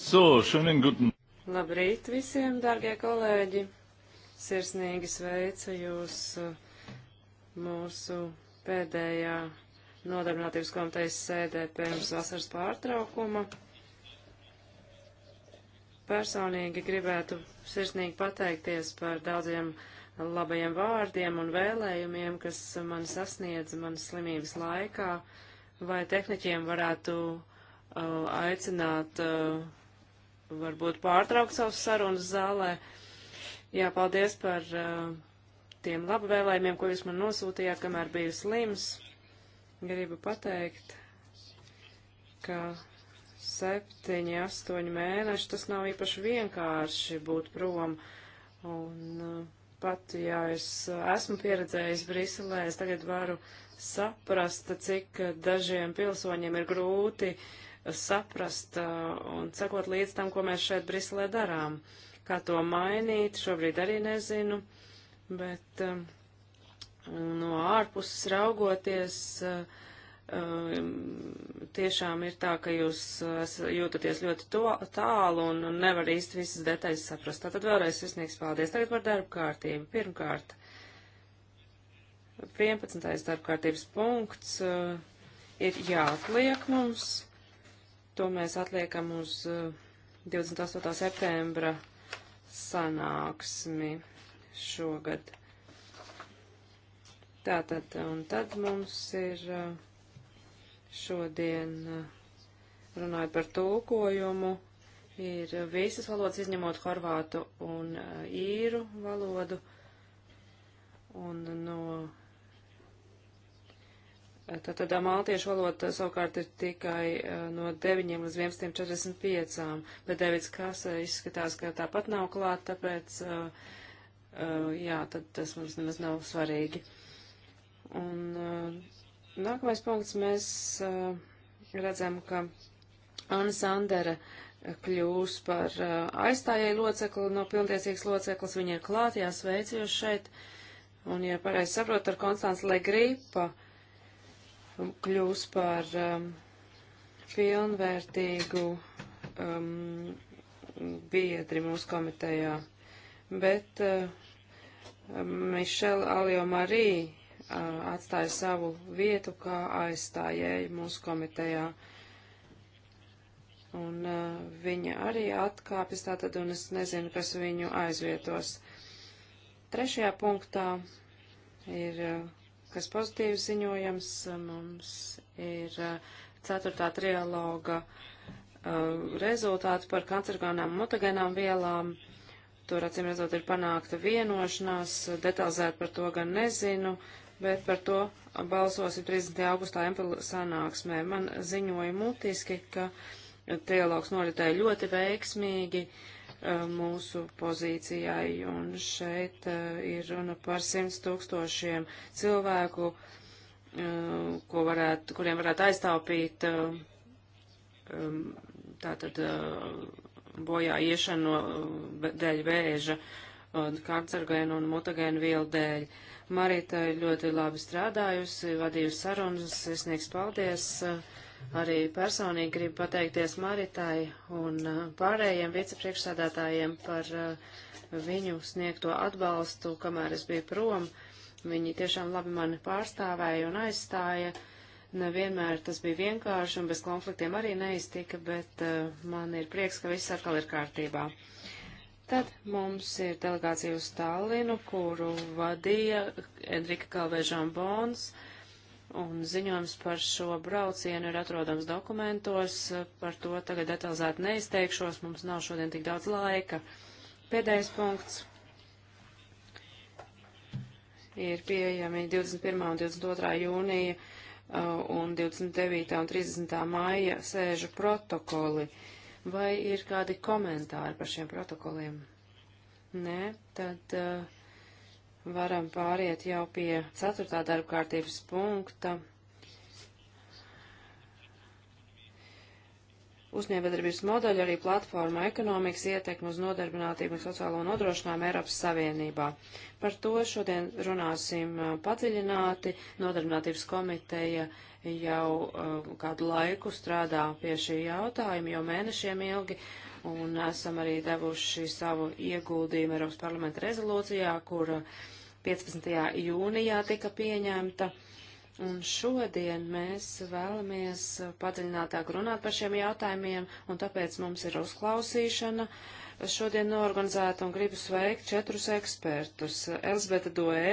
So, šodien guten. Labrīt visiem, dārgie kolēģi. Sirsnīgi sveicu jūs uh, mūsu pēdējā nodarbinātības komitejas sēdē pirms vasaras pārtraukuma. Personīgi gribētu sirsnīgi pateikties par daudziem labajiem vārdiem un vēlējumiem, kas man sasniedz manas slimības laikā, vai tehniķiem varētu uh, aicināt uh, varbūt pārtraukt savus sarunas zālē. Jā, paldies par uh, tiem labvēlējumiem, ko jūs man nosūtījāt, kamēr biju slims. Gribu pateikt, ka septiņi, astoņi mēneši tas nav īpaši vienkārši būt prom. Un uh, pat, ja es esmu pieredzējis Briselē, es tagad varu saprast, cik dažiem pilsoņiem ir grūti uh, saprast uh, un sekot līdz tam, ko mēs šeit Briselē darām. Kā to mainīt, šobrīd arī nezinu, bet uh, no ārpuses raugoties, uh, um, tiešām ir tā, ka jūs jūtaties ļoti to, tālu un nevar īsti visas detaļas saprast. Tātad vēlreiz sirsnīgs paldies. Tagad par darbu kārtību. Pirmkārt, 11. darba kārtības punkts ir jāatliek mums. To mēs atliekam uz 28. Eh, septembra sanāksmi šogad. Tātad, un tad mums ir eh, šodien, eh, runājot par tulkojumu, ir visas valodas izņemot horvātu un īru valodu, un no Tātad maltiešu valoda savukārt ir tikai no 9 līdz 11.45, bet Davids Kasa izskatās, ka tāpat nav klāt, tāpēc, jā, tad tas mums nemaz nav svarīgi. Un nākamais punkts mēs redzam, ka Anna Sandera kļūs par aizstājēju locekli no pilntiesīgas loceklis, viņa ir klāt, jāsveicījuši šeit. Un, ja pareizi saprotu, ar Konstants Legripa. gripa kļūs par um, pilnvērtīgu um, biedri mūsu komitejā. Bet uh, Mišela Alio Marī uh, atstāja savu vietu kā aizstājēju mūsu komitejā. Un uh, viņa arī atkāpjas tātad, un es nezinu, kas viņu aizvietos. Trešajā punktā ir uh, kas pozitīvi ziņojams. Mums ir uh, ceturtā trialoga uh, rezultāti par kancerogānām un mutagēnām vielām. Tur, acīm redzot, ir panākta vienošanās. Detalizēt par to gan nezinu, bet par to balsosim 30. augustā Empelu sanāksmē. Man ziņoja mutiski, ka trialogs noritēja ļoti veiksmīgi. Uh, Eh, mūsu pozīcijai. Un šeit eh, ir runa par 100 tūkstošiem cilvēku, eh, ko varētu, kuriem varētu aiztaupīt tātad bojā iešanu no dēļ vēža, kancergēnu un mutagēnu vielu dēļ. Marita ir ļoti labi strādājusi, vadījusi sarunas, es sniegs paldies. Uh, Arī personīgi gribu pateikties Maritai un uh, pārējiem vicepriekšsādātājiem par uh, viņu sniegto atbalstu, kamēr es biju prom. Viņi tiešām labi mani pārstāvēja un aizstāja. Nevienmēr tas bija vienkārši un bez konfliktiem arī neiztika, bet uh, man ir prieks, ka viss atkal ir kārtībā. Tad mums ir delegācija uz Tallinu, kuru vadīja Enrika Kalvēžām Bons. Uh, Un ziņojums par šo braucienu ir atrodams dokumentos, par to tagad detalizēti neizteikšos, mums nav šodien tik daudz laika. Pēdējais punkts ir pieejami 21. un 22. jūnija uh, un 29. un 30. māja sēžu protokoli. Vai ir kādi komentāri par šiem protokoliem? Nē, tad. Uh, varam pāriet jau pie ceturtā darba kārtības punkta. Uzņēmējdarbības modeļa arī platforma ekonomikas ietekme uz nodarbinātību un sociālo nodrošinājumu Eiropas Savienībā. Par to šodien runāsim padziļināti. Nodarbinātības komiteja jau uh, kādu laiku strādā pie šī jautājuma, jau mēnešiem ilgi un esam arī devuši savu ieguldījumu Eiropas parlamenta rezolūcijā, kur uh, 15. jūnijā tika pieņemta. Un šodien mēs vēlamies padziļinātāk runāt par šiem jautājumiem, un tāpēc mums ir uzklausīšana. Šodien norganizēta un gribu sveikt četrus ekspertus. Elzbeta Doē,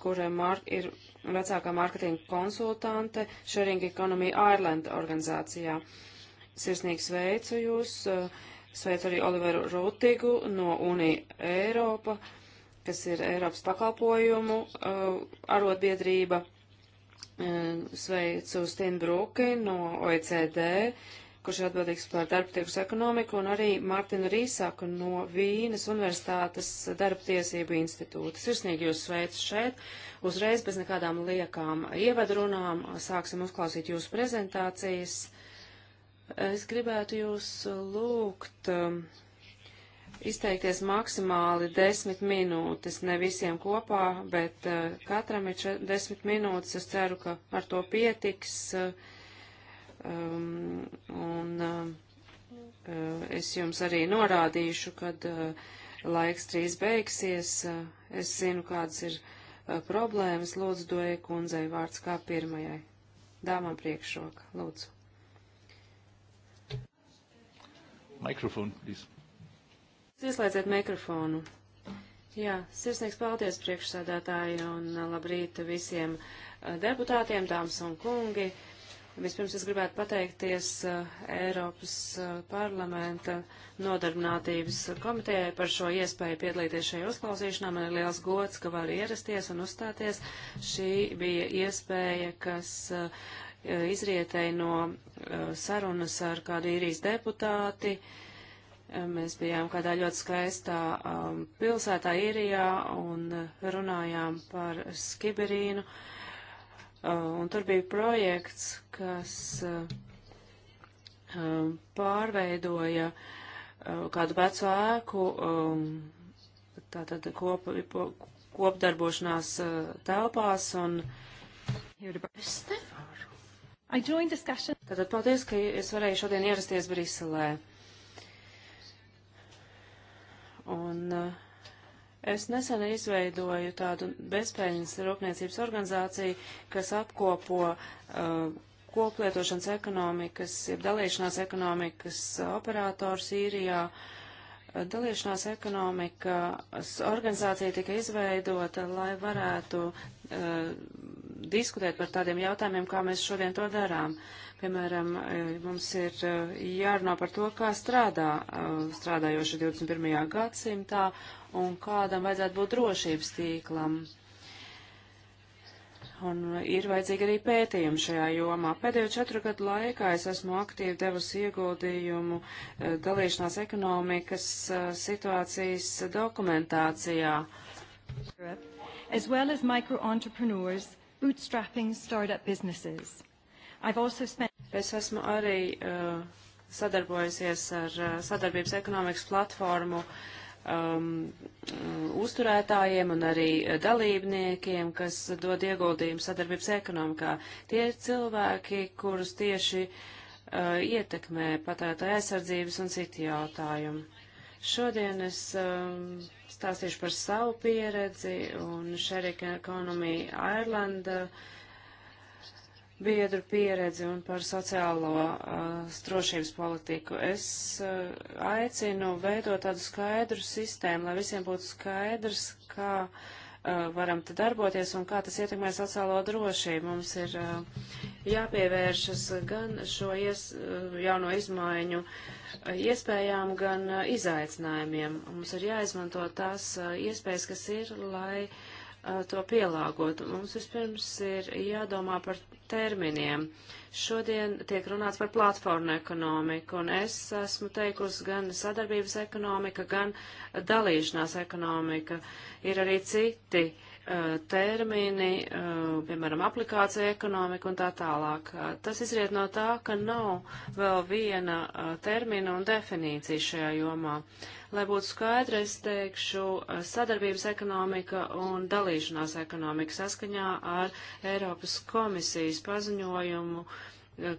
kura mark ir vecākā mārketinga konsultante Sharing Economy Ireland organizācijā. Sirsnīgi sveicu jūs, sveicu arī Oliveru Rūtigu no Unija Eiropa. Uh, kas ir Eiropas pakalpojumu uh, arotbiedrība. Sveicu Steinbruki no OECD, kurš ir atbildīgs par darbtirkus ekonomiku, un arī Mārtinu Rīsaku no Vīnes Universitātes darbtiesību institūta. Sirsnīgi jūs sveicu šeit. Uzreiz bez nekādām liekām ievadrunām sāksim uzklausīt jūsu prezentācijas. Es gribētu jūs lūgt. Uh, izteikties maksimāli desmit minūtes, ne visiem kopā, bet uh, katram ir čet, desmit minūtes. Es ceru, ka ar to pietiks. Eh, um, un uh, es jums arī norādīšu, kad uh, laiks trīs beigsies. Es zinu, kādas ir problēmas. Lūdzu, doja kundzei vārds kā pirmajai. Dāmām priekšroka, lūdzu. Mikrofonu, please. Ieslēdziet mikrofonu. Jā, sirsnīgs paldies priekšsādātāji un uh, labrīt visiem uh, deputātiem, dāmas un kungi. Vispirms es gribētu pateikties uh, Eiropas uh, parlamenta nodarbinātības komitejai par šo iespēju piedalīties šajā uzklausīšanā. Man ir liels gods, ka var ierasties un uzstāties. Šī bija iespēja, kas uh, izrietēja no uh, sarunas ar kādu īrijas deputāti. Uh, Mēs bijām kādā ļoti skaistā um, pilsētā īrijā un runājām par skiberīnu. Uh, un tur bija projekts, kas uh, um, pārveidoja uh, kādu vecu ēku, um, tātad kop, kopdarbošanās uh, telpās. Un... Tātad paldies, ka es varēju šodien ierasties Briselē. Un eh, es nesen izveidoju tādu bezpēļņas rūpniecības organizāciju, kas apkopo uh, koplietošanas ekonomikas, jeb dalīšanās ekonomikas operators īrijā. Eh, dalīšanās ekonomikas organizācija tika izveidota, lai varētu uh, diskutēt par tādiem jautājumiem, kā mēs šodien to darām. Uh, Piemēram, e, mums ir e, jārunā par to, kā strādā e, strādājoši 21. gadsimtā un kādam vajadzētu būt drošības tīklam. Un ir vajadzīgi arī pētījumi šajā jomā. Pēdējo četru gadu laikā es esmu aktīvi devusi ieguldījumu dalīšanās ekonomikas situācijas dokumentācijā. Europe, as well as micro-entrepreneurs bootstrapping startup businesses. Spent... Es esmu arī uh, sadarbojusies ar uh, sadarbības ekonomikas platformu um, uh, uzturētājiem un arī uh, dalībniekiem, kas dod ieguldījumu sadarbības ekonomikā. Tie ir cilvēki, kurus tieši uh, ietekmē patērētāja aizsardzības un citi jautājumi. Šodien es um, stāstīšu par savu pieredzi un Sherika Economy Ireland. Uh, biedru pieredzi un par sociālo uh, drošības politiku. Es uh, aicinu veidot tādu skaidru sistēmu, lai visiem būtu skaidrs, kā uh, varam te darboties un kā tas ietekmē sociālo drošību. Mums ir uh, jāpievēršas gan šo ies, uh, jauno izmaiņu uh, iespējām, gan uh, izaicinājumiem. Mums ir jāizmanto tās uh, iespējas, kas ir, lai uh, to pielāgot. Mums vispirms ir jādomā par terminiem. Šodien tiek runāts par platformu ekonomiku, un es esmu teikusi gan sadarbības ekonomika, gan dalīšanās ekonomika. Ir arī citi uh, Eh, termini, eh, piemēram, aplikācija ekonomika un tā tālāk. Eh, tas izriet no tā, ka nav vēl viena termina un definīcija šajā jomā. Lai būtu skaidri, es teikšu sadarbības ekonomika un dalīšanās ekonomika saskaņā ar Eiropas komisijas paziņojumu,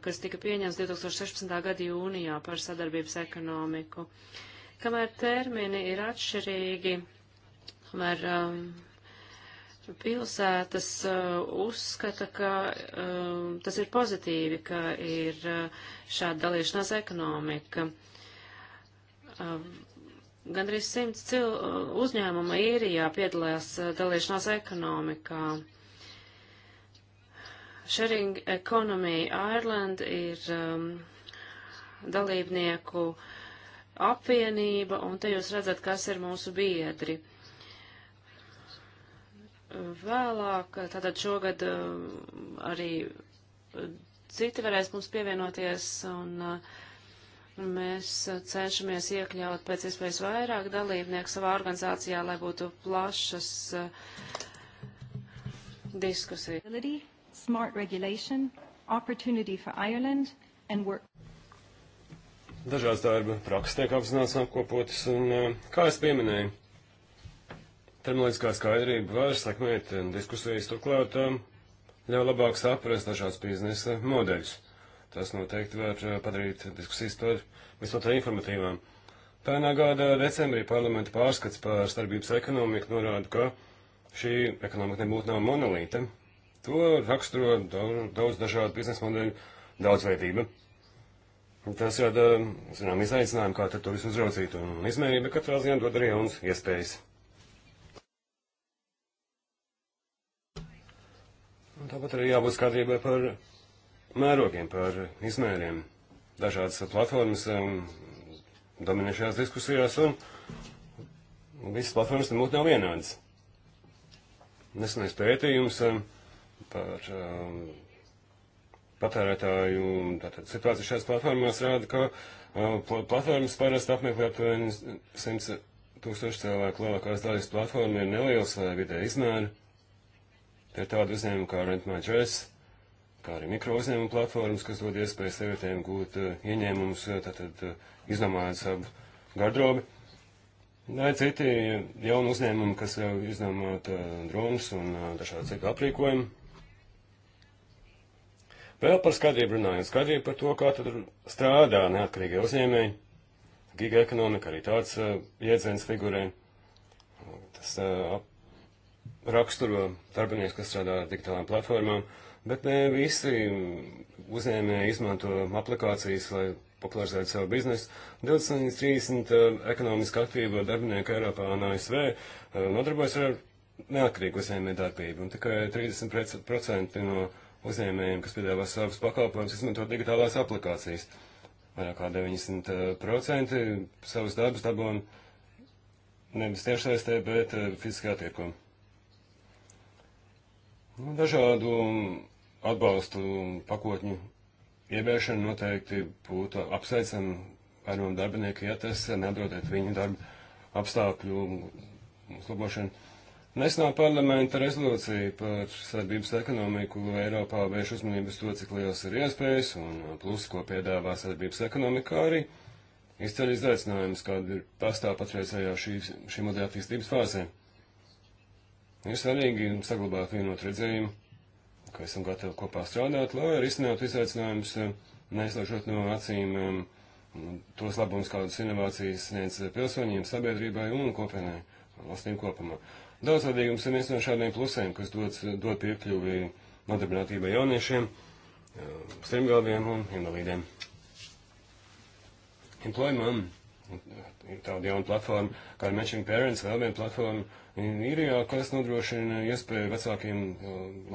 kas tika pieņemts 2016. gada jūnijā par sadarbības ekonomiku. Kamēr termini ir atšķirīgi, kamēr um, pilsētas uh, uzskata, ka uh, tas ir pozitīvi, ka ir uh, šāda dalīšanās ekonomika. Um, gandrīz simts cil, uh, uzņēmuma īrijā piedalās uh, dalīšanās ekonomikā. Sharing Economy Ireland ir um, dalībnieku apvienība, un te jūs redzat, kas ir mūsu biedri. Uh, vēlāk, tātad šogad eh, arī eh, citi varēs mums pievienoties un eh, mēs cenšamies iekļaut pēc iespējas vairāk dalībnieku savā organizācijā, lai būtu plašas diskusijas. Smart regulation, opportunity for Ireland and work. Dažās darba prakses tiek apzināts apkopotas, un kā es pieminēju, terminoloģiskā skaidrība var sekmēt diskusijas turklāt, um, ļauj labāk saprast dažādas biznesa modeļus. Tas noteikti var uh, padarīt diskusijas par visnotaļ informatīvām. Pērnā gada decembrī parlamenta pārskats par starpības ekonomiku norāda, ka šī ekonomika nebūtu nav monolīta. To raksturo daudz dažādu biznesa modeļu daudzveidība. Tas rada, zinām, izaicinājumu, kā tad to visu uzraucīt un izmērīt, bet katrā ziņā dod arī jaunas iespējas. Tāpat arī jābūt skatībai par mērogiem, par izmēriem. Dažādas platformas um, dominē šajās diskusijās, un visas platformas nebūtu nav vienādas. Nesenais pētījums um, par um, patērētāju tātad, situāciju šajās platformās rāda, ka um, platformas parasti apmeklē aptuveni 100 tūkstoši cilvēku lielākās daļas platforma ir nelielas vai vidē izmēra. Ir tādi uzņēmumi kā Rent My Dress, kā arī mikro uzņēmumu platformas, kas dod iespēju sievietēm gūt uh, ieņēmumus, eh, tātad uh, eh, iznomājot savu garderobi. Vai citi jauni uzņēmumi, kas jau izdomāt uh, dronus un uh, dažādu citu aprīkojumu. Vēl par skaidrību runājot. Skaidrība par to, kā tad strādā neatkarīgie uzņēmēji. Giga ekonomika arī tāds uh, jēdziens figurē. Tas uh, ap, raksturo darbinieks, kas strādā digitālām platformām, bet ne visi uzņēmēji izmanto aplikācijas, lai popularizētu savu biznesu. 20 līdz 30 uh, ekonomiski aktīvo darbinieku Eiropā un ASV uh, eh, nodarbojas ar neatkarīgu uzņēmēju darbību, un tikai 30% no uzņēmējiem, kas piedāvā savus pakalpojumus, izmanto digitālās aplikācijas. Vairāk kā 90% eh, savus darbus dabūna nevis tiešsaistē, bet uh, eh, fiziskā tiekuma. Nu, dažādu atbalstu pakotņu ieviešana noteikti būtu apsveicama vairumam darbinieku, ja tas nedodētu viņu darbu apstākļu uzlabošanu. Nesenā parlamenta rezolūcija par sadarbības ekonomiku Eiropā vērš uzmanības to, cik liels ir iespējas un plus, ko piedāvā sadarbības ekonomikā arī izceļ izaicinājums, kāda ir pastāv patreizējā šī, šī modeļa attīstības fāzē. Ir svarīgi saglabāt vienot redzējumu, ka esam gatavi kopā strādāt, lai arī izsinātu izaicinājumus, eh, neizlaužot no acīm eh, tos labumus, kādas inovācijas sniedz pilsoņiem, sabiedrībai un kopienai, valstīm kopumā. Daudzveidīgums ir viens no šādiem plusiem, kas dod, dod piekļuvi nodarbinātībai jauniešiem, eh, strimgalviem un invalīdiem. Employment ir tāda jauna platforma, kā Matching Parents, vēl viena platforma īrijā, kas nodrošina iespēju vecākiem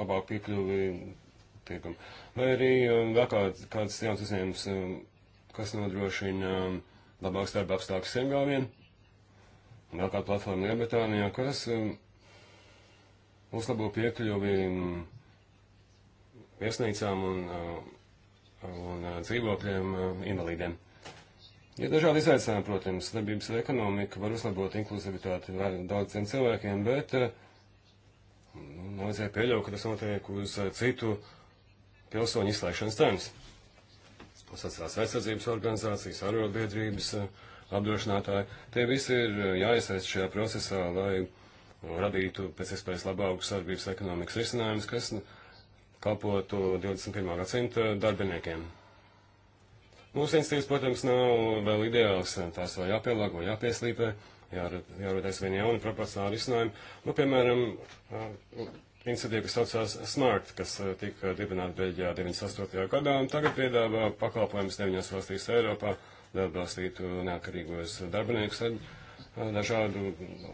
labāk piekļuvi tirgumu. Vai arī vēl kāds, kāds jauns uzņēmums, kas nodrošina labāks darba apstākļus sengāviem. Vēl kāda platforma Lielbritānijā, kas uzlabo piekļuvi viesnīcām un, un dzīvokļiem invalīdiem. Ir dažādi izaicinājumi, protams, darbības ar ekonomiku var uzlabot inkluzivitāti daudziem cilvēkiem, bet eh, nu, nevajadzēja pieļaut, ka tas notiek uz eh, citu pilsoņu izslēgšanas cenas. Sociālās aizsardzības organizācijas, arotbiedrības, eh, apdrošinātāji, tie visi ir jāiesaist šajā procesā, lai radītu pēc iespējas labākus sadarbības ekonomikas risinājumus, kas nu, kalpotu 21. gadsimta darbiniekiem. Mūsu institīvas, protams, nav vēl ideāls, tās vēl jāpielāgo, jāpieslīpē, jārod aizvien jauni proporcionāli risinājumi. Nu, piemēram, institīva, kas saucās SMART, kas tika dibināta Beļģijā 98. gadā un tagad piedāvā pakalpojumus deviņās valstīs Eiropā, lai atbalstītu neatkarīgos darbiniekus ar dažādu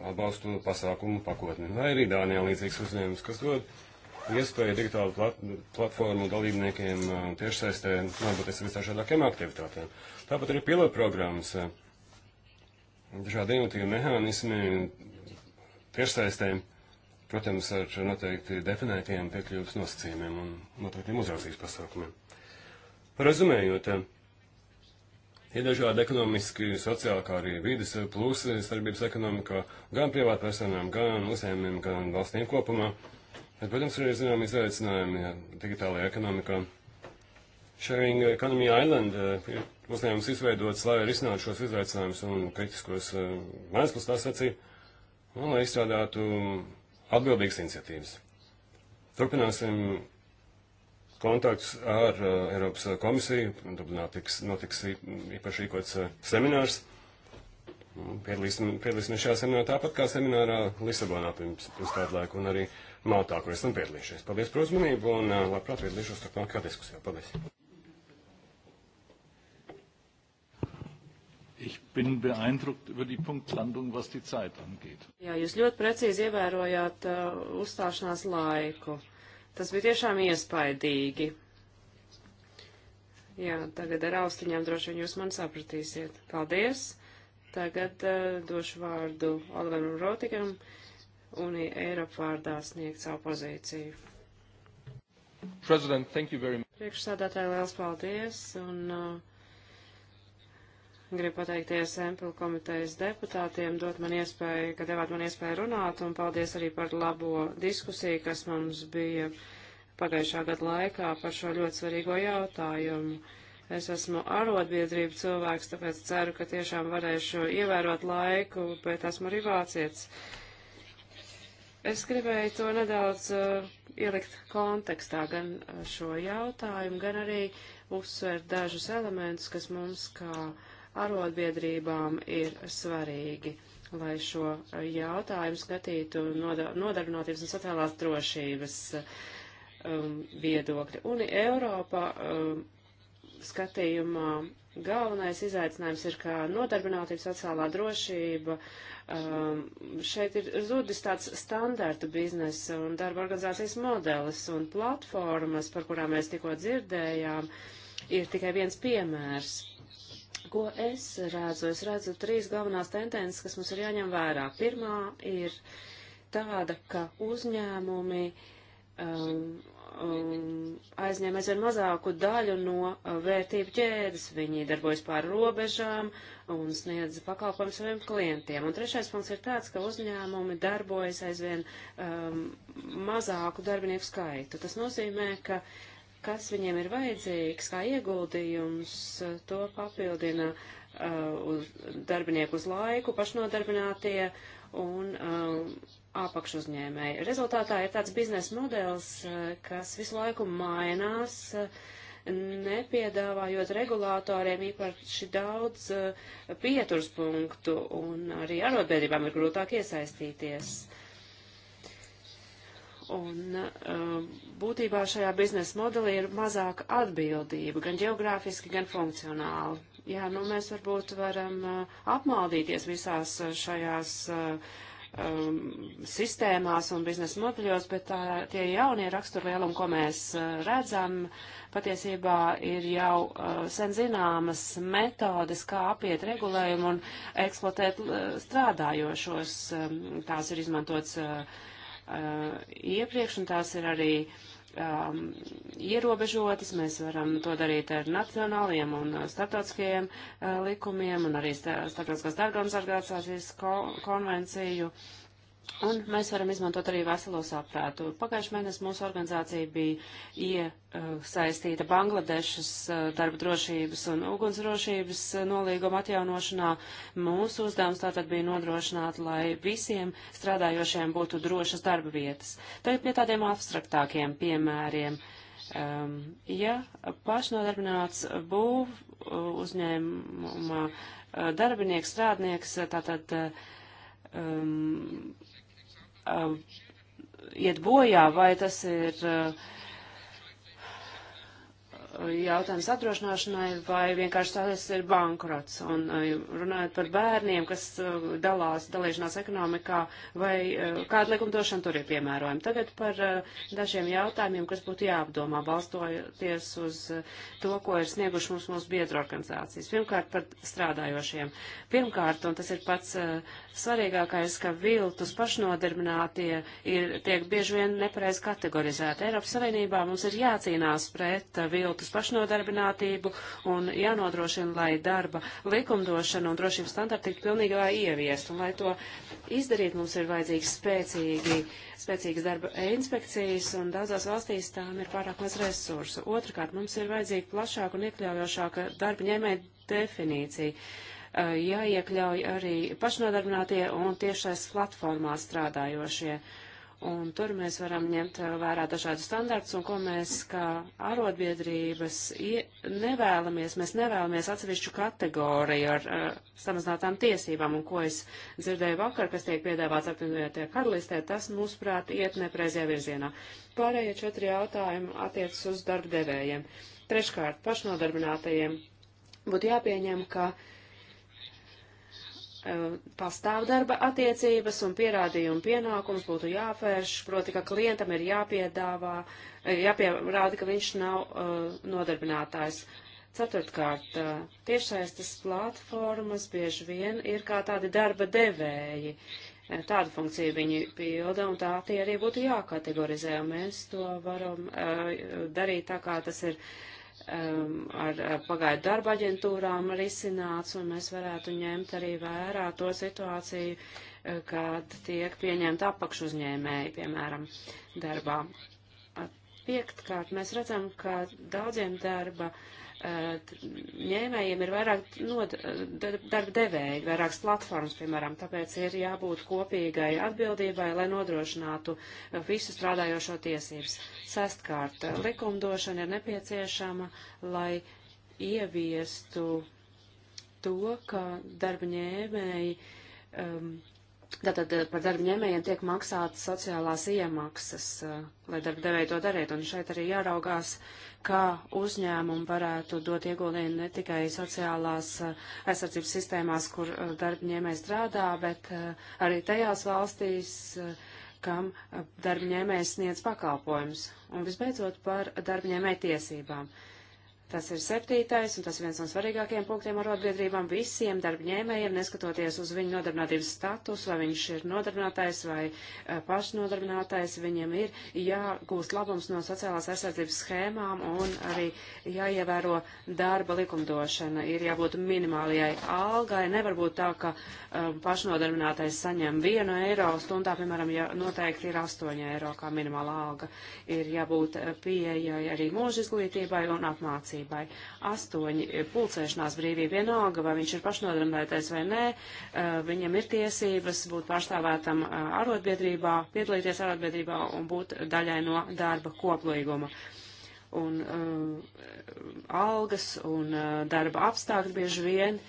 atbalstu pasākumu pakotni. Vai arī Dānijā līdzīgs uzņēmums, kas dod iespēja digitālu plat platformu dalībniekiem eh, tiešsaistē nodarboties ar visdažādākiem aktivitātēm. Tāpat arī pilotprogrammas, eh, dažādi inovatīvi mehānismi tiešsaistēm, protams, ar noteikti definētiem piekļuvas nosacījumiem un noteiktiem uzraudzības pasākumiem. Rezumējot, eh, ir dažādi ekonomiski, sociāli, kā arī vidas plusi starpības ekonomikā gan privātpersonām, gan uzņēmumiem, gan valstīm kopumā. Bet, protams, ir zinām izaicinājumi jā, digitālajā ekonomikā. Sharing Economy Island ir eh, uzņēmums izveidots, lai risinātu šos izaicinājumus un kritiskos eh, mēslus, tā sacīja, un lai izstrādātu atbildīgas iniciatīvas. Turpināsim kontaktus ar uh, Eiropas komisiju. Dublinā tiks, notiks īpaši rīkots uh, seminārs. Piedalīsim, piedalīsimies šajā seminārā tāpat kā seminārā Lisabonā pirms, pirms kādu laiku. Un arī uh, Maltā, kur esam piedalījušies. Paldies par uzmanību un uh, labprāt piedalīšos turpmākajā diskusijā. Paldies! Ich bin beeindruckt über die Punktlandung, was die Zeit angeht. Jā, jūs ļoti precīzi ievērojāt uh, uzstāšanās laiku. Tas bija tiešām iespaidīgi. Jā, tagad ar austiņām droši vien jūs man sapratīsiet. Paldies! Tagad uh, došu vārdu Oliveram Rotikam. Uh, un Eiropa vārdā sniegt savu pozīciju. President, thank you very much. Priekšsādātāji, liels paldies un uh, gribu pateikties Empil komitejas deputātiem, dot man iespēju, ka devāt man iespēju runāt un paldies arī par labo diskusiju, kas mums bija pagājušā gada laikā par šo ļoti svarīgo jautājumu. Es esmu arotbiedrību cilvēks, tāpēc ceru, ka tiešām varēšu ievērot laiku, bet esmu arī vācietis. Uh, Es gribēju to nedaudz uh, ielikt kontekstā, gan eh, šo jautājumu, gan arī uzsvērt dažus elementus, kas mums kā arotbiedrībām ir svarīgi, lai šo eh, jautājumu skatītu nodarbinātības un sociālās drošības um, viedokļi. Un Eiropa um, skatījumā Galvenais izaicinājums ir, kā nodarbinātība, sociālā drošība. Um, šeit ir zudis tāds standarta biznesa un darba organizācijas modelis un platformas, par kurām mēs tikko dzirdējām, ir tikai viens piemērs. Ko es redzu? Es redzu trīs galvenās tendences, kas mums ir jāņem vērā. Pirmā ir tāda, ka uzņēmumi um, um, aizņem aizvien mazāku daļu no uh, vērtību ķēdes. Viņi darbojas pār robežām un sniedz pakalpojumu saviem klientiem. Un trešais punkts ir tāds, ka uzņēmumi darbojas aizvien um, mazāku darbinieku skaitu. Tas nozīmē, ka kas viņiem ir vajadzīgs, kā ieguldījums, uh, to papildina uh, uz darbinieku uz laiku, pašnodarbinātie un uh, apakšuzņēmēji. Rezultātā ir tāds biznesa modelis, eh, kas visu laiku mainās, eh, nepiedāvājot regulātoriem īpaši daudz eh, pieturas punktu, un arī arotbiedrībām ir grūtāk iesaistīties. Un būtībā šajā biznesa modelī ir mazāka atbildība, gan geogrāfiski, gan funkcionāli. Jā, nu mēs varbūt varam apmaldīties visās šajās uh, um, sistēmās un biznesa modeļos, bet tā, tie jaunie raksturlielumi, ko mēs uh, redzam, patiesībā ir jau uh, sen zināmas metodes, kā apiet regulējumu un eksploatēt uh, strādājošos. Um, tās ir izmantots uh, uh, iepriekš un tās ir arī uh, um, ierobežotas. Mēs varam to darīt ar nacionāliem un uh, starptautiskajiem uh, likumiem un arī starptautiskās darba organizācijas ko konvenciju Un mēs varam izmantot arī veselo saprātu. Pagājušajā mēnesī mūsu organizācija bija iesaistīta Bangladešas eh, darba drošības un ugunsdrošības eh, nolīguma atjaunošanā. Mūsu uzdevums tātad bija nodrošināt, lai visiem strādājošiem būtu drošas darba vietas. Tagad pie tādiem abstraktākiem piemēriem. Um, ja pašnodarbināts būv uzņēmumā eh, darbinieks, strādnieks, tātad um, Um, iet bojā, vai tas ir uh, jautājums atrošināšanai vai vienkārši tas ir bankrots. Un eh, runājot par bērniem, kas eh, dalās dalīšanās ekonomikā, vai eh, kāda likumdošana tur ir piemērojama. Tagad par dažiem jautājumiem, kas būtu jāapdomā, balstoties uz to, ko ir snieguši mums mūsu biedru organizācijas. Pirmkārt, par strādājošiem. Pirmkārt, un tas ir pats svarīgākais, ka viltus pašnodarbinātie ir, tiek bieži vien nepareiz kategorizēti. Eiropas Savienībā mums ir jācīnās pret viltus uz pašnodarbinātību un jānodrošina, lai darba likumdošana un drošības standarti tiktu pilnībā ieviest. Un, lai to izdarīt, mums ir vajadzīgs spēcīgi, spēcīgas darba inspekcijas, un daudzās valstīs tām ir pārāk maz resursu. Otrakārt, mums ir vajadzīga plašāka un iekļaujošāka darba ņēmēja definīcija uh, jāiekļauj arī pašnodarbinātie un tiešais platformā strādājošie. Uh, un tur mēs varam ņemt eh, vērā dažādus standartus, un ko mēs kā arotbiedrības nevēlamies, mēs nevēlamies atsevišķu kategoriju ar uh, samazinātām tiesībām, un ko es dzirdēju vakar, kas tiek piedāvāts apvienotajā karalistē, tas, mūsuprāt, iet nepreizajā virzienā. Pārējie četri jautājumi attiecas uz darbdevējiem. Treškārt, pašnodarbinātajiem būtu jāpieņem, ka uh, Eh, pastāvdarba attiecības un pierādījumu pienākums būtu jāpērš, proti, ka klientam ir jāpiedāvā, eh, jāpierāda, ka viņš nav uh, nodarbinātājs. Ceturtkārt, uh, tiešsaistes platformas bieži vien ir kā tādi darba devēji. Tādu funkciju viņi pilda, un tā tie arī būtu jākategorizē, un mēs to varam uh, darīt tā, kā tas ir uh, um, ar pagaidu darba aģentūrām risināts, un mēs varētu ņemt arī vērā to situāciju, uh, kad tiek pieņemta apakšuzņēmēji, piemēram, darbā. Piektkārt, mēs redzam, ka daudziem darba uh, Eh, ņēmējiem ir vairāk nod, eh, darba devēji, vairākas platformas, piemēram, tāpēc ir jābūt kopīgai atbildībai, lai nodrošinātu eh, visu strādājošo tiesības. Sestkārt, likumdošana ir nepieciešama, lai ieviestu to, ka darba ņēmēji, um, tātad par darba ņēmējiem tiek maksātas sociālās iemaksas, uh, lai darba devēji to darītu, un šeit arī jāraugās uh, kā uzņēmumi varētu dot ieguldījumu ne tikai sociālās eh, aizsardzības sistēmās, kur eh, darbņēmēji strādā, bet eh, arī tajās valstīs, kam darbņēmējs sniedz pakalpojumus. Un visbeidzot par darbņēmēju tiesībām. Uh, Tas ir septītais, un tas ir viens no svarīgākajiem punktiem arotbiedrībām visiem darbņēmējiem, neskatoties uz viņu nodarbinātības status, vai viņš ir nodarbinātais vai eh, pašnodarbinātais, viņiem ir jāgūst labums no sociālās aizsardzības schēmām un arī jāievēro darba likumdošana. Ir jābūt minimālajai algai, nevar būt tā, ka um, pašnodarbinātais saņem vienu eiro stundā, piemēram, ja noteikti ir astoņa eiro kā minimāla alga. Ir jābūt eh, pieejai arī mūža izglītībai un apmācībai sabiedrībai. Astoņi eh, pulcēšanās brīvība vienalga, vai viņš ir pašnodarbētais vai nē, eh, viņam ir tiesības būt pārstāvētam eh, arotbiedrībā, piedalīties arotbiedrībā un būt daļai no darba koplīguma. Un uh, algas un uh, darba apstākļi bieži vien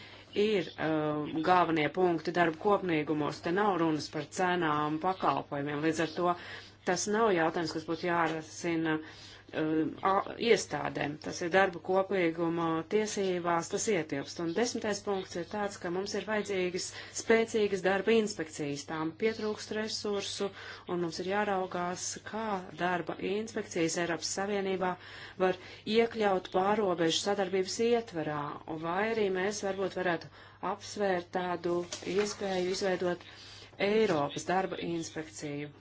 ir uh, galvenie punkti darba kopnīgumos. Te nav runas par cenām, pakalpojumiem. Līdz ar to tas nav jautājums, kas būtu jārasina uh, Uh, iestādēm. Tas ir darba kopīguma tiesībās, tas ietilpst. Un desmitais punkts ir tāds, ka mums ir vajadzīgas spēcīgas darba inspekcijas. Tām pietrūkst resursu, un mums ir jāraugās, kā darba inspekcijas Eiropas Savienībā var iekļaut pārobežu sadarbības ietverā, vai arī mēs varbūt varētu apsvērt tādu iespēju izveidot Eiropas darba inspekciju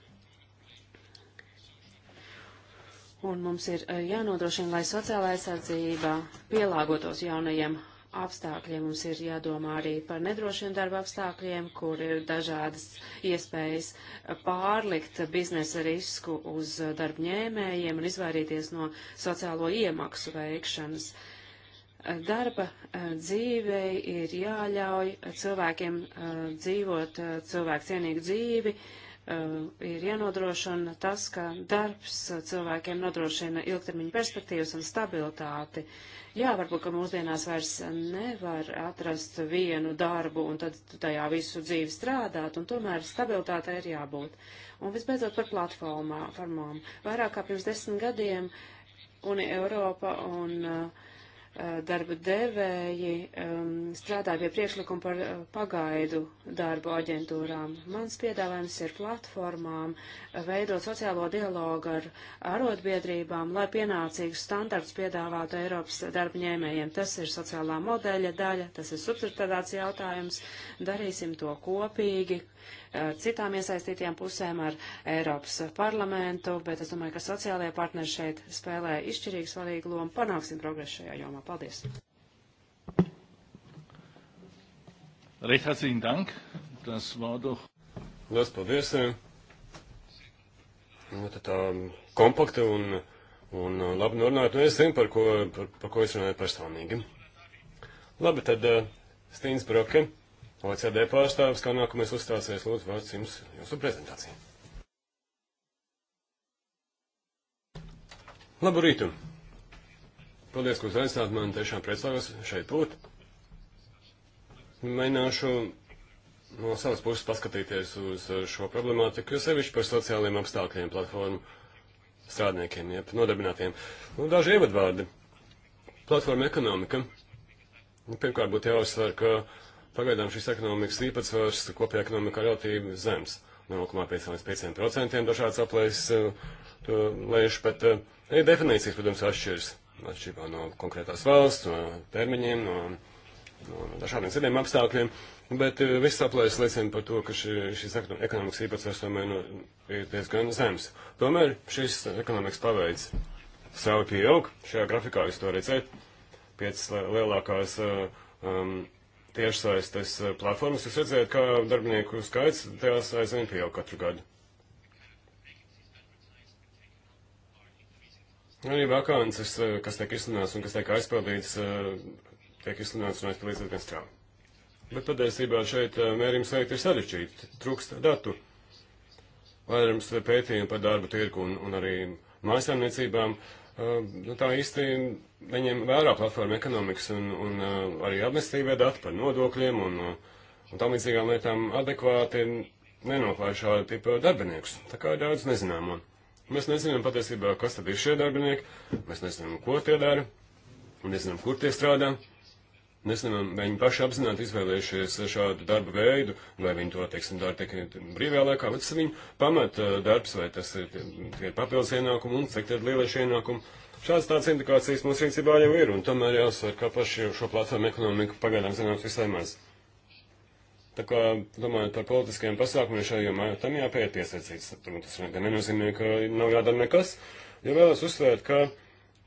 un mums ir eh, jānodrošina, lai sociālā aizsardzība pielāgotos jaunajiem apstākļiem. Mums ir jādomā arī par nedrošiem darba apstākļiem, kur ir dažādas iespējas pārlikt biznesa risku uz darbņēmējiem un izvairīties no sociālo iemaksu veikšanas. Eh, darba eh, dzīvei ir jāļauj cilvēkiem dzīvot cilvēku cienīgu dzīvi, Eh, ir jānodrošina tas, ka darbs cilvēkiem nodrošina ilgtermiņa perspektīvas un stabilitāti. Jā, varbūt, ka mūsdienās vairs nevar atrast vienu darbu un tad tajā visu dzīvi strādāt, un tomēr stabilitāte ir jābūt. Un visbeidzot par platformām. Vairāk kā pirms desmit gadiem un Eiropa un uh, Eh, darba devēji um, strādā pie priekšlikuma par uh, pagaidu darbu aģentūrām. Mans piedāvājums ir platformām eh, veidot sociālo dialogu ar arotbiedrībām, lai pienācīgus standarts piedāvātu Eiropas darba ņēmējiem. Tas ir sociālā modeļa daļa, tas ir subsidārāts jautājums. Darīsim to kopīgi. Uh, Eh, citām iesaistītajām pusēm, ar Eiropas parlamentu, bet es domāju, ka sociālajie partneri šeit spēlē izšķirīgi svarīgu lomu. Panāksim progresu šajā jomā. Paldies! Recht herzlichen Dank. Das war doch. Lielas paldies. Eh. Nu, tā, tā um, kompakta un, un uh, labi norunāt. Nu, es zinu, par ko, par, par ko es runāju personīgi. Labi, tad eh, Stīns Broke. OECD pārstāvis, kā nākamais uzstāsies, lūdzu, vārds jums, jūsu prezentācija. Labu rītu! Paldies, ka uzaicināt man tiešām priecājos šeit būt. Mēģināšu no savas puses paskatīties uz šo problemātiku, jo sevišķi par sociālajiem apstākļiem platformu strādniekiem, jeb nodarbinātiem. Nu, daži ievadvārdi. Platforma ekonomika. Pirmkārt būtu jāuzsver, ka Pagaidām šis ekonomikas īpatsvars kopējā ekonomikā relatīvi zems. 0,5 līdz 5% dažāds aplēs lēš, bet eh, arī definīcijas, protams, atšķiras. Atšķirībā no konkrētās valsts, no termiņiem, no, no dažādiem citiem apstākļiem. Bet eh, viss aplēs liecina par to, ka šī, šis ekonomikas īpatsvars tomēr nu, ir diezgan zems. Tomēr šis ekonomikas paveids savu pieaug. Šajā grafikā jūs to redzēt. Piecas lielākās eh, um, tiešsaistes eh, platformas, jūs redzējāt, kā darbinieku skaits tajās aizvien pieaug katru gadu. Arī vakances, eh, kas tiek izsludināts un kas tiek aizpildīts, eh, tiek izsludināts un aizpildīts diezgan strauji. Bet patiesībā šeit mērījums veikt ir sarežģīti, trūkst datu. Vairums pētījumu par darbu tirku un, un arī mājasēmniecībām, uh, Ehm, nu, tā īsti neņem vērā platforma ekonomikas un, un eh, arī amnestīvē dati par nodokļiem un, eh, un tam līdzīgām lietām adekvāti nenoklāja šāda tipa darbiniekus. Tā kā ir daudz nezināmo. Mēs nezinām patiesībā, kas tad ir šie darbinieki, mēs nezinām, ko tie dara, un nezinām, kur tie strādā. Nezinām, vai viņi paši apzināti izvēlējušies šādu darba veidu, vai viņi to, teiksim, dara tikai brīvajā laikā, vai tas ir viņu pamata uh, darbs, vai tas ir tie papildus ienākumi un cik tie ir lielieši ienākumi. Šādas tādas indikācijas mums rīcībā jau ir, un tomēr jāsver, ka paši šo platformu ekonomiku pagaidām zināms visai maz. Tā kā, domājot par politiskajiem pasākumiem šajā jomā, tam jāpēja piesaistīts. Tas gan nenozīmē, ka nav jādara nekas, jo ja vēlos uzsvērt, ka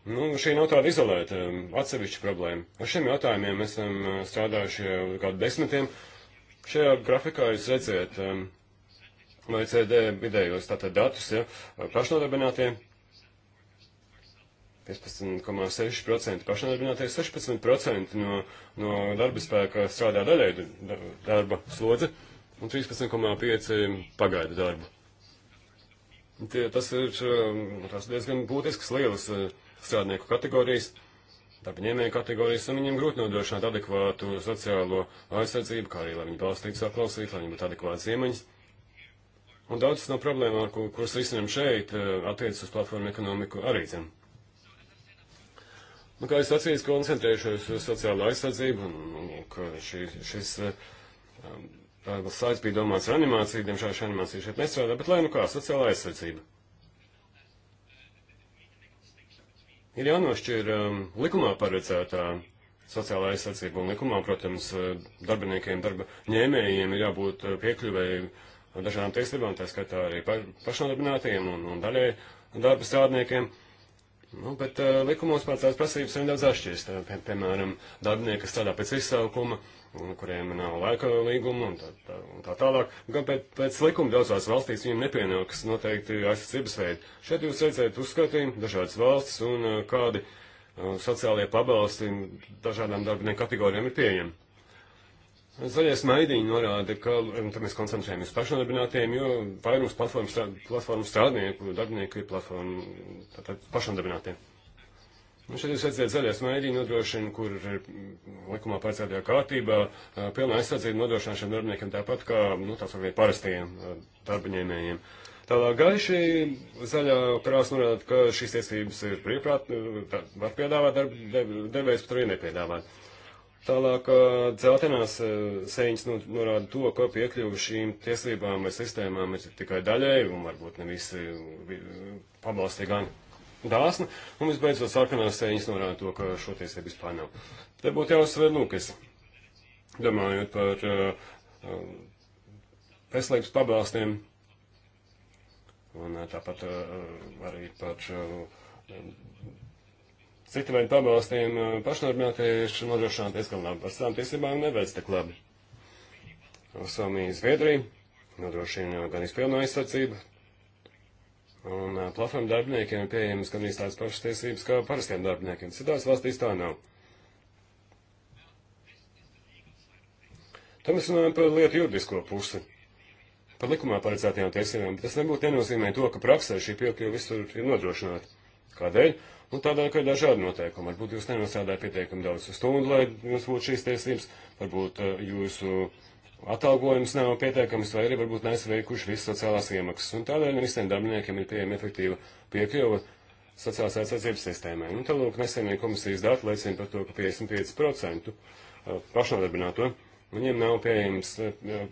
Nu, šī nav tāda izolēta, um, atsevišķa problēma. Ar šiem jautājumiem mēs esam uh, strādājuši jau kādu desmitiem. Šajā grafikā jūs redzēt um, OECD vidējos tātad datus, ja, pašnodarbinātiem. Uh, 15,6% pašnodarbinātie, 16% no, no darba spēka strādā daļai darba slodze un 13,5% pagaidu darbu. Tie, tas ir um, tas diezgan būtisks lielas uh, strādnieku kategorijas, darba ņēmēju kategorijas, un viņiem grūti nodrošināt adekvātu sociālo aizsardzību, kā arī, lai viņi balstītu savu klausību, lai viņiem būtu adekvāts iemaņas. Un daudzas no problēmām, kur, kuras risinām šeit, eh, attiecas uz platformu ekonomiku arī zem. Nu, kā es sacīju, koncentrējušos uz sociālo aizsardzību, un, un, un šī, šis eh, um, saits bija domāts ar animāciju, diemžēl šī animācija šeit nestrādā, bet lai nu kā, sociāla aizsardzība. Ir jānošķir um, likumā paredzētā sociālā aizsardzība un likumā, protams, uh, darbiniekiem, darba ņēmējiem ir jābūt uh, piekļuvēji dažādām tiesībām, tā skaitā arī pašnodarbinātiem un, un daļai darba strādniekiem. Uh, Nu, bet uh, likumos pārcēlās prasības ir daudz atšķirs. Pie, piemēram, darbinieki, kas strādā pēc izsaukuma, un kuriem nav laika līguma un tā, tā, un tā tālāk. Gan pēc, pēc likuma daudzās valstīs viņiem nepienākas noteikti aizsardzības veidi. Šeit jūs redzēt uzskatījumu dažādas valstis un uh, kādi uh, sociālie pabalsti dažādām darbinieku kategorijām ir pieejami. Zaļais maidiņi norāda, ka mēs koncentrējamies uz pašnodarbinātiem, jo vairums platformu, strād, platformu strādnieku, darbinieku ir platformu pašnodarbinātiem. Un šeit jūs redzat zaļais maidiņi nodrošina, kur ir mm, likumā paredzētajā kārtībā pilnā aizsardzība nodrošina šiem darbiniekiem tāpat kā, nu, tās varbūt parastajiem darbaņēmējiem. Tālāk gaiši zaļā krāsa norāda, ka šīs tiesības ir brīvprāt, var piedāvāt darba devējs, bet arī nepiedāvāt. Tālāk dzeltenās sēņas nu, norāda to, ka piekļuvi šīm tieslībām vai sistēmām ir tikai daļēji un varbūt ne visi pabalsti gan dāsni. Un visbeidzot sarkanās sēņas norāda to, ka šo tiesību vispār nav. Te būtu jāuzsver lūkas. Domājot par uh, veselības pabalstiem un tāpat uh, arī par uh, cita veida pabalstiem eh, pašnodarbinātieši nodrošināti diezgan labi. Par savām tiesībām neveic tik labi. Somija, Zviedrija nodrošina gan izpilnu aizsardzību, un eh, platformu darbiniekiem ir pieejamas gan arī tādas pašas tiesības kā parastiem darbiniekiem. Citās valstīs tā nav. Tad mēs runājam par lietu juridisko pusi, par likumā paredzētajām tiesībām, bet tas nebūtu nenozīmē to, ka praksē šī piekļuva visur ir nodrošināta. Kādēļ? Un nu, tādēļ, ka ir dažādi noteikumi. Varbūt jūs nenostrādājat pietiekami daudz stundu, lai jums būtu šīs tiesības, varbūt eh, jūsu atalgojums nav pietiekams, vai arī varbūt neesat veikuši visas sociālās iemaksas. Un tādēļ ne visiem darbiniekiem ir pieejama efektīva piekļuva sociālās aizsardzības sistēmai. Un te lūk, nesenie komisijas dati liecina par to, ka 55% eh, pašnodarbināto viņiem nav pieejams eh,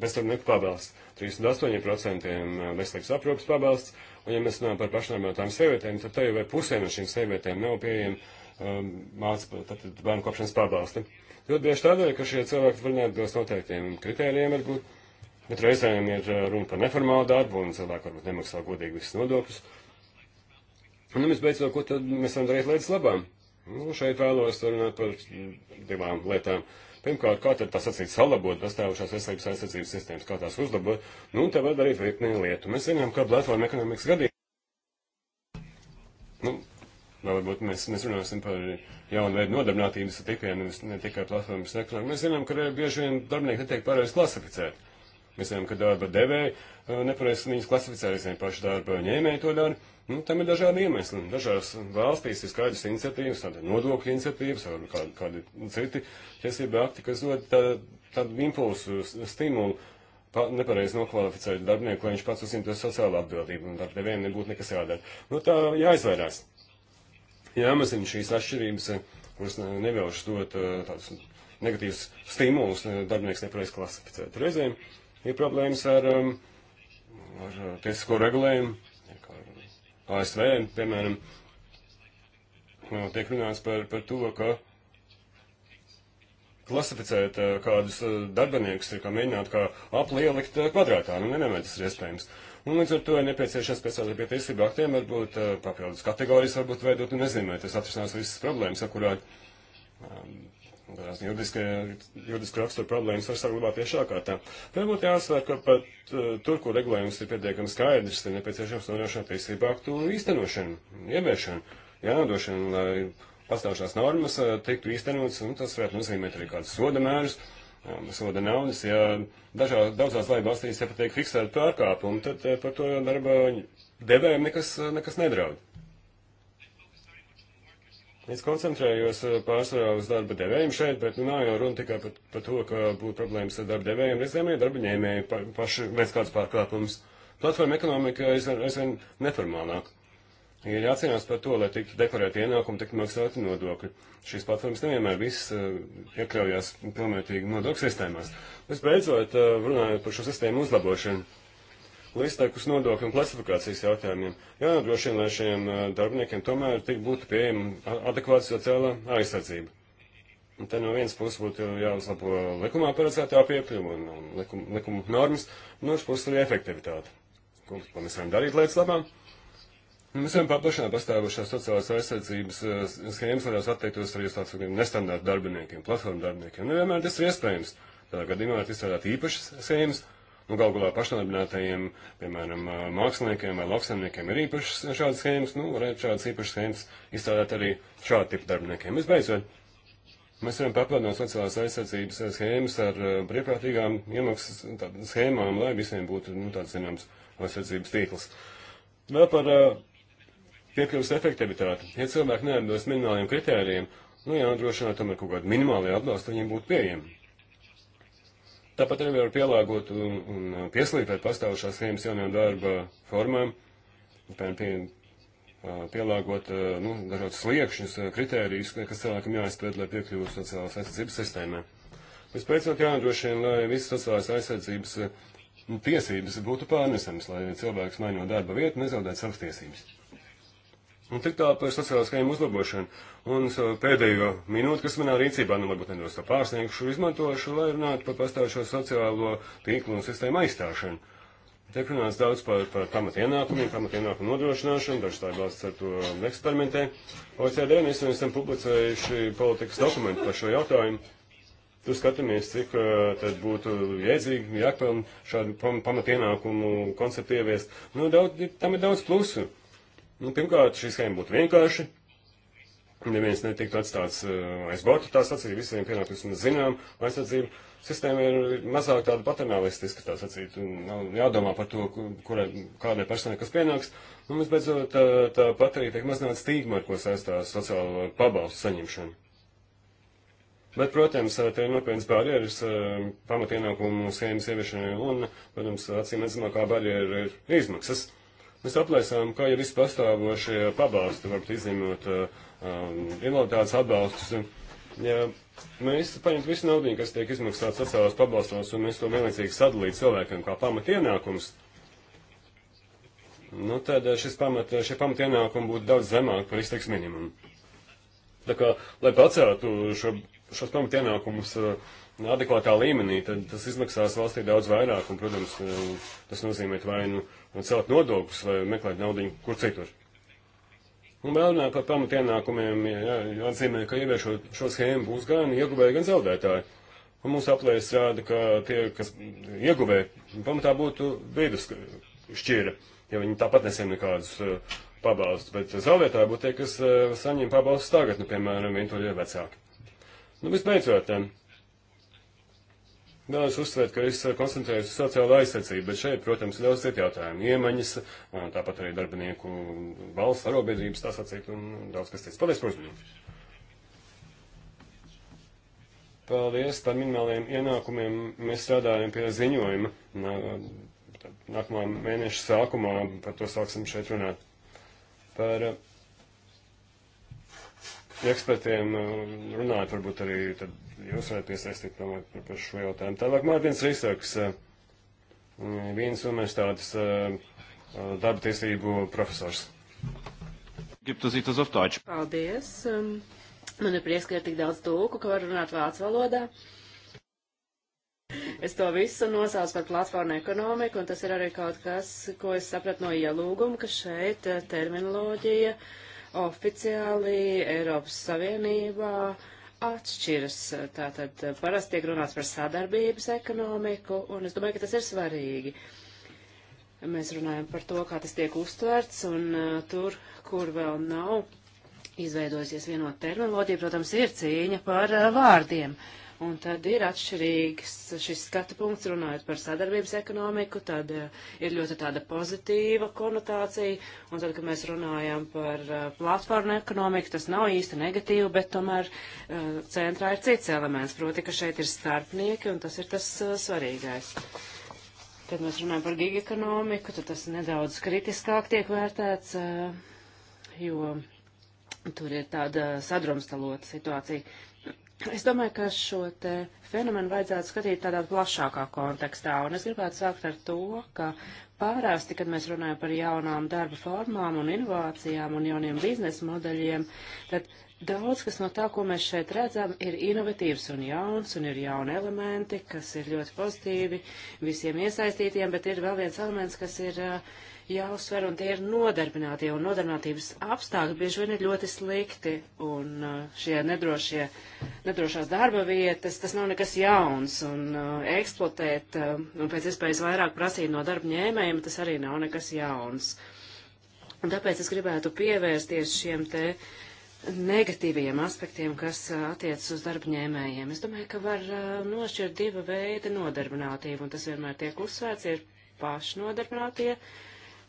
bezdarbnieku pabalsts, 38% veselības aprūpas pabalsts Un, ja mēs runājam par pašnāvinātām sievietēm, tad te jau vai pusē no šīm sievietēm nav pieejama um, mācība, bērnu kopšanas pabalsti. Ļoti bieži tādēļ, ka šie cilvēki var neatbilst noteiktiem kritērijiem, varbūt, bet reizēm ir uh, runa par neformālu darbu, un cilvēki varbūt nemaksā godīgi visus nodokļus. Un, nu, mēs beidzot, ko tad mēs varam darīt lietas labām? Nu, šeit vēlos runāt par divām lietām. Uh, Pirmkārt, kā tad tā sacīt salabot pastāvušās veselības aizsardzības sistēmas, kā tās uzlabot, nu, te var darīt virkni lietu. Mēs zinām, ka platforma ekonomikas gadījumā, nu, varbūt mēs, mēs runāsim par jaunu veidu nodarbinātības tikai, ne tikai platformas sektoru. Mēs zinām, ka bieži vien darbinieki netiek pareizi klasificēti. Mēs zinām, ka darba devēja eh, nepareizi viņas klasificē arī zinu pašu darba ņēmēju to dara. Nu, tam ir dažādi iemesli. Dažās valstīs ir skaidrs iniciatīvas, tāda nodokļu iniciatīvas, vai kādi, kādi citi tiesība akti, kas dod tā, tādu impulsu, stimulu nepareizi nokvalificēt darbinieku, lai viņš pats uzņemtu sociālo atbildību un ar nevienu nebūtu nekas jādara. Nu, tā jāizvairās. Jāmazina šīs atšķirības, eh, kuras nevēlas dot eh, tādus negatīvus stimulus darbinieks nepareizi klasificēt. Reizēm ir problēmas ar, um, ar uh, tiesisko regulējumu. ASV, uh, piemēram, nu, tiek runāts par, par to, ka klasificēt uh, kādus darbiniekus ir kā mēģināt kā aplielikt kvadrātā, nu nevienmēr tas ir iespējams. Un līdz ar to ir nepieciešams speciāli pie tiesību aktiem, varbūt papildus kategorijas varbūt veidot, un nezinu, vai tas atrisinās visas problēmas, ar kurām um, juridiskā rakstura problēmas var saglabāt tiešā kārtā. Varbūt jāsver, ka pat uh, tur, kur regulējums ir pietiekami skaidrs, ir nepieciešams nodrošināt tiesību aktu īstenošanu, ieviešanu, jānodrošina, lai pastāvšās normas uh, tiktu īstenotas, un tas varētu nozīmēt arī kādus soda mērus, um, soda naudas, ja dažā, daudzās laibvalstīs, ja patiek fiksēt pārkāpumu, tad uh, par to darba devējiem nekas, uh, nekas nedraud. Es koncentrējos eh, pārsvarā uz darba devējiem šeit, bet nu, nav jau runa tikai par, par to, ka būtu problēmas ar darba devējiem. Reizēm ir darba ņēmēji pa, paši veids kāds pārkāpums. Platforma ekonomika aizvien, aizvien neformālāk. Ir jācīnās par to, lai tiktu deklarēti ienākumi, tiktu maksāti nodokļi. Šīs platformas nevienmēr viss eh, iekļaujās pilnvērtīgi nodokļu sistēmās. Visbeidzot, eh, runājot par šo sistēmu uzlabošanu līdztekus nodokļu un klasifikācijas jautājumiem. Jānodrošina, lai šiem darbiniekiem tomēr tik būtu pieejama adekvāta sociālā aizsardzība. Un te no vienas puses būtu jāuzlabo likumā paredzētā piepļuva un, un likuma, likuma normas, un otrs puses arī efektivitāte. Ko, ko mēs varam darīt lietas labām? Mēs varam paplašināt pastāvošās sociālās aizsardzības schēmas, lai tās attiektos arī uz tādiem nestandārtu darbiniekiem, platformu darbiniekiem. Nevienmēr nu, tas ir iespējams. Tādā gadījumā ir izstrādāt īpašas schēmas, Nu, gal galā pašnodarbinātajiem, piemēram, māksliniekiem vai lauksaimniekiem ir īpašas šādas schēmas, nu, varētu šādas īpašas schēmas izstrādāt arī šāda tipa darbiniekiem. Visbeidzot, mēs varam papildināt sociālās aizsardzības schēmas ar brīvprātīgām iemaksas schēmām, lai visiem būtu, nu, tāds zināms aizsardzības tīkls. Vēl par piekļuvas efektivitāti. Ja cilvēki neatbilst minimāliem kritērijiem, nu, jānodrošina tomēr kaut kāda minimālajā atbalsta viņiem būtu pieejama. Tāpat arī var pielāgot un, un pieslīpēt pastāvošās schēmas jaunajām darba formām, piemēram, pie, pielāgot nu, dažādus sliekšņus, kritērijus, kas cilvēkam jāizpēd, lai piekļūtu sociālās aizsardzības sistēmē. Vispēcot jānodrošina, lai visas sociālās aizsardzības tiesības būtu pārnesamas, lai cilvēks mainot darba vietu, nezaudētu savas tiesības. Un nu, tik tālu par sociālās skaņu uzlabošanu. Un savu eh, pēdējo minūti, kas manā rīcībā, nu varbūt nedaudz to pārsniegšu, izmantošu, lai runātu par pastāvošo sociālo tīklu un sistēmu aizstāšanu. Tiek runāts daudz par, par pamatienākumiem, pamatienākumu nodrošināšanu, daži tā valsts ar to eksperimentē. OECD mēs esam publicējuši politikas dokumentu par šo jautājumu. Tur skatāmies, cik eh, tad būtu jēdzīgi, jāpeln šādu pamatienākumu konceptu ieviest. Nu, daudz, tam ir daudz plusu. Nu, pirmkārt, šī schēma būtu vienkārši. Neviens netiktu atstāts uh, aiz borta, tā sacīja, visiem pienākums un zinām, aizsardzība. Sistēma ir mazāk tāda paternālistiska, tā sacīt, un jādomā par to, kurai, kādai personai kas pienāks. Un, nu, visbeidzot, tā, tā pat arī tiek mazināt stīgma, ar ko saistās sociālo pabalstu saņemšanu. Bet, protams, eh, te ir nopietnas barjeras eh, pamatienākumu schēmas ieviešanai un, protams, acīm redzamākā barjera ir izmaksas. Mēs aplēsām, kā jau visi pastāvošie pabalsti, varbūt izņemot eh, um, invaliditātes atbalstus. Ja mēs paņemtu visu naudu, kas tiek izmaksāts sociālās pabalstos, un mēs to vienlaicīgi sadalītu cilvēkiem kā pamat ienākums, nu tad eh, šis pamat, šie pamat ienākumi būtu daudz zemāk par izteiks minimumu. Tā kā, lai paceltu šo, šos pamat ienākumus, uh, Nu, adekvātā līmenī, tad tas izmaksās valstī daudz vairāk, un, protams, eh, tas nozīmē vai nu, nu celt nodokļus, vai meklēt naudu kur citur. Un vēl runājot par pamatienākumiem, jā, jāatzīmē, ka ieviešot šo schēmu būs gan ieguvēji, gan zaudētāji. Un mūsu aplēs rāda, ka tie, kas ieguvē, pamatā būtu vidus šķira, ja viņi tāpat nesiem nekādus uh, pabalstus, bet zaudētāji būtu tie, kas uh, saņem pabalstus tagad, nu, piemēram, viņi to ir vecāki. Nu, visbeidzot, uh, Vēlos nu, uzsvērt, ka es koncentrējos uz sociālo aizsardzību, bet šeit, protams, ir daudz citu jautājumu. Iemaņas, tāpat arī darbinieku valsts arobiedrības, tā sacīt, un daudz kas cits. Paldies par uzmanību. Paldies par minimāliem ienākumiem. Mēs strādājam pie ziņojuma. Nākamā mēneša sākumā par to sāksim šeit runāt. Par uh, ekspertiem uh, runāt varbūt arī tad jūs varat piesaistīt domāju, par, par šo jautājumu. Tālāk Mārtiņš Rīsāks, eh, vienas universitātes eh, eh, darba tiesību profesors. Paldies. Um, man ir prieks, ka ir tik daudz tūku, ka var runāt vācu valodā. Es to visu nosaucu par platformu ekonomiku, un tas ir arī kaut kas, ko es sapratu no ielūguma, ka šeit terminoloģija oficiāli Eiropas Savienībā uh, atšķiras. Tātad eh, parasti tiek runāts par sadarbības ekonomiku, un es domāju, ka tas ir svarīgi. Mēs runājam par to, kā tas tiek uztverts, un uh, tur, kur vēl nav izveidojusies vienota terminoloģija, protams, ir cīņa par uh, vārdiem. Uh, Un tad ir atšķirīgs šis skatu punkts, runājot par sadarbības ekonomiku, tad eh, ir ļoti tāda pozitīva konotācija, un tad, kad mēs runājam par eh, platformu ekonomiku, tas nav īsti negatīvi, bet tomēr eh, centrā ir cits elements, proti, ka šeit ir starpnieki, un tas ir tas svarīgais. Kad mēs runājam par gigekonomiku, tad tas nedaudz kritiskāk tiek vērtēts, jo tur ir tāda sadrumstalota situācija. Es domāju, ka šo te fenomenu vajadzētu skatīt tādā plašākā kontekstā, un es gribētu sākt ar to, ka pārāsti, kad mēs runājam par jaunām darba formām un inovācijām un jauniem biznesa modeļiem, tad Daudz kas no tā, ko mēs šeit redzam, ir inovatīvs un jauns, un ir jauni elementi, kas ir ļoti pozitīvi visiem iesaistītiem, bet ir vēl viens elements, kas ir uh, jāuzsver, un tie ir nodarbinātie, un nodarbinātības apstākļi bieži vien ir ļoti slikti, un uh, šie nedrošie, nedrošās darba vietas, tas nav nekas jauns, un uh, eksploatēt, uh, un pēc iespējas vairāk prasīt no darba ņēmējiem, tas arī nav nekas jauns. Un tāpēc es gribētu pievērsties šiem te negatīviem aspektiem, kas attiecas uz darbņēmējiem. Es domāju, ka var nošķirt diva veida nodarbinātību, un tas vienmēr tiek uzsvērts, ir pašnodarbinātie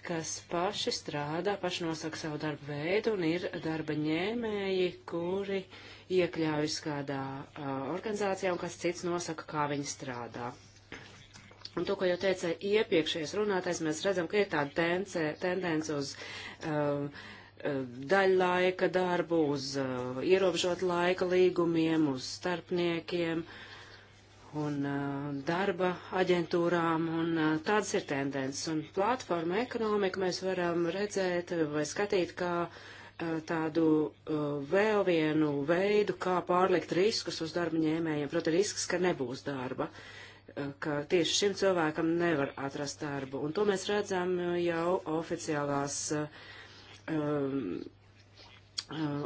kas paši strādā, paši nosaka savu darbu veidu un ir darba ņēmēji, kuri iekļaujas kādā uh, organizācijā un kas cits nosaka, kā viņi strādā. Un to, ko jau teica iepriekšējais runātais, mēs redzam, ka ir tāda tence, tendence uz um, daļlaika darbu, uz uh, ierobežot laika līgumiem, uz starpniekiem. Uh, un uh, darba aģentūrām, un uh, tādas ir tendences. Un platforma ekonomika mēs varam redzēt vai skatīt kā uh, tādu uh, vēl vienu veidu, kā pārlikt riskus uz darba ņēmējiem. Proti, risks, ka nebūs darba, uh, ka tieši šim cilvēkam nevar atrast darbu. Un to mēs redzam jau oficiālās uh, um,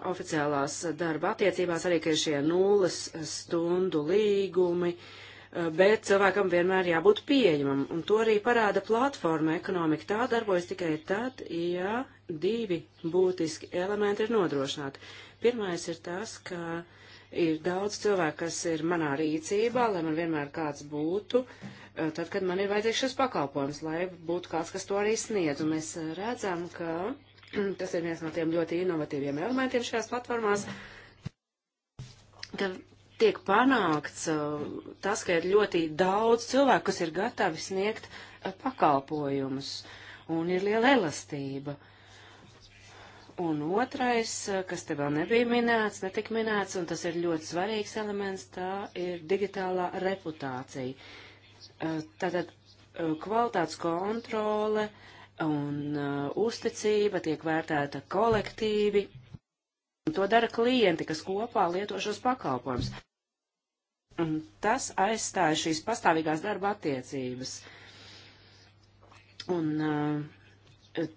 oficiālās darba attiecībās arī, ka ir šie nulles stundu līgumi, bet cilvēkam vienmēr jābūt pieejamam. Un to arī parāda platforma ekonomika. Tā darbojas tikai tad, ja divi būtiski elementi ir nodrošināti. Pirmais ir tas, ka ir daudz cilvēku, kas ir manā rīcībā, lai man vienmēr kāds būtu, tad, kad man ir vajadzīgs šis pakalpojums, lai būtu kāds, kas to arī sniedz. Un mēs redzam, ka Mm, tas ir viens no tiem ļoti inovatīviem elementiem šajās platformās, ka tiek panākts uh, tas, ka ir ļoti daudz cilvēku, kas ir gatavi sniegt uh, pakalpojumus, un ir liela elastība. Un otrais, uh, kas te vēl nebija minēts, netika minēts, un tas ir ļoti svarīgs elements, tā ir digitālā reputācija. Tātad kvalitātes kontrole, uh, un uh, uzticība tiek vērtēta kolektīvi, un to dara klienti, kas kopā lieto šos pakalpojumus. Un tas aizstāja šīs pastāvīgās darba attiecības. Un uh,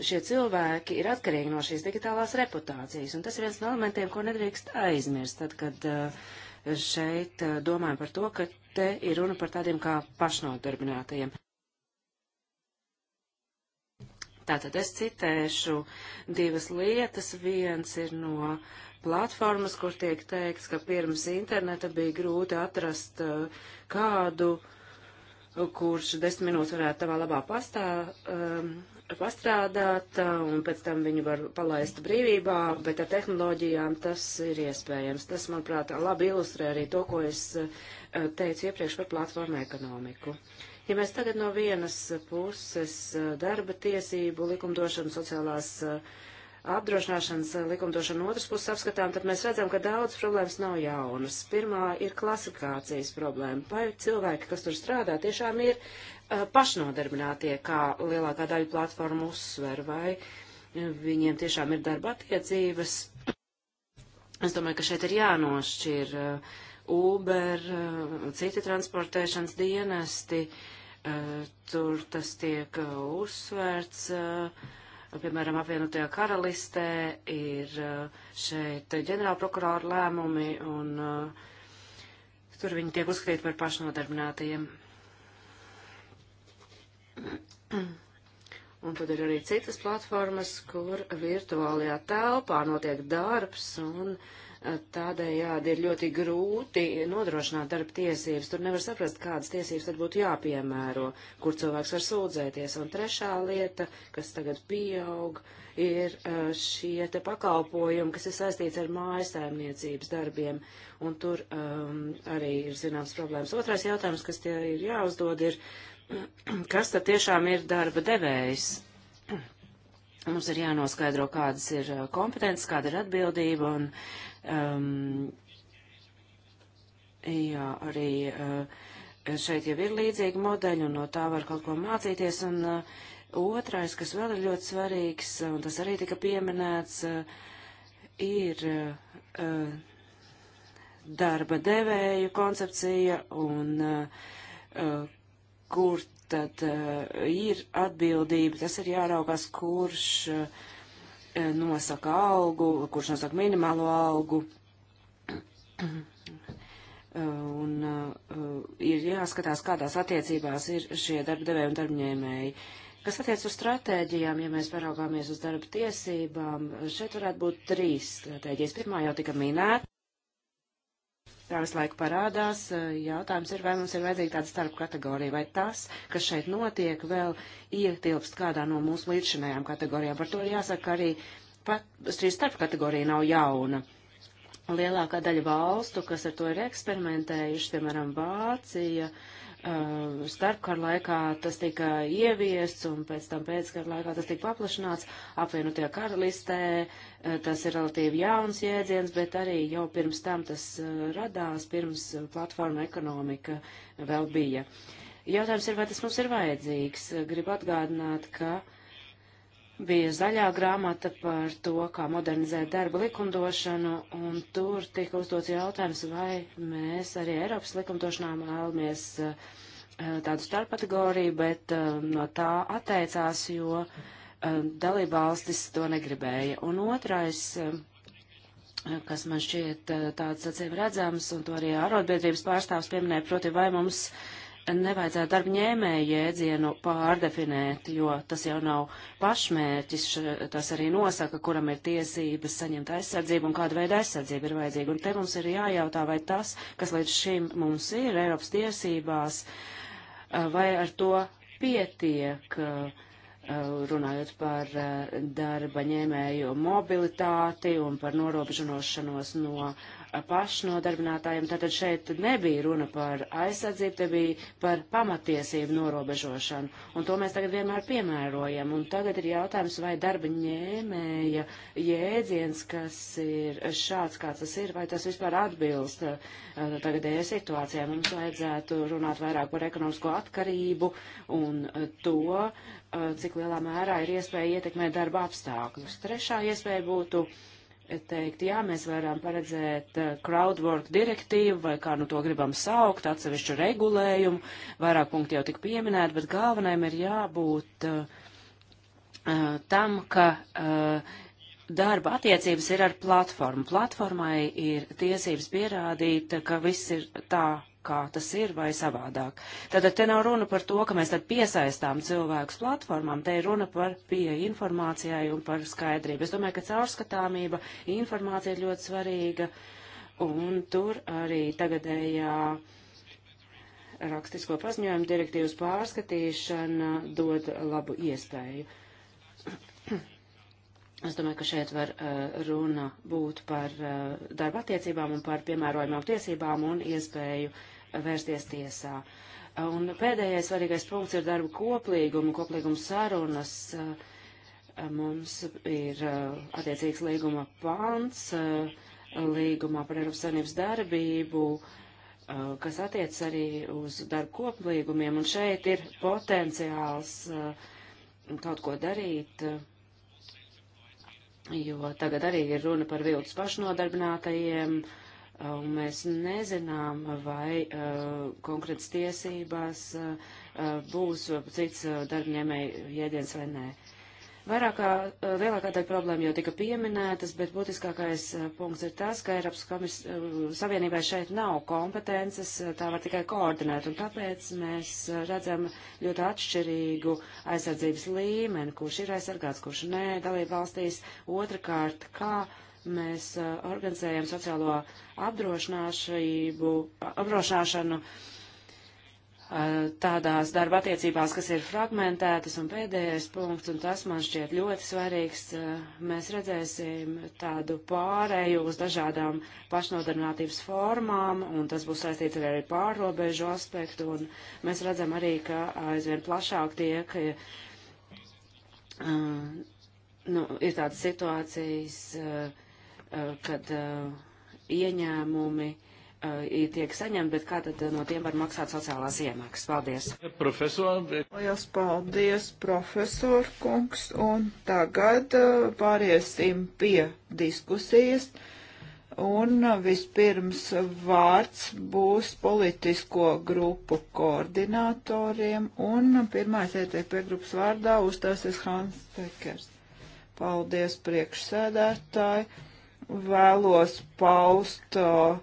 šie cilvēki ir atkarīgi no šīs digitālās reputācijas, un tas ir viens no elementiem, ko nedrīkst aizmirst, tad, kad uh, šeit uh, domājam par to, ka te ir runa par tādiem kā pašnodarbinātajiem. Tātad es citēšu divas lietas. Viens ir no platformas, kur tiek teikts, ka pirms interneta bija grūti atrast uh, kādu, uh, kurš desmit minūtes varētu tavā labā pastā, um, pastrādāt, uh, un pēc tam viņu var palaist brīvībā, bet ar tehnoloģijām tas ir iespējams. Tas, manuprāt, labi ilustrē arī to, ko es teicu iepriekš par platformu ekonomiku. Uh, Ja mēs tagad no vienas puses eh, darba tiesību likumdošanu, sociālās eh, apdrošināšanas eh, likumdošanu otras puses apskatām, tad mēs redzam, ka daudz problēmas nav jaunas. Pirmā ir klasifikācijas problēma. Vai cilvēki, kas tur strādā, tiešām ir pašnodarbinātie, kā lielākā daļa platforma uzsver, vai viņiem tiešām ir darba attiecības? Es domāju, ka šeit ir jānošķir uh, Uber, eh, citi transportēšanas dienesti, eh, tur tas tiek eh, uzsvērts. Piemēram, apvienotajā karalistē ir šeit ģenerālprokurāra lēmumi un tur viņi tiek uzskatīti par pašnodarbinātajiem. Un tad ir arī citas platformas, kur virtuālajā telpā notiek darbs un uh, Tādējādi ir ļoti grūti nodrošināt darba tiesības. Tur nevar saprast, kādas tiesības tad būtu jāpiemēro, kur cilvēks var sūdzēties. Un trešā lieta, kas tagad pieaug, ir uh, šie te pakalpojumi, kas ir saistīts ar mājasēmniecības darbiem. Un tur um, arī ir zināms problēmas. Otrais jautājums, kas tie ir jāuzdod, ir, kas tad tiešām ir darba devējs? Mums ir jānoskaidro, kādas ir uh, kompetences, kāda ir atbildība un uh, Um, jā, arī uh, šeit jau ir līdzīgi modeļi, un no tā var kaut ko mācīties. Un uh, otrais, kas vēl ir ļoti svarīgs, eh, un tas arī tika pieminēts, uh, ir. Uh, darba devēju koncepcija un uh, kur tad uh, ir atbildība. Tas ir jāraugās, kurš uh, E, nosaka algu, kurš nosaka minimālo algu. E, un uh, ir jāskatās, kādās attiecībās ir šie darba devēji un darbņēmēji. Kas attiec uz stratēģijām, ja mēs paraugāmies uz darba tiesībām, šeit varētu būt trīs stratēģijas. Pirmā jau tika minēta kā visu laiku parādās, eh, jautājums ir, vai mums ir vajadzīga tāda starp kategorija, vai tas, kas šeit notiek, vēl ietilpst kādā no mūsu līdzšinējām kategorijām. Par to ir jāsaka arī, pat šī starp kategorija nav jauna. Lielākā daļa valstu, kas ar to ir eksperimentējuši, piemēram, Vācija, uh, Eh, starpkar laikā tas tika ieviests un pēc tam pēckar laikā tas tika paplašināts. Apvienotie karalistē eh, tas ir relatīvi jauns jēdziens, bet arī jau pirms tam tas eh, radās, pirms platforma ekonomika vēl bija. Jautājums ir, vai tas mums ir vajadzīgs. Gribu atgādināt, ka uh, bija zaļā grāmata par to, kā modernizēt darba likumdošanu, un tur tika uzdots jautājums, vai mēs arī Eiropas likumdošanā vēlamies eh, tādu starpkategoriju, bet eh, no tā atteicās, jo eh, dalībvalstis to negribēja. Un otrais, kas man šķiet tāds acīm redzams, un to arī arotbiedrības pārstāvs pieminēja, proti, vai mums uh, nevajadzētu darba ņēmēju jēdzienu pārdefinēt, jo tas jau nav pašmērķis, tas arī nosaka, kuram ir tiesības saņemt aizsardzību un kāda veida aizsardzība ir vajadzīga. Un te mums ir jājautā, vai tas, kas līdz šim mums ir Eiropas tiesībās, vai ar to pietiek, runājot par darba ņēmēju mobilitāti un par norobežošanos no pašnodarbinātājiem. Tātad šeit nebija runa par aizsardzību, te bija par pamatiesību norobežošanu. Un to mēs tagad vienmēr piemērojam. Un tagad ir jautājums, vai darba ņēmēja jēdziens, kas ir šāds, kāds tas ir, vai tas vispār atbilst uh, tagadējai situācijai. Mums vajadzētu runāt vairāk par ekonomisko atkarību un uh, to, uh, cik lielā mērā ir iespēja ietekmēt darba apstākļus. Trešā iespēja būtu. Uh, teikt, jā, mēs varam paredzēt eh, crowdwork direktīvu vai kā nu to gribam saukt, atsevišķu regulējumu, vairāk punkti jau tik pieminēti, bet galvenajam ir jābūt uh, tam, ka uh, darba attiecības ir ar platformu. Platformai ir tiesības pierādīt, ka viss ir tā, kā tas ir vai savādāk. Tātad te nav runa par to, ka mēs tad piesaistām cilvēkus platformām, te ir runa par pieeja informācijai un par skaidrību. Es domāju, ka caurskatāmība, informācija ir ļoti svarīga, un tur arī tagadējā rakstisko paziņojumu direktīvas pārskatīšana dod labu iespēju. Es domāju, ka šeit var uh, runa būt par uh, darba attiecībām un par piemērojumām tiesībām un iespēju vērsties tiesā. Eh, un pēdējais svarīgais punkts ir darba koplīguma, koplīguma sarunas. Uh, mums ir uh, attiecīgs līguma pants uh, līgumā par Eiropas Savienības darbību, uh, kas attiec arī uz darba koplīgumiem. Un šeit ir potenciāls uh, kaut ko darīt. Uh, jo tagad arī ir runa par viltus pašnodarbinātajiem, un mēs nezinām, vai uh, konkrētas tiesībās uh, uh, būs cits uh, darbņēmēji jēdiens vai nē. Vairākā eh, lielākā daļa problēma jau tika pieminētas, bet būtiskākais eh, punkts ir tas, ka Eiropas komis, eh, Savienībai šeit nav kompetences, tā var tikai koordinēt, un tāpēc mēs redzam ļoti atšķirīgu aizsardzības līmeni, kurš ir aizsargāts, kurš nē, dalība valstīs. Otrakārt, kā mēs organizējam sociālo apdrošināšanu tādās darba attiecībās, kas ir fragmentētas, un pēdējais punkts, un tas man šķiet ļoti svarīgs, eh, mēs redzēsim tādu pārēju uz dažādām pašnodarbinātības formām, un tas būs saistīts arī ar pārrobežu aspektu, un mēs redzam arī, ka aizvien plašāk tiek. Eh, nu, ir tādas situācijas, eh, kad ieņēmumi uh, Eh, tiek saņemti, bet kā tad eh, no tiem var maksāt sociālās iemaksas? Paldies! Profesor! Lielas paldies, profesor kungs! Un tagad eh, pāriesim pie diskusijas. Un vispirms vārds būs politisko grupu koordinatoriem, un pirmais ETP grupas vārdā uzstāsies Hans Pekers. Paldies priekšsēdētāji! Vēlos paust uh,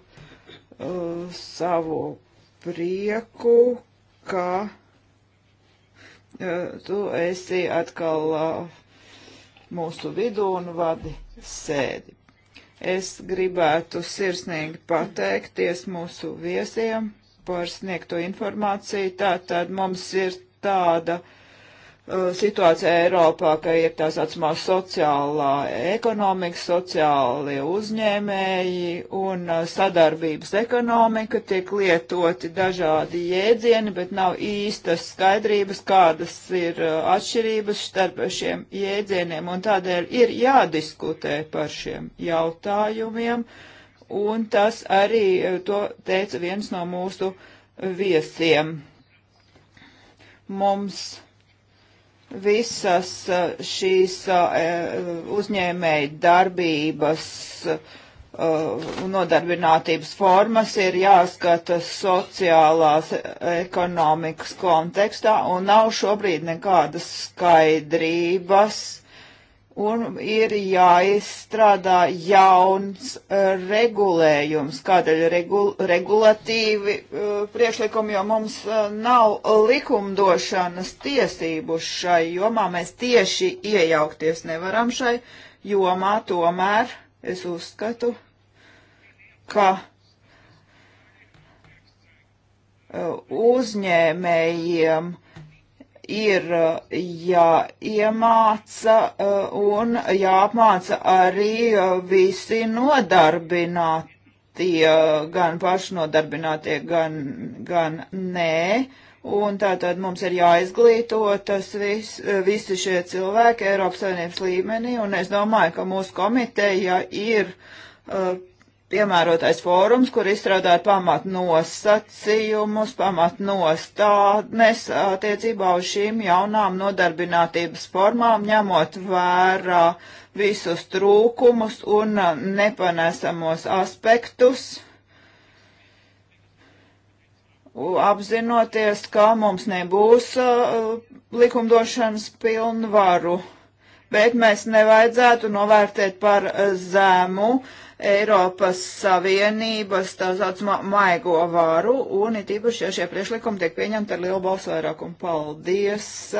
uh, savu prieku, ka uh, tu esi atkal uh, mūsu vidū un vadi sēdi. Es gribētu sirsnīgi pateikties mūsu viesiem par sniegto informāciju. Tātad mums ir tāda uh, Uh, situācija Eiropā, ka ir tā saucamā sociālā ekonomika, sociālie uzņēmēji un uh, sadarbības ekonomika, tiek lietoti dažādi jēdzieni, bet nav īstas skaidrības, kādas ir uh, atšķirības starp šiem jēdzieniem, un tādēļ ir jādiskutē par šiem jautājumiem, un tas arī to teica viens no mūsu viesiem. Mums visas šīs e, uzņēmēja darbības un nodarbinātības formas ir jāskata sociālās ekonomikas kontekstā, un nav šobrīd nekādas skaidrības un ir jāizstrādā jauns e, regulējums, kādēļ regul regulatīvi e, priekšlikumi, jo mums e, nav likumdošanas tiesību šai jomā, mēs tieši iejaukties nevaram šai jomā, tomēr es uzskatu, ka uzņēmējiem uh, ir eh, jāiemāca eh, un jāapmāca arī eh, visi nodarbinātie, gan pašnodarbinātie, gan, gan nē. Un tātad mums ir jāizglīto tas vis, visi šie cilvēki Eiropas Savienības līmenī, un es domāju, ka mūsu komiteja ir uh, piemērotais fórums, kur izstrādāja pamat nosacījumus, pamat nostādnes attiecībā uz šīm jaunām nodarbinātības formām, ņemot vērā visus trūkumus un nepanesamos aspektus, apzinoties, ka mums nebūs uh, likumdošanas pilnvaru, bet mēs nevajadzētu novērtēt par zēmu, uh, Eiropas Savienības tā saucamā maigo varu, un it īpaši, ja šie priešlikumi tiek pieņemti ar lielu balsu vairākumu. Paldies!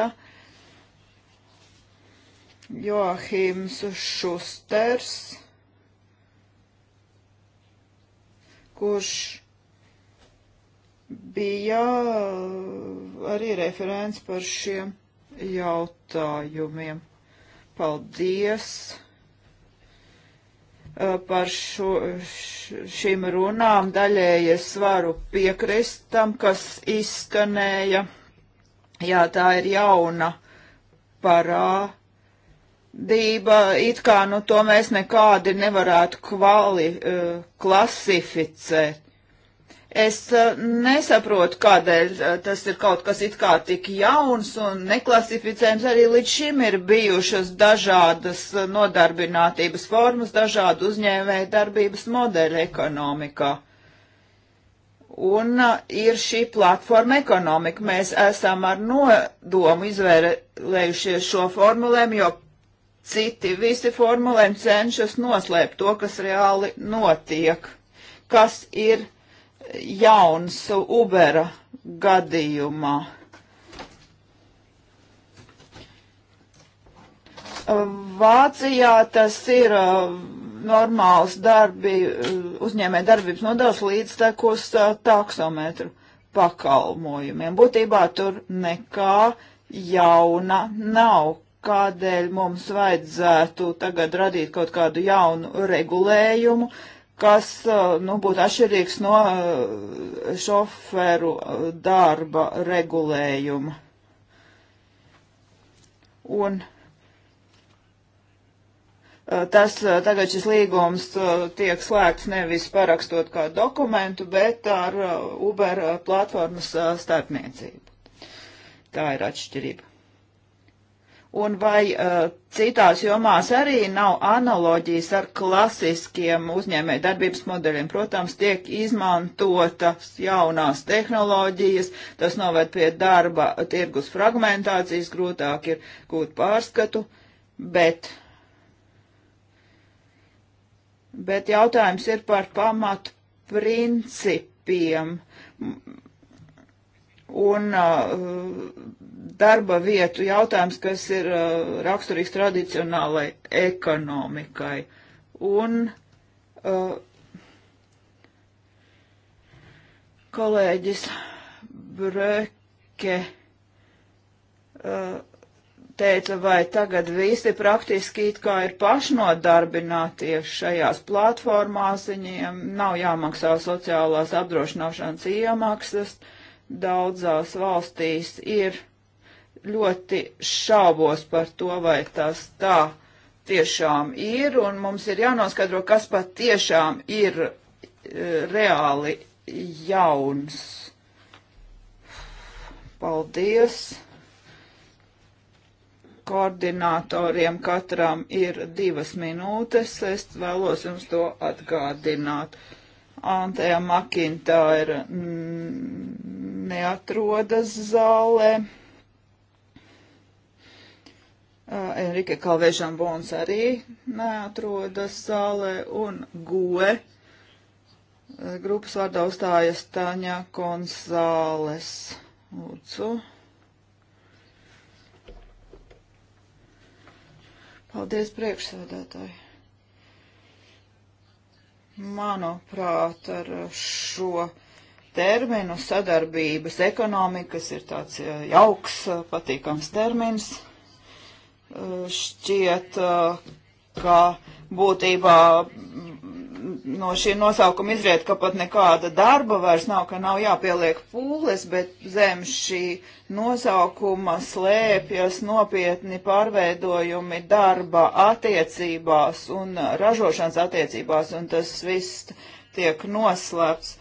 Joachims Šusters, kurš bija arī referents par šiem jautājumiem. Paldies! Eh, par šo, šīm runām. Daļēji es varu piekrist tam, kas izskanēja. Jā, tā ir jauna parādība. It kā nu to mēs nekādi nevarētu kvali, eh, klasificēt. Es eh, nesaprotu, kādēļ eh, tas ir kaut kas it kā tik jauns un neklasificējams. Arī līdz šim ir bijušas dažādas eh, nodarbinātības formas, dažādi uzņēmēji darbības modeļi ekonomikā. Un ir šī platforma ekonomika. Mēs esam ar nodomu izvēlējušies šo formulēm, jo citi visi formulēm cenšas noslēpt to, kas reāli notiek, kas ir jauns Ubera gadījumā. Vācijā tas ir uh, normāls darbi, uh, uzņēmē darbības nodevs līdz tekos uh, taksometru pakalmojumiem. Būtībā tur nekā jauna nav. Kādēļ mums vajadzētu tagad radīt kaut kādu jaunu regulējumu, uh, kas nu, būtu atšķirīgs no šoferu darba regulējuma. Un tas tagad šis līgums tiek slēgts nevis parakstot kā dokumentu, bet ar Uber platformas starpniecību. Tā ir atšķirība. Un vai uh, citās jomās arī nav analoģijas ar klasiskiem uzņēmē darbības modeļiem? Protams, tiek izmantotas jaunās tehnoloģijas, tas noved pie darba tirgus fragmentācijas, grūtāk ir gūt pārskatu, bet, bet jautājums ir par pamatu principiem. Un uh, darba vietu jautājums, kas ir uh, raksturīgs tradicionālai ekonomikai. Un uh, kolēģis Breke uh, teica, vai tagad visi praktiski it kā ir pašnodarbināties šajās platformās, viņiem nav jāmaksā sociālās apdrošināšanas iemaksas, daudzās valstīs ir ļoti šaubos par to, vai tas tā tiešām ir, un mums ir jānoskaidro, kas pat tiešām ir e, reāli jauns. Paldies! Koordinatoriem katram ir divas minūtes, es vēlos jums to atgādināt. Antēja Makintāra neatrodas zālē. Enrike Kalvēžambons arī neatrodas zālē un Gue. Eh, grupas vārdā uzstājas Taņa Konzāles. Lūdzu. Paldies priekšsēdētāji. Manuprāt, ar šo terminu sadarbības ekonomikas ir tāds eh, jauks, eh, patīkams termins šķiet, uh, ka būtībā mm, no šī nosaukuma izriet, ka pat nekāda darba vairs nav, ka nav jāpieliek pūles, bet zem šī nosaukuma slēpjas nopietni pārveidojumi darba attiecībās un ražošanas attiecībās, un tas viss tiek noslēpts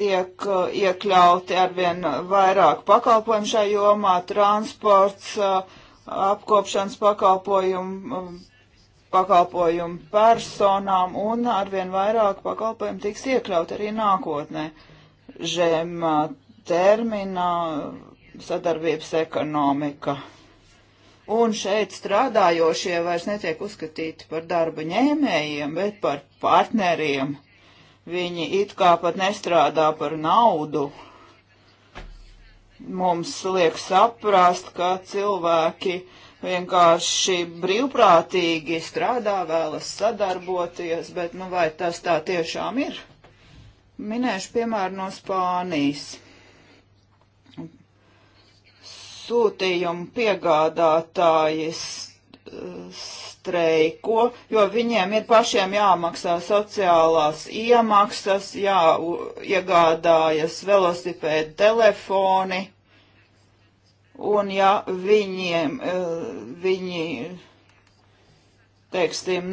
tiek uh, iekļauti arvien vairāk pakalpojumu šajā jomā, transports, uh, apkopšanas pakalpojumu, um, pakalpojumu personām un arvien vairāk pakalpojumu tiks iekļaut arī nākotnē. Žem uh, termina sadarbības ekonomika. Un šeit strādājošie vairs netiek uzskatīti par darba ņēmējiem, bet par partneriem. Viņi it kā pat nestrādā par naudu, mums liek saprast, ka cilvēki vienkārši brīvprātīgi strādā, vēlas sadarboties, bet nu vai tas tā tiešām ir? Minēšu piemēru no Spānijas sūtījumu piegādātājas streiko, jo viņiem ir pašiem jāmaksā sociālās iemaksas, jāiegādājas velosipēdi telefoni, un ja viņiem, e, viņi, teiksim,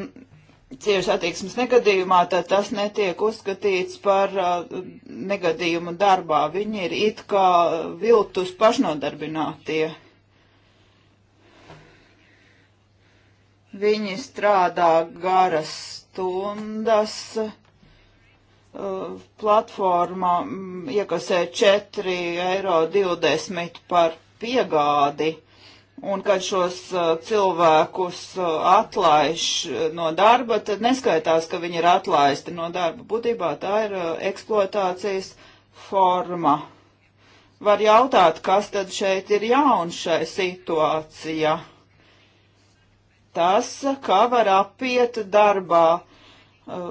cieši attieksmes negadījumā, tad tas netiek uzskatīts par e, negadījumu darbā. Viņi ir it kā viltus pašnodarbinātie. Viņi strādā garas stundas, uh, platformā mm, iekasē 4,20 eiro par piegādi. Un kad šos uh, cilvēkus uh, atlaiž no darba, tad neskaitās, ka viņi ir atlaisti no darba. Būtībā tā ir eksploatācijas forma. Var jautāt, kas tad šeit ir jauns šai situācijai? tas, kā var apiet darbā uh,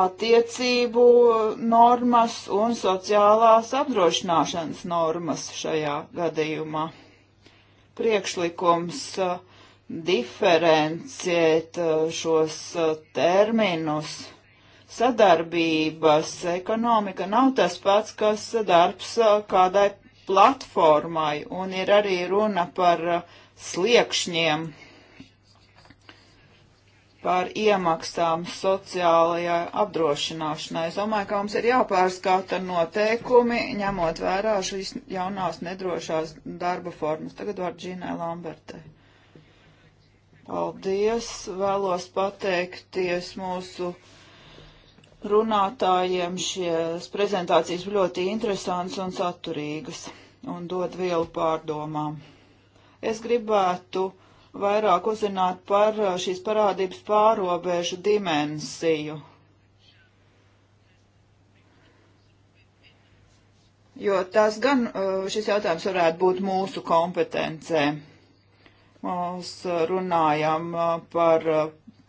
attiecību normas un sociālās apdrošināšanas normas šajā gadījumā. Priekšlikums uh, diferenciēt uh, šos terminus sadarbības ekonomika nav tas pats, kas darbs kādai platformai, un ir arī runa par sliekšņiem par iemaksām sociālajai apdrošināšanai. Es domāju, ka mums ir jāpārskata noteikumi, ņemot vērā šīs jaunās nedrošās darba formas. Tagad var Džīnai Lambertai. Paldies! Vēlos pateikties mūsu runātājiem. Šīs prezentācijas bija ļoti interesantas un saturīgas un dod vielu pārdomām. Es gribētu uh, vairāk uzzināt par eh, šīs parādības pārobežu dimensiju. Jo tas gan eh, šis jautājums varētu būt mūsu kompetencē. Mēs eh, runājam par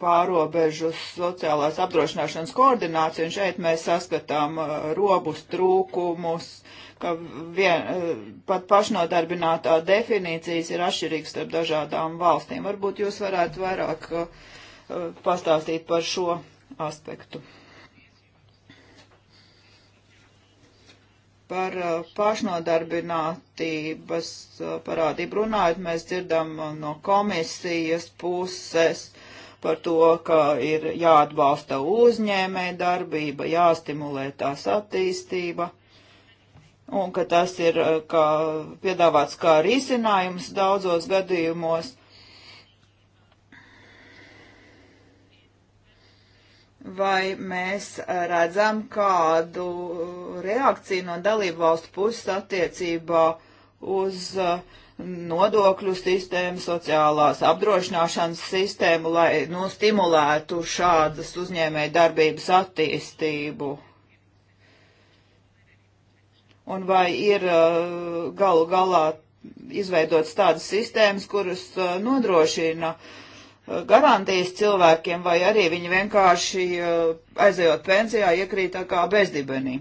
pārobežu sociālās apdrošināšanas koordināciju, un šeit mēs saskatām robus, trūkumus, uh, ka vien, eh, pat pašnodarbinātā definīcijas ir atšķirīgas starp dažādām valstīm. Varbūt jūs varētu vairāk uh, pastāstīt par šo aspektu. Par uh, pašnodarbinātības uh, parādību runājot, mēs dzirdam no komisijas puses par to, ka ir jāatbalsta uzņēmē darbība, jāstimulē tās attīstība un ka tas ir eh, kā piedāvāts kā risinājums daudzos gadījumos. Vai mēs eh, redzam kādu eh, reakciju no dalību valstu puses attiecībā uz nodokļu sistēmu, sociālās apdrošināšanas sistēmu, lai nu, stimulētu šādas uzņēmēja darbības attīstību? un vai ir uh, galu galā izveidotas tādas sistēmas, kuras uh, nodrošina uh, garantijas cilvēkiem, vai arī viņi vienkārši aizejot pensijā iekrīt tā kā bezdibenī.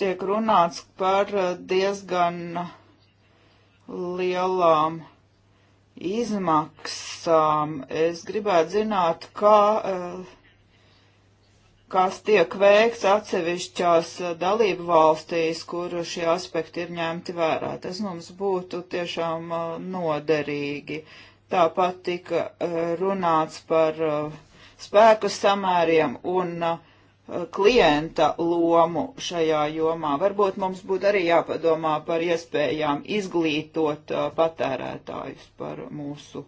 Tiek runāts par diezgan lielām izmaksām. Es gribētu zināt, kā uh, kas tiek veikts atsevišķās eh, dalību valstīs, kur šie aspekti ir ņemti vērā. Tas mums būtu tiešām eh, noderīgi. Tāpat tika eh, runāts par spēku samēriem un klienta lomu šajā jomā. Varbūt mums būtu arī jāpadomā par iespējām izglītot patērētājus par mūsu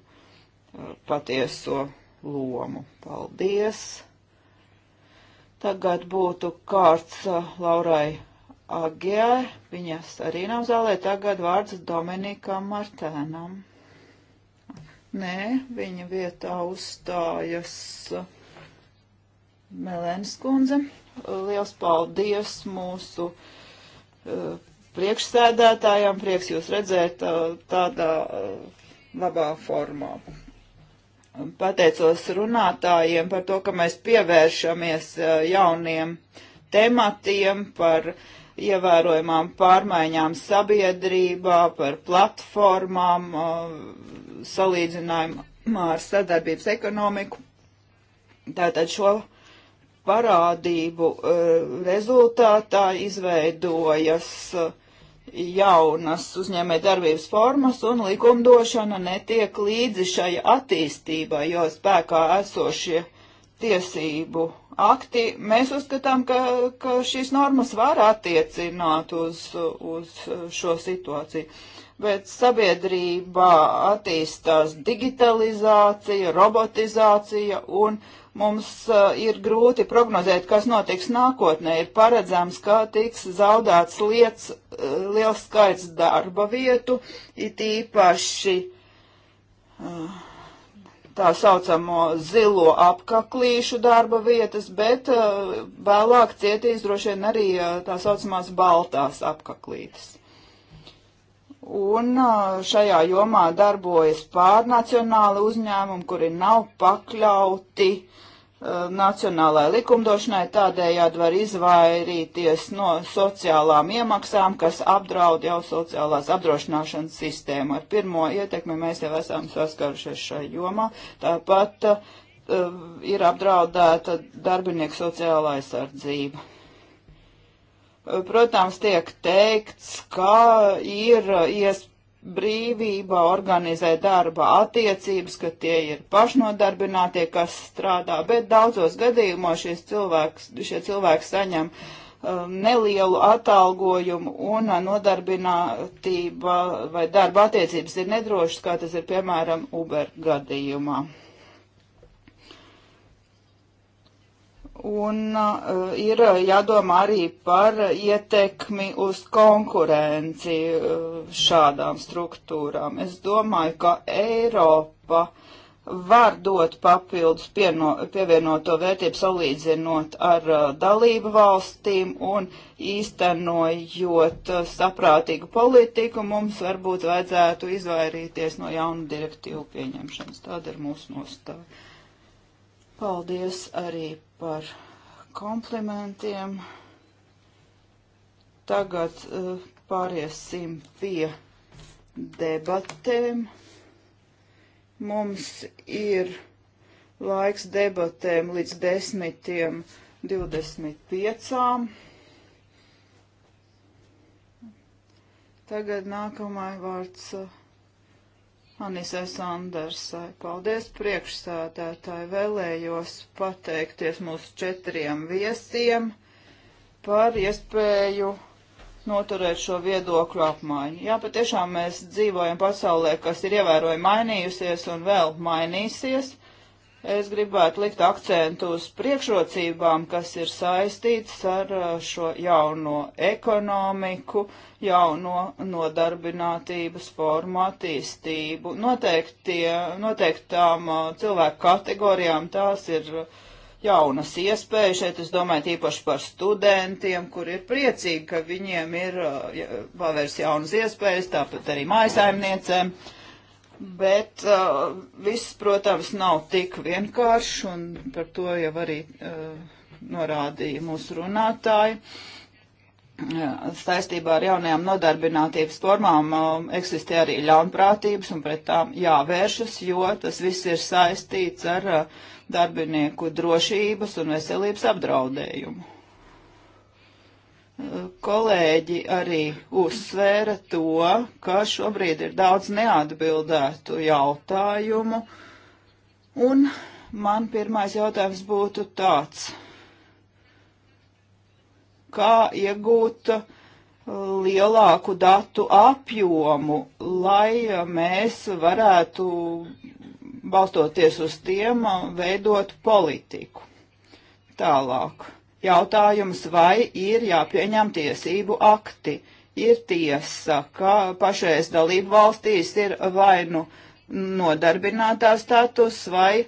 patieso lomu. Paldies! Tagad būtu kārts Laurai Agijai, viņas arī nav zālē, tagad vārds Dominikam Martēnam. Nē, viņa vietā uzstājas Melēnas kundze. Liels paldies mūsu uh, priekšsēdētājām, prieks jūs redzēt uh, tādā uh, labā formā pateicos runātājiem par to, ka mēs pievēršamies eh, jauniem tematiem par ievērojamām pārmaiņām sabiedrībā, par platformām, eh, salīdzinājumā ar sadarbības ekonomiku. Tātad šo parādību eh, rezultātā izveidojas uh, jaunas uzņēmē darbības formas un likumdošana netiek līdzi šai attīstībai, jo spēkā esošie tiesību akti, mēs uzskatām, ka, ka šīs normas var attiecināt uz, uz šo situāciju. Bet sabiedrībā attīstās digitalizācija, robotizācija un uh, Mums uh, ir grūti prognozēt, kas notiks nākotnē. Ir paredzams, ka tiks zaudēts lietas, uh, liels skaits darba vietu, it īpaši uh, tā saucamo zilo apkaklīšu darba vietas, bet uh, vēlāk cietīs droši vien arī uh, tā saucamās baltās apkaklītes. Un uh, šajā jomā darbojas pārnacionāli uzņēmumi, kuri nav pakļauti Uh, nacionālai likumdošanai, tādējādi var izvairīties no sociālām iemaksām, kas apdraud jau sociālās apdrošināšanas sistēmu. Ar pirmo ietekmi mēs jau esam saskārušies šai jomā. Tāpat uh, ir apdraudēta darbinieku sociālā aizsardzība. Uh, protams, tiek teikts, ka ir uh, iespējams brīvība organizēt darba attiecības, ka tie ir pašnodarbinātie, kas strādā, bet daudzos gadījumos cilvēks, šie cilvēki saņem um, nelielu atalgojumu un nodarbinātība vai darba attiecības ir nedrošas, kā tas ir piemēram Uber gadījumā. Un uh, ir jādomā arī par ietekmi uz konkurenci uh, šādām struktūrām. Es domāju, ka Eiropa var dot papildus pieno, pievienoto vērtību salīdzinot ar uh, dalību valstīm un īstenojot uh, saprātīgu politiku, mums varbūt vajadzētu izvairīties no jaunu direktīvu pieņemšanas. Tāda ir mūsu nostāja. Paldies arī par komplimentiem. Tagad uh, pāriesim pie debatēm. Mums ir laiks debatēm līdz 10.25. Tagad nākamai vārds. Uh, Anisai Sandersai. Paldies priekšsādātāji. Vēlējos pateikties mūsu četriem viesiem par iespēju noturēt šo viedokļu apmaiņu. Jā, patiešām mēs dzīvojam pasaulē, kas ir ievērojami mainījusies un vēl mainīsies. Es gribētu likt akcentu uz priekšrocībām, kas ir saistītas ar uh, šo jauno ekonomiku, jauno nodarbinātības formu attīstību. Noteiktie, noteiktām uh, cilvēku kategorijām tās ir uh, jaunas iespējas. Šeit es domāju īpaši par studentiem, kur ir priecīgi, ka viņiem ir pavērs jaunas iespējas, tāpat arī mājasaimniecēm. Uh, Bet uh, viss, protams, nav tik vienkārši, un par to jau arī uh, norādīja mūsu runātāji. Uh, saistībā ar jaunajām nodarbinātības formām uh, eksistē arī ļaunprātības, un pret tām jāvēršas, jo tas viss ir saistīts ar uh, darbinieku drošības un veselības apdraudējumu kolēģi arī uzsvēra to, ka šobrīd ir daudz neatbildētu jautājumu. Un man pirmais jautājums būtu tāds. Kā iegūt lielāku datu apjomu, lai mēs varētu, balstoties uz tiem, veidot politiku? Tālāk jautājums, vai ir jāpieņem tiesību akti. Ir tiesa, ka pašreiz dalību valstīs ir vai nu nodarbinātā status vai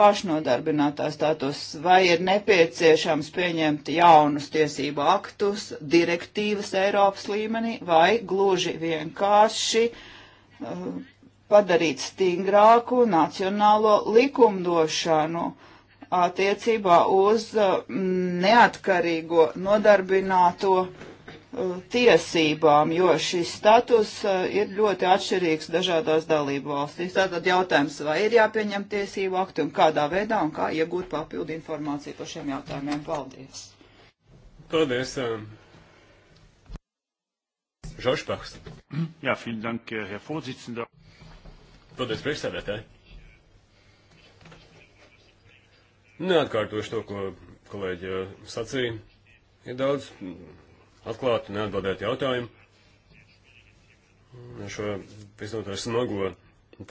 pašnodarbinātā status, vai ir nepieciešams pieņemt jaunus tiesību aktus, direktīvas Eiropas līmenī, vai gluži vienkārši uh, padarīt stingrāku nacionālo likumdošanu. Uh, attiecībā uz uh, neatkarīgo nodarbināto uh, tiesībām, jo šis status uh, ir ļoti atšķirīgs dažādās dalību valstīs. Tātad jautājums, vai ir jāpieņem tiesību akti un kādā veidā un kā iegūt papildu informāciju par šiem jautājumiem. Paldies! Paldies! Um, Žošpaks. Jā, vielen dank, Herr Vorsitzender. Paldies, priekšsēdētāji. Neatkārtošu to, ko kolēģi uh, sacīja. Ir daudz mm, atklātu, neatbildētu jautājumu. Mm, šo visnotaļ smago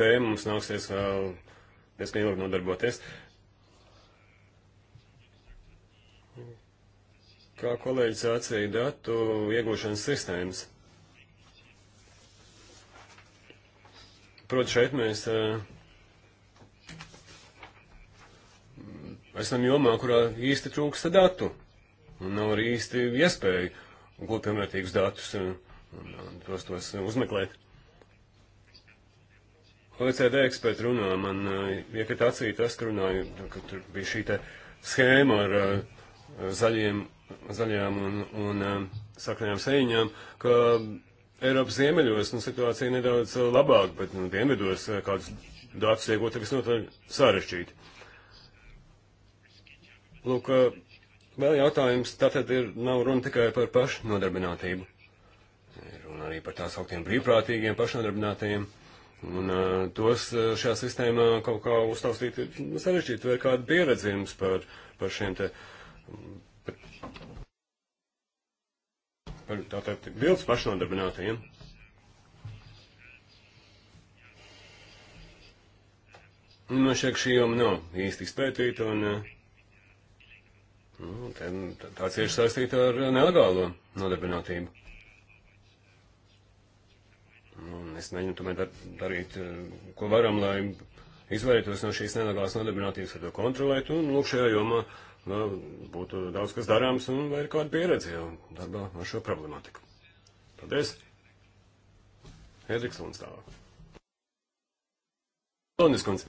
tēmu mums nāksies vēl uh, diezgan ilgi nodarboties. Kā kolēģis sacīja, datu iegūšanas sistēmas. Protams, šeit mēs uh, esam jomā, kurā īsti trūksta datu. Un nav arī īsti iespēju gūt pilnvērtīgus datus un, un, un tos, tos uzmeklēt. OECD eksperti runā, man uh, iekrita acī tas, ka runāju, ka tur bija šī te schēma ar uh, zaļiem, zaļajām un, un uh, saknajām sēņām, ka Eiropas ziemeļos nu, situācija nedaudz labāk, bet nu, dienvidos kādus datus iegūt visnotaļ sarežģīti. Lūk, vēl jautājums, tātad ir, nav runa tikai par pašnodarbinātību. Runa arī par tās augtiem brīvprātīgiem pašnodarbinātajiem. Un uh, tos šajā sistēmā kaut kā uztaustīt ir nu, sarežģīti. Vai ir kāda pieredze jums par, par šiem te. Par, par tātad vilts pašnodarbinātajiem? Nu, man šķiet, šī joma nav īsti izpētīta un. Uh, Nu, tā cieši saistīta ar nelegālo nodarbinātību. Nu, es mēģinu tomēr dar, darīt, eh, ko varam, lai izvairītos no šīs nelegālās nodarbinātības, lai to kontrolētu. Un, lūk, šajā jomā nu, būtu daudz kas darāms un vai ir kāda pieredze jau darbā ar šo problemātiku. Paldies! Hedriks Lunds tālāk. Lonis Kunds.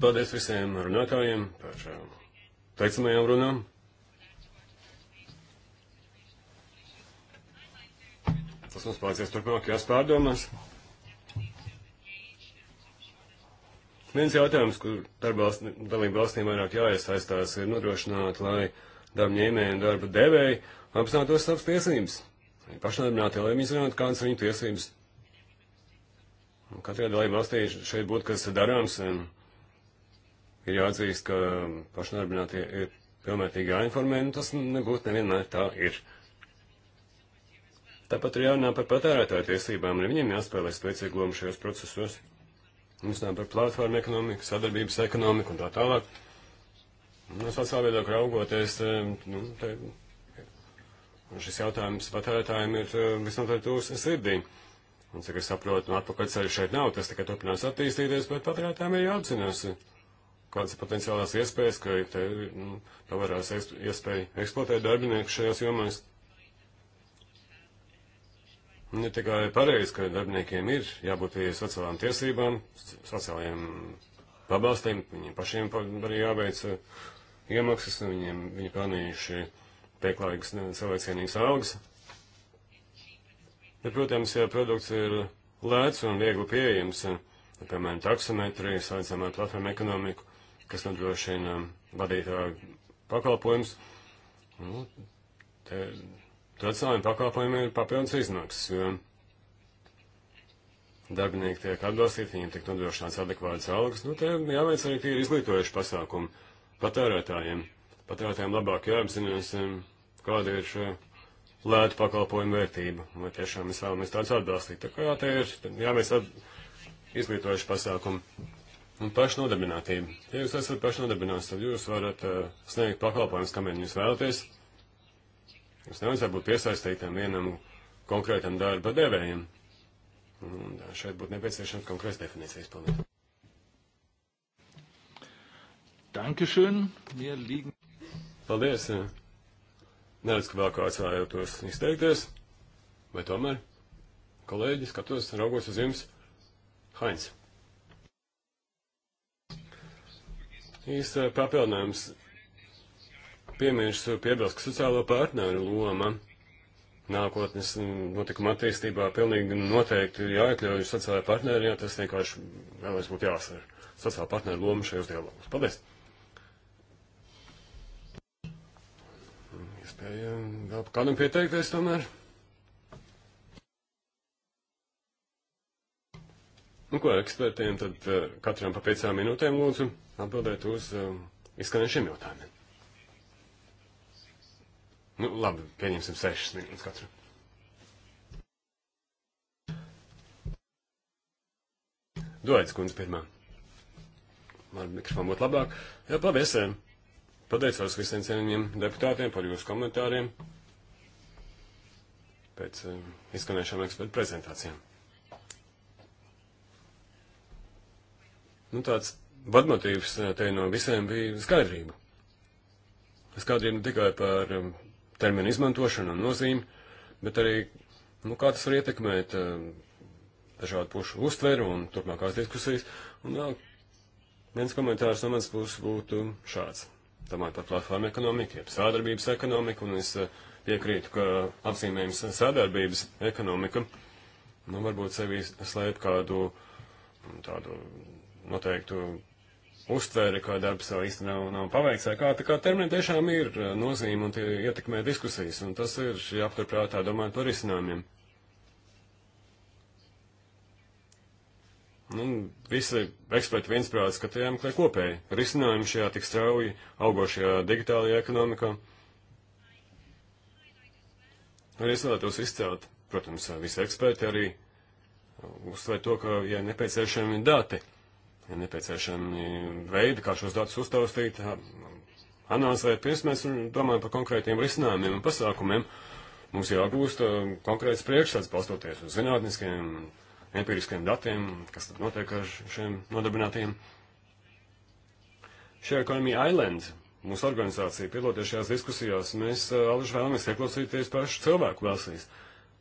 Paldies visiem runātājiem par eh, teicamajām runām. Tas mums palīdzēs turpmākajās pārdomās. Viens jautājums, kur dalību valstīm vairāk jāiesaistās, ir nodrošināt, lai darba ņēmēji un darba devēji apzinātos savas tiesības. Pašnodarbinātie, lai viņi zinātu, kādas viņu tiesības. Un katrā dalību valstī šeit būtu kas darāms. Un, ir jāatzīst, ka pašnodarbinātie ir pilnvērtīgi jāinformē, un tas nebūtu nevienmēr tā ir. Tāpat ir jārunā par patērētāju tiesībām, un viņiem jāspēlē spēcīga loma šajos procesos. Mums nav par platformu ekonomiku, sadarbības ekonomiku un tā tālāk. Nu, sociālā veidā raugoties, eh, nu, te, šis jautājums patērētājiem ir eh, visnotaļ tūs sirdī. Un, cik es saprotu, nu, atpakaļ ceļu šeit nav, tas tikai turpinās attīstīties, bet patērētājiem ir jāapzinās. Uh, kādas ir potenciālās iespējas, ka te nu, pavērās iespēja eksploatēt darbinieku šajās jomās. Un ir tikai pareizi, ka darbiniekiem ir jābūt pie sociālām tiesībām, sociālajiem pabalstiem, viņiem pašiem arī jāveic uh, iemaksas, viņiem viņi pelnījuši pieklājīgas cilvēcienīgas algas. Bet, protams, ja produkts ir lēts un viegli pieejams, uh, piemēram, taksometrija, saucamā platforma ekonomiku, kas nodrošina vadītāju pakalpojumus. Nu, te, tradicionālajiem pakalpojumiem ir papildus iznāks, jo darbinieki tiek atbalstīti, viņiem tiek nodrošināts adekvātas algas. Nu, te jāveic arī tie izglītojuši pasākumi patērētājiem. Patērētājiem labāk jāapzinās, kāda ir šī lētu pakalpojumu vērtība. Vai tiešām mēs vēlamies tādus atbalstīt. Tā kā jā, te ir jāveic izglītojuši pasākumi. Un pašnodarbinātība. Ja jūs esat pašnodarbināts, tad jūs varat uh, sniegt pakalpojumus, kam vien jūs vēlaties. Jūs nevajadzētu būt piesaistītam vienam konkrētam darba devējam. Un eh, šeit būtu nepieciešams konkrēts definīcijas paldies. Dankeschön, mir liegen. Paldies. Eh. Neredz, ka vēl kāds vēlētos izteikties, vai tomēr, kolēģi, skatos, raugos uz jums, Hainz. īsta uh, papildinājums piemirstu piebilst, ka sociālo partneru loma nākotnes notikuma attīstībā pilnīgi noteikti ir jāiekļauj sociālajā partnerī, ja tas vienkārši vēlreiz būtu jāsver. Sociālā partneru loma šajos dialogos. Paldies! Iespēja vēl kādam pieteikties tomēr. Nu, ko ekspertiem tad eh, katram pa piecām minūtēm lūdzu atbildēt uz um, izskanējušiem jautājumiem. Nu, labi, pieņemsim sešas minūtes katru. Dodas kundze pirmā. Man mikrofonu būtu labāk. Jā, paldies. Eh, pateicos visiem cienījumiem deputātiem par jūsu komentāriem pēc uh, izskanējušām ekspertu prezentācijām. Nu, tāds vadmotīvs eh, te no visiem bija skaidrība. Skaidrība ne tikai par um, terminu izmantošanu un nozīmi, bet arī, nu, kā tas var ietekmēt um, dažādu pušu uztveru un turpmākās diskusijas. Un vēl viens komentārs no manas puses būtu šāds. Domāju par platformu ekonomiku, jeb sādarbības ekonomiku, un es eh, piekrītu, ka apzīmējums sādarbības ekonomika, nu, varbūt sevi slēp kādu tādu noteiktu uztveri, ka darbs vēl īsti nav, nav paveikts, vai kā, tā kā termini tiešām ir eh, nozīme un tie ietekmē diskusijas, un tas ir jāpaturprātā domājot par risinājumiem. Nu, visi eksperti viensprāts, ka tajām klē kopēji risinājumi šajā tik strauji augošajā digitālajā ekonomikā. Arī es vēlētos izcelt, protams, visi eksperti arī uzsver to, ka, ja nepieciešami dati, ir nepieciešami veidi, kā šos datus uztaustīt, analizēt, pirms mēs domājam par konkrētiem risinājumiem un pasākumiem. Mums jāgūst konkrēts priekšstats, balstoties uz zinātniskiem, empiriskiem datiem, kas tad notiek ar šiem nodarbinātiem. Šajā Economy Island mūsu organizācija piedaloties šajās diskusijās, mēs alaži vēlamies ieklausīties pašu cilvēku balsīs.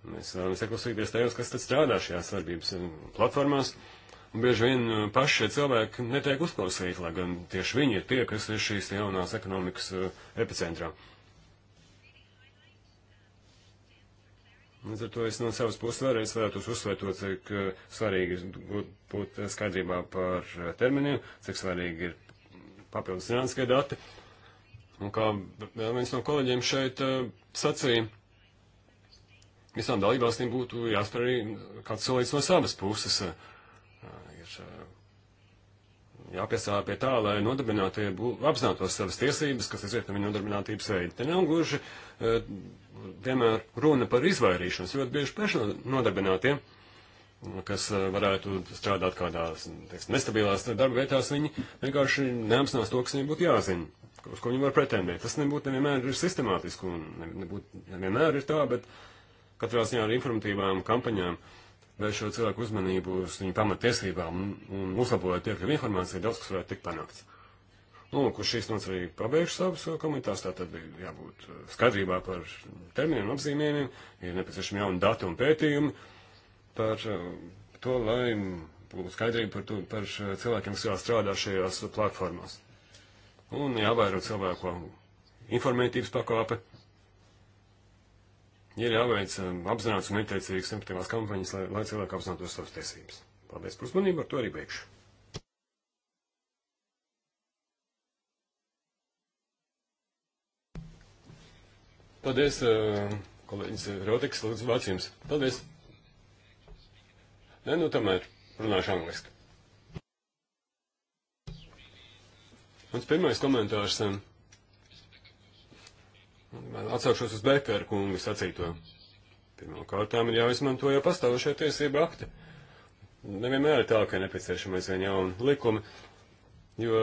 Mēs vēlamies ieklausīties tajos, kas tad strādā šajās sadarbības platformās. Uh, Un bieži vien uh, paši šie cilvēki netiek uzklausīti, lai gan tieši viņi ir tie, kas ir šīs jaunās ekonomikas uh, epicentrā. Līdz ar to es no savas puses vēlreiz varētu uzsvērt to, cik uh, svarīgi ir būt skaidrībā par terminiem, cik svarīgi ir papildus zinātniskie dati. Un kā viens no kolēģiem šeit sacīja, visām dalībvalstīm būtu jāspēr arī kāds solīts no savas puses jāpiesāvā pie tā, lai nodarbinātie apzinātos savas tiesības, kas iziet no viņa nodarbinātības veida. Te nav gluži e, vienmēr runa par izvairīšanos. Ļoti bieži pašnodarbinātie, kas e, varētu strādāt kādās teiks, nestabilās darba vietās, viņi vienkārši neapzinās to, kas viņiem būtu jāzina, uz ko viņi var pretendēt. Tas nebūtu nevienmēr ir sistemātiski un nebūtu nevienmēr ir tā, bet katrā ziņā ar informatīvām kampaņām. Uh, vēršot cilvēku uzmanību uz viņu pamatiesībām un, un uzlabojot piekļuvu informāciju, daudz kas varētu tikt panākts. Nu, kurš šīs nots arī pabeigšu savus uh, komentārus, tā tad bija jābūt uh, skaidrībā par terminiem un apzīmējumiem, ir nepieciešami jauni dati un pētījumi par uh, to, lai būtu skaidrība par, to, par cilvēkiem, kas jau strādā šajās platformās. Un jāvēro cilvēku informētības pakāpe, ir jāveic um, apzināts un mērķtiecīgas informatīvās kampaņas, lai, lai cilvēki apzinātos savas tiesības. Paldies par uzmanību, ar to arī beigšu. Paldies, um, kolēģis Rotiks, lūdzu, vārds jums. Paldies. Nē, nu tomēr runāšu angliski. Mans pirmais komentārs. Um, Atcaušos uz Bekara kungu sacīto. Pirmkārtām ir jāizmanto jau pastāvošie tiesība akti. Nevienmēr ir tā, ka nepieciešama aizvien jauna likuma, jo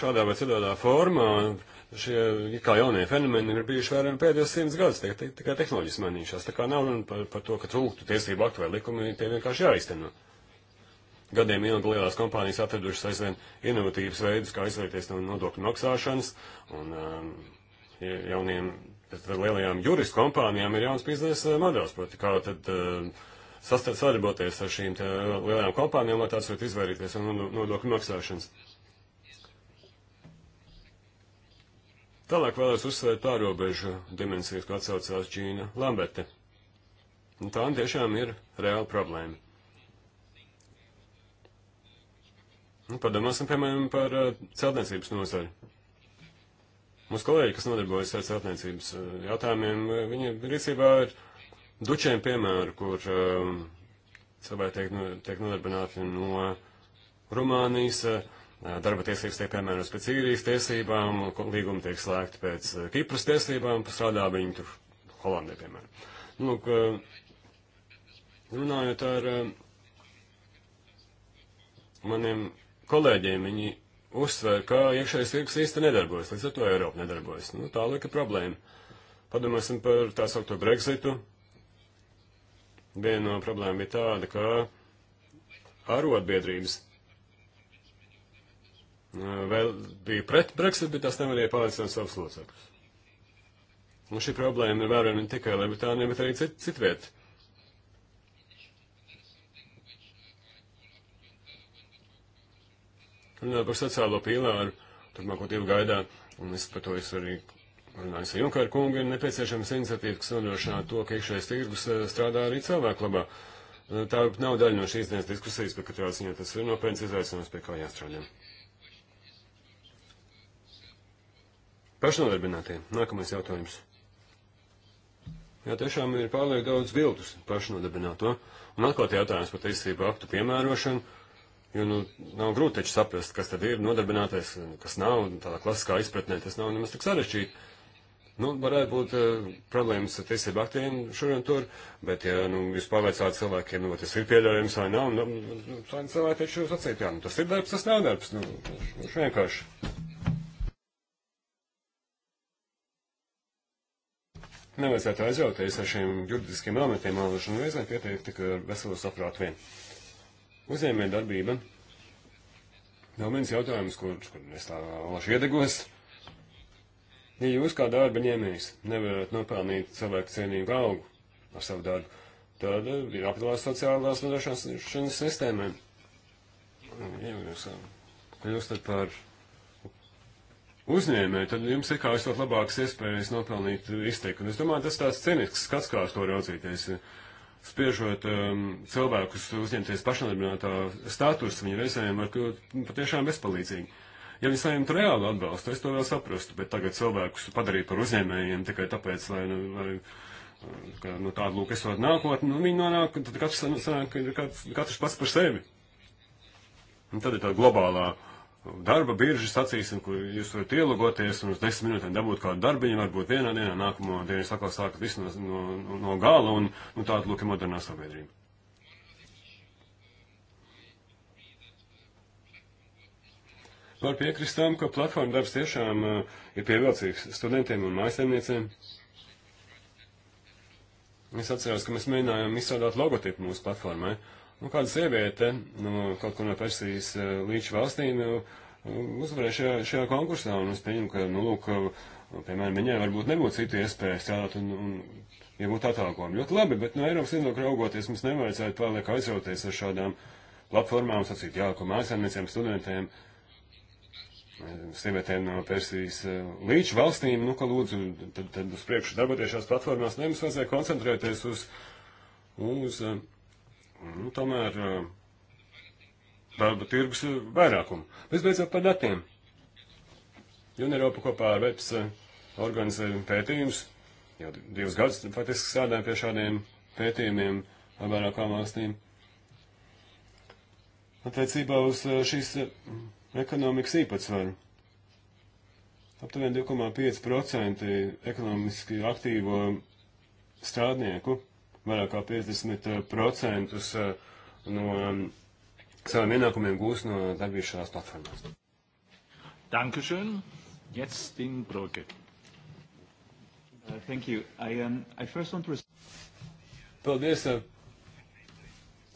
šādā vai citādā formā šie kā jaunie fenomeni ir bijuši vērojami pēdējos simts gadus, tikai te, te, tehnoloģijas mainījušās. Tā kā nav runa par, par to, ka trūktu tiesību aktu vai likumi, tie vienkārši jāizteno. No. Gadiem ilgi lielās kompānijas atradušas aizvien inovatīvas veidus, kā izvairīties no nodokļu maksāšanas, un um, jauniem lielajām juristu kompānijām ir jauns biznesa modelis, proti, kā tad um, sadarboties ar šīm lielajām kompānijām, lai tās varētu izvairīties no nodokļu maksāšanas. Tālāk vēlos uzsvērt pārobežu dimensijas, ko atsaucās Džīna Lamberte. Un tā tiešām ir reāla problēma. Nu, padomāsim, piemēram, par eh, celtniecības nozari. Mūsu kolēģi, kas nodarbojas ar celtniecības eh, jautājumiem, eh, viņi rīcībā ir dučiem piemēru, kur um, cilvēki tiek, nu, tiek nodarbināti no Rumānijas, darba tiesības tiek piemērotas pēc īrijas tiesībām, līgumi tiek slēgti pēc Kipras tiesībām, strādā viņi tur Holandē, piemēram. Nu, ka, runājot ar maniem kolēģiem viņi uzsver, ka iekšējais tirgus īsti nedarbojas, līdz ar to Eiropa nedarbojas. Nu, tā lika problēma. Padomāsim par tā saukto Brexitu. Viena no problēma bija tāda, ka arotbiedrības uh, vēl bija pret Brexit, bet tās nevarēja pārliecināt savus locekļus. Un šī problēma ir vērojama ne tikai Lielbritānijā, bet arī cit, citviet. Runājot uh, par sociālo pīlāru, turpmāko divu gaidā, un es par to es arī runāju ar Junkāru kungu, ir nepieciešams iniciatīvas, kas nodrošinātu to, ka iekšējais tirgus uh, strādā arī cilvēku labā. Uh, tā nav daļa no šīs dienas diskusijas, bet katrā ziņā tas ir nopietns izaicinājums, pie kā jāstrādā. Pašnodarbinātie. Nākamais jautājums. Jā, tiešām ir pārlieku daudz viltus pašnodarbināto. Un atklāt jautājums par tiesību aktu piemērošanu Jo nu, nav grūti taču saprast, kas tad ir nodarbinātais, kas nav tādā klasiskā izpratnē, tas nav nemaz tik sarežģīti. Nu, varētu būt uh, problēmas ar tiesību aktiem šur un tur, bet, ja nu, jūs pavaicāt cilvēkiem, nu, tas ir pieļaujams vai nav, nu, nu cilvēki taču sacīt, jā, nu, tas ir darbs, tas nav darbs, nu, nu, nu vienkārši. Nevajadzētu aizjauties ar šiem juridiskiem elementiem, man liekas, un nu, reizēm pietiek tikai veselu saprātu vien. Uzņēmē darbība nav viens jautājums, kur, kur es tā laši iedegos. Ja jūs kā darba ņēmējs nevarat nopelnīt cilvēku cienīgu algu ar savu darbu, tad eh, ir apdalās sociālās nodrošināšanas sistēmēm. Ja jūs eh, kļūstat par uzņēmēju, tad jums ir kā visot labākas iespējas nopelnīt izteikumu. Es domāju, tas tāds cinisks skats, kā uz to raudzīties. Ja spiežot um, cilvēkus uzņemties pašnodarbinātā statusu, viņi reizēm var kļūt patiešām bezpalīdzīgi. Ja viņi saņemtu reālu atbalstu, es to vēl saprastu, bet tagad cilvēkus padarīt par uzņēmējiem tikai tāpēc, lai, nu, lai uh, kā, nu, tādu lūk esot nākotni, nu, viņi nonāk, tad katrs, sanāk, katrs, katrs pats par sevi. Un tad ir tā globālā uh, darba biržas acīs, un kur jūs varat ielogoties un uz desmit minūtēm dabūt kādu darbiņu, varbūt vienā dienā, nākamo dienu jūs atkal sākat visu no, no, no gala, un, un nu, tāda lūk ir modernā sabiedrība. Var piekrist tam, ka platforma darbs tiešām uh, ir pievilcīgs studentiem un mājasemniecēm. Es atceros, ka mēs mēģinājām izstrādāt logotipu mūsu platformai. Eh? Nu, kāda sieviete nu, kaut kur no Persijas eh, līča valstīm nu, uzvarēja šajā, šajā konkursā, un es pieņemu, ka, nu, lūk, piemēram, viņai varbūt nebūtu citu iespēju strādāt un, un iegūt atalgojumu. Ļoti labi, bet no Eiropas viedokļa raugoties mums nevajadzētu pārliek aizrauties ar šādām platformām, sacīt, jā, ko mākslānieciem, studentiem, sievietēm no Persijas eh, līča valstīm, nu, ka lūdzu, tad, tad uz priekšu darboties šās platformās, ne, mums vajadzēja koncentrēties uz, uz, uz eh, Nu, tomēr eh, darba tirgus eh, vairākumu. Visbeidzot par datiem. Juneropa kopā ar VEPS eh, organizē pētījumus. Jau divus gadus faktiski strādāja pie šādiem pētījumiem ar vairākām valstīm. Attiecībā uz šīs ekonomikas īpatsvaru. Aptuveni 2,5% ekonomiski aktīvo strādnieku vairāk kā 50% eh, eh, no um, saviem ienākumiem gūs no darbības šādās platformās. Dankeschön. Jetzt den Brücke. Uh, thank you. I, um, I first want to... Paldies, uh,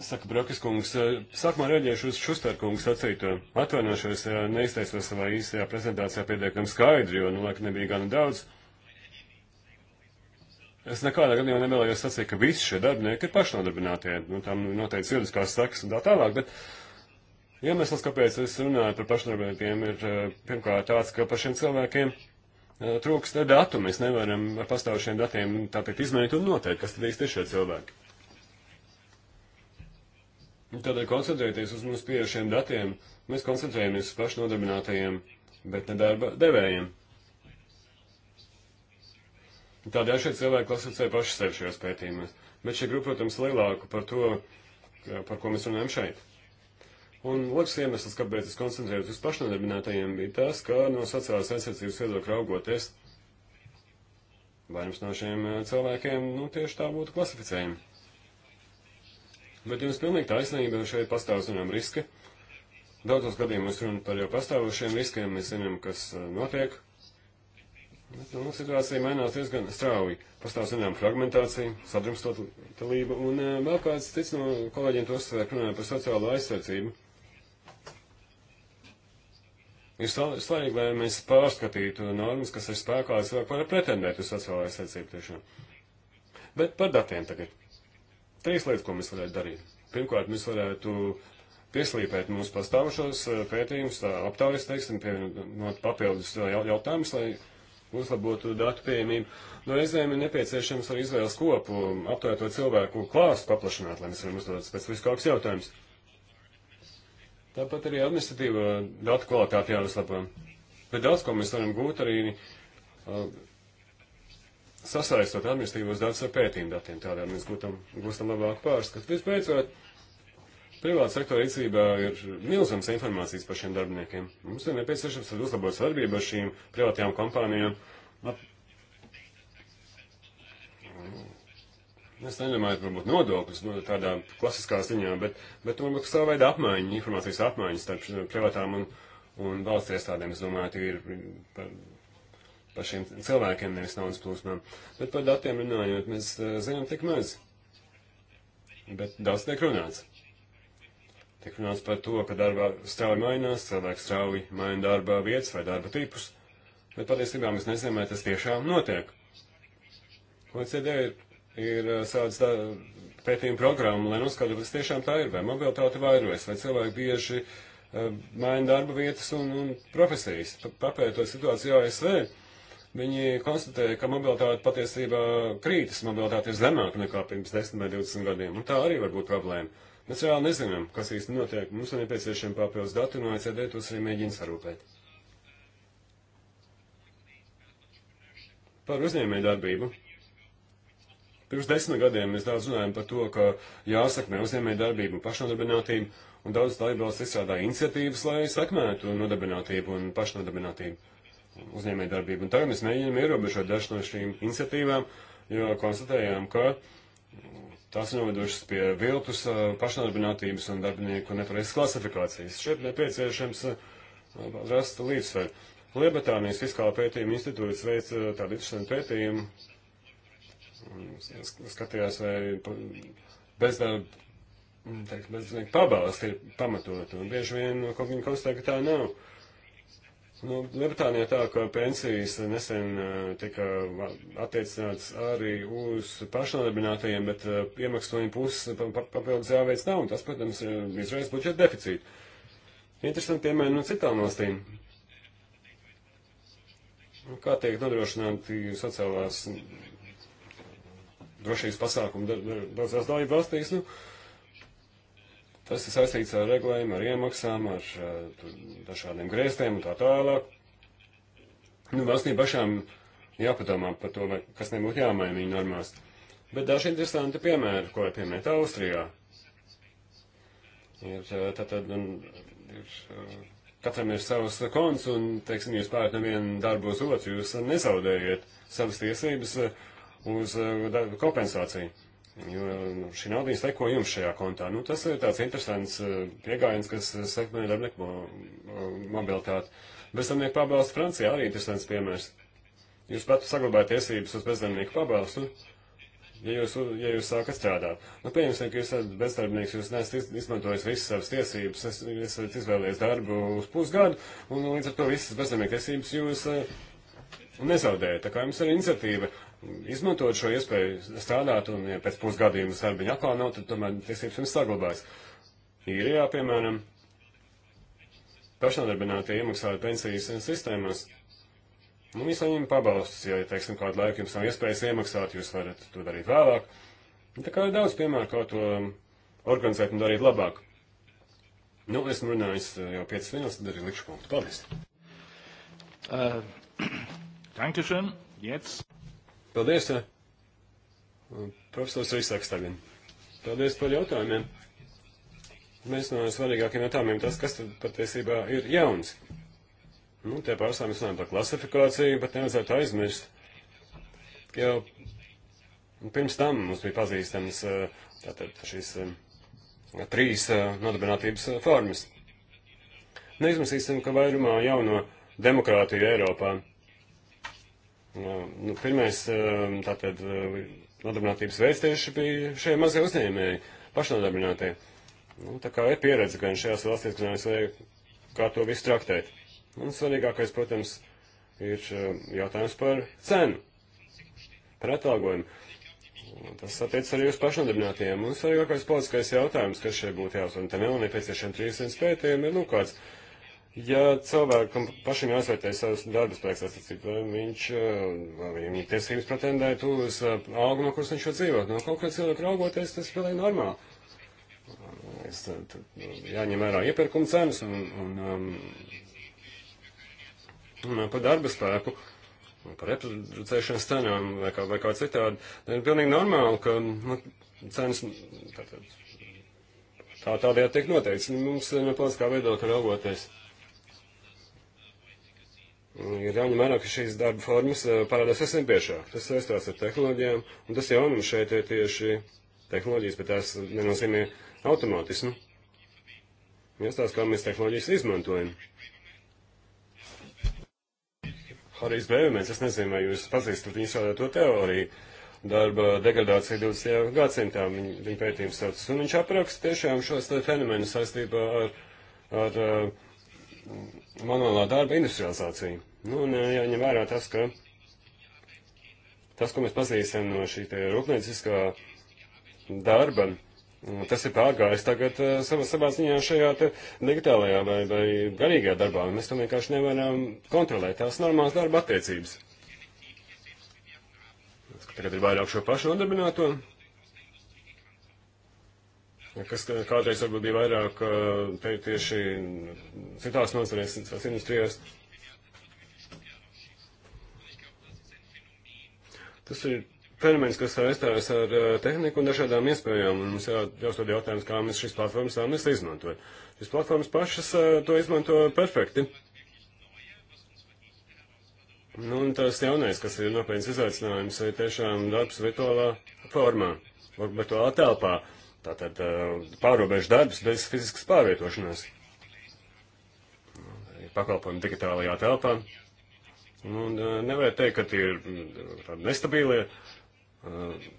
saka Brokas kungs. Uh, sākumā reaģēšu uz Šuster kungs sacīto. Atvainošos, neizteicos savā īstajā prezentācijā pietiekam skaidri, jo, nu, laika nebija gana daudz. Uh, Es nekādā gadījumā nevēlējos sacīt, ka visi šie darbinieki ir pašnodarbinātie. Nu, tam noteikti juridiskās sekas un tā tālāk, bet iemesls, kāpēc es runāju par pašnodarbinātiem, ir eh, pirmkārt tāds, ka par šiem cilvēkiem eh, trūkst datu. Mēs nevaram ar pastāvošiem datiem tāpēc izmērīt un noteikt, kas tad īsti ir šie cilvēki. Nu, tādēļ koncentrēties uz mums pieejošiem datiem, mēs koncentrējamies uz pašnodarbinātajiem, bet ne darba devējiem. Tādēļ šie cilvēki klasificē paši sevi šajos pētījumos. Bet šī grupa, protams, lielāka par to, par ko mēs runājam šeit. Un otrs iemesls, kāpēc es koncentrējos uz pašnodarbinātajiem, bija tas, ka no sociālās aizsardzības viedokļa raugoties, vairums no šiem eh, cilvēkiem, nu, tieši tā būtu klasificējumi. Bet jums pilnīgi taisnība, šeit pastāv zinām riski. Daudzos gadījumos runa par jau pastāvošiem riskiem, mēs zinām, kas eh, notiek, Bet, nu, situācija mainās diezgan strauji. Pastāv zinām fragmentācija, sadrumstotība, un eh, vēl kāds cits no kolēģiem to uzsver, runāja par sociālo aizsardzību. Ir svarīgi, lai mēs pārskatītu normas, kas ir spēkā, lai cilvēki varētu pretendēt uz sociālo aizsardzību tiešām. Bet par datiem tagad. Trīs lietas, ko mēs varētu darīt. Pirmkārt, mēs varētu pieslīpēt mūsu pastāvošos eh, pētījumus, aptaujas, teiksim, pievienot papildus eh, jautājumus, lai uzlabotu datu pieejamību. No reizēm ir nepieciešams ar izvēles kopu aptvērto cilvēku klāstu paplašināt, lai mēs varam uzdot specifiskākus jautājumus. Tāpat arī administratīva datu kvalitāte jāuzlabo. Bet daudz ko mēs varam gūt arī uh, sasaistot administratīvos datus ar pētījumu datiem, tādā mēs gūtam, gūstam labāku pārskatu. Vispēcot, Privāta sektora rīcībā ir milzums informācijas par šiem darbiniekiem. Mums ir nepieciešams uzlabot sadarbību ar šīm privātajām kompānijām. Es nedomāju, varbūt nodokļus no nu, tādā klasiskā ziņā, bet, bet varbūt savu veidu apmaiņu, informācijas apmaiņu starp privātām un, un valsts iestādēm, es domāju, ir par, par šiem cilvēkiem, nevis naudas plūsmām. Bet par datiem runājot, mēs eh, zinām tik maz. Bet daudz tiek runāts. Tiek runāts par to, ka darbā strauji mainās, cilvēki strauji maina darba vietas vai darba tipus, bet patiesībā mēs nezinām, vai tas tiešām notiek. OECD ir, ir eh, sācis pētījumu programmu, lai noskatītu, kas tiešām tā ir, vai mobilitāte vairojas, vai cilvēki bieži uh, maina darba vietas un, un profesijas. Papētot situāciju ASV, viņi konstatēja, ka mobilitāte patiesībā krītas, mobilitāte ir zemāka nekā pirms 10 vai 20 gadiem, un tā arī var būt problēma. Mēs vēl nezinām, kas īsti notiek. Mums ir nepieciešami papildus dati, no ECD tos arī mēģina sarūpēt. Par uzņēmēju darbību. Pirms desmit gadiem mēs daudz runājam par to, ka jāsakmē uzņēmēju darbību un pašnodarbinātību, un daudz dalībvalsts izstrādāja iniciatīvas, lai sakmētu nodarbinātību un pašnodarbinātību uzņēmēju darbību. Un tagad mēs mēģinām ierobežot dažu no šīm iniciatīvām, jo konstatējām, ka Tās novedošas pie viltus pašnodarbinātības un darbinieku nepareizas klasifikācijas. Šeit nepieciešams rast līdzsveru. Lielbritānijas fiskāla pētījuma institūts veic tādu interesantu pētījumu, skatījās, vai bezdarba, teiks, bezdarba pabalsti ir pamatoti, un bieži vien, ko viņi konstatē, ka tā nav. Nu, Lielbritānijā tā, ka pensijas nesen eh, tika attiecināts arī uz pašnodarbinātajiem, bet uh, eh, iemaksu no viņa puses eh, papildus jāveic nav, un tas, protams, izraisa budžeta deficītu. Interesanti piemēri no citām valstīm. Nu, kā tiek nodrošināti sociālās drošības pasākumi daudzās dalību valstīs? Nu, uh, Tas ir saistīts ar regulējumu, ar iemaksām, ar uh, dažādiem grieztiem un tā tālāk. Nu, valstīm pašām jāpadomā par to, vai, kas nebūtu jāmaina viņu normās. Bet daži interesanti piemēri, ko var pieminēt Austrijā. Ir, tātad, eh, un, ir, eh, katram ir savs konts, un, teiksim, jūs pārēt no viena darba uz otru, jūs nezaudējat savas tiesības uz kompensāciju jo nu, šī nauda seko jums šajā kontā. Nu, tas ir tāds interesants eh, pieejams, kas eh, sekmē darbinieku mobilitāti. Bezdarbnieku pabalstu Francijā arī interesants piemērs. Jūs pat saglabājat tiesības uz bezdarbnieku pabalstu, ja jūs, ja jūs sākat strādāt. Nu, pieņemsim, ka jūs esat bezdarbnieks, jūs neesat izmantojis visas savas tiesības, es, esat izvēlējies darbu uz pusgadu, un līdz ar to visas bezdarbnieku tiesības jūs eh, nezaudējat. Tā kā jums ir iniciatīva izmantot šo iespēju strādāt, un ja pēc pusgadījuma sarbiņa atkal nav, tad tomēr tiesības viņam saglabājas. Īrijā, piemēram, pašnodarbinātie iemaksāja pensijas sistēmas. Nu, viņi saņem pabalstus, ja, teiksim, kādu laiku jums nav iespējas iemaksāt, jūs varat to darīt vēlāk. Tā kā ir daudz piemēru, kā to organizēt un darīt labāk. Nu, esmu runājis eh, jau 5 minūtes, tad arī likšu punktu. Paldies! Uh, Dankeschön, jetzt. Paldies, eh? profesors Rīsāks tagad. Paldies par jautājumiem. Mēs no svarīgākiem jautājumiem tas, kas tad patiesībā ir jauns. Nu, tie pārstāvjumi runājam par klasifikāciju, bet nevajadzētu aizmirst. Jau pirms tam mums bija pazīstams eh, tātad šīs eh, trīs nodarbinātības formas. Neizmasīsim, ka vairumā jauno demokrātiju Eiropā Nu, pirmais, ehm, tātad, eh, nodarbinātības veids tieši bija šie mazie uzņēmēji, pašnodarbinātie. Nu, tā kā ir pieredze gan šajās valstīs, gan ASV, kā to visu traktēt. Un svarīgākais, protams, ir ehm, jautājums par cenu, par atalgojumu. Tas attiec arī uz pašnodarbinātiem. Un svarīgākais politiskais jautājums, kas šeit būtu jāuzvar, un te nav nepieciešami 300 pētījumi, ir, nu, kāds Ja cilvēkam pašam jāsvērtē savus darba spēks, atcīm, vai viņš, eh, vai viņam ir tiesības pretendēt uz eh, algu, no kuras viņš var dzīvot. No kaut kā cilvēka raugoties, tas ir pilnīgi normāli. Es, tad, nu, jāņem vērā iepirkuma cenas un, un, um, un, un um, par darba spēku, un par reproducēšanas cenām vai kā, vai kā citādi. Ir pilnīgi normāli, ka nu, cenas. Tātad, tā tādējādi tiek noteikts. Mums no politiskā viedokļa raugoties. Ir jāņem vērā, ka šīs darba formas eh, parādās esam biežāk. Tas saistās ar tehnoloģijām, un tas jau mums šeit ir tieši tehnoloģijas, bet tās nenozīmē automātismu. Jāstāsta, kā mēs tehnoloģijas izmantojam. Harijs Bēvimēns, es nezinu, vai jūs pazīstat viņu strādāto teoriju, darba degradācija 20. gadsimtā, viņa, viņa pētījums saucas, un viņš apraksta tiešām šos fenomenus saistībā ar, ar eh, manuālā darba industrializāciju. Nu, un eh, jāņem vērā tas, ka tas, ko mēs pazīstam no šī te rūpnieciskā darba, tas ir pārgājis tagad eh, savā, savā ziņā šajā te digitālajā vai, vai garīgajā darbā. Mēs to vienkārši nevaram kontrolēt tās normālas darba attiecības. Tagad ir vairāk šo pašu nodarbināto, kas kādreiz varbūt bija vairāk eh, tieši citās nozarēs, citās industrijās. Tas ir fenomens, kas saistās ar tehniku un dažādām iespējām, un mums jā, jāuzdod jautājums, kā mēs šīs platformas vēlamies izmantot. Šīs platformas pašas to izmanto perfekti. Nu, un tas jaunais, kas ir nopietns izaicinājums, ir tiešām darbs virtuālā formā, virtuālā telpā. Tātad pārobežu darbs bez fiziskas pārvietošanās. Nu, pakalpojumi digitālajā telpā. Nu, un eh, nevajag teikt, ka tie ir mm, nestabilie eh,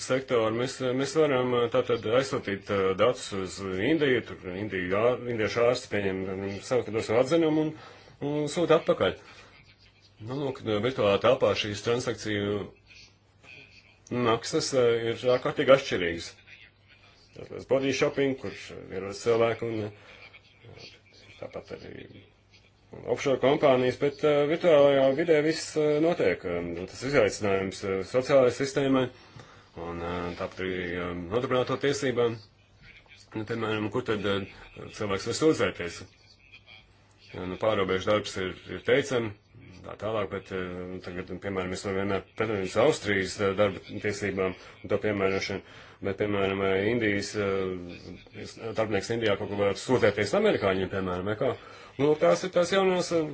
sektori. Mēs, eh, mēs varam tātad aizsūtīt datus uz Indiju, tur Indiju, indiešu ārsts pieņem mm, savukārt atzinumu un, un sūta atpakaļ. Nu, lūk, virtuālā telpā šīs transakciju maksas ir ārkārtīgi atšķirīgas. Tātad body shopping, kurš ierodas cilvēku un tāpat arī offshore kompānijas, bet uh, virtuālajā vidē viss uh, notiek. Um, tas ir izaicinājums uh, sociālajai sistēmai un uh, tāpat arī um, nodarbināto tiesībām. Nu, piemēram, kur tad uh, cilvēks var sūdzēties? Ja, nu, pārobežu darbs ir, ir teicami, tā tālāk, bet uh, tagad, piemēram, mēs varam vienmēr pretendēt uz Austrijas uh, darba tiesībām un to piemērošanu. Bet, piemēram, Indijas darbinieks eh, Indijā kaut ko varētu sūdzēties amerikāņiem, piemēram, vai kā. Nu, tās ir tās jaunās eh,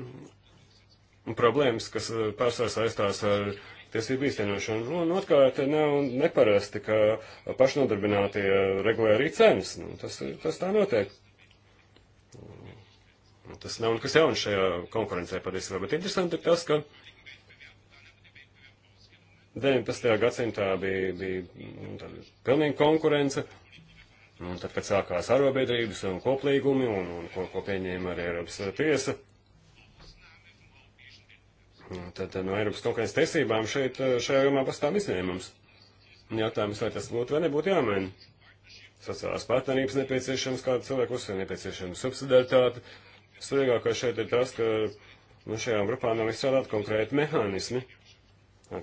problēmas, kas eh, pārsvars saistās ar tiesību īstenošanu. Nu, un otrkārt, nav neparasti, ka pašnodarbinātie regulē arī cenas. Nu, tas, tas tā notiek. Nu, tas nav nekas jauns šajā konkurencē patiesībā, bet interesanti ir tas, ka. 19. gadsimtā bija, bija nu, pilnīga konkurence, un tad pēc sākās arobiedrības un koplīgumi, un, un ko, ko pieņēma arī Eiropas uh, tiesa. Un tad uh, no Eiropas konkurences tiesībām šeit, uh, šajā jomā pastāv izņēmums. Un jautājums, vai tas būtu vai nebūtu jāmaina. Sociālās partnerības nepieciešams, kāda cilvēku uzsver nepieciešama subsidaritāte. Svarīgākais šeit ir tas, ka nu, šajām grupām nav izstrādāt konkrēti mehānismi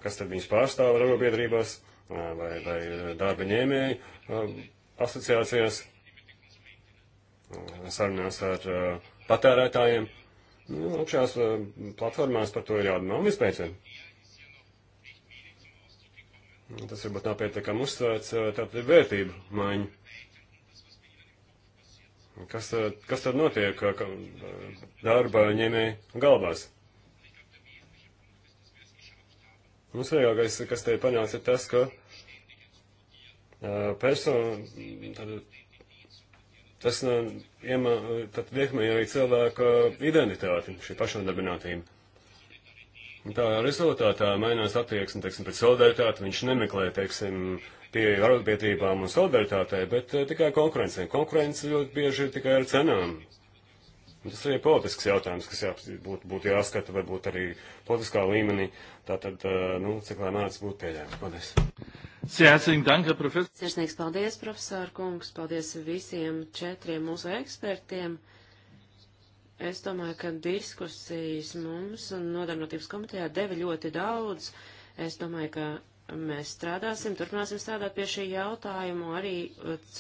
kas tad viņus pārstāv arotbiedrībās vai, vai darba ņēmēju asociācijās, sarunās ar patērētājiem. Nu, šajās platformās par to ir jārunā un vispēcīgi. Nu, tas varbūt nav pietiekami uzsvērts, tātad ir vērtību maiņa. Kas, kas tad notiek darba ņēmēji galvās? Nu, svarīgākais, kas te ir panāks, ir tas, ka uh, persona, tas uh, nu, iemā, tad iekmē arī cilvēka identitāti, šī pašnodarbinātība. Tā rezultātā mainās attieksme, teiksim, pret solidaritāti. Viņš nemeklē, teiksim, pieeja arotbiedrībām un solidaritātei, bet uh, tikai konkurencei. Konkurence ļoti bieži ir tikai ar cenām. Un tas arī politisks jautājums, kas jā, būtu būt jāskata, varbūt arī politiskā līmenī. Tātad, nu, cik lēnā tas būtu pieļēmums. Paldies. Sērsīgi, danka, profesor. Sērsnieks, paldies, profesor kungs. Paldies visiem četriem mūsu ekspertiem. Es domāju, ka diskusijas mums un nodarbinātības komitejā deva ļoti daudz. Es domāju, ka mēs strādāsim, turpināsim strādāt pie šī jautājuma, arī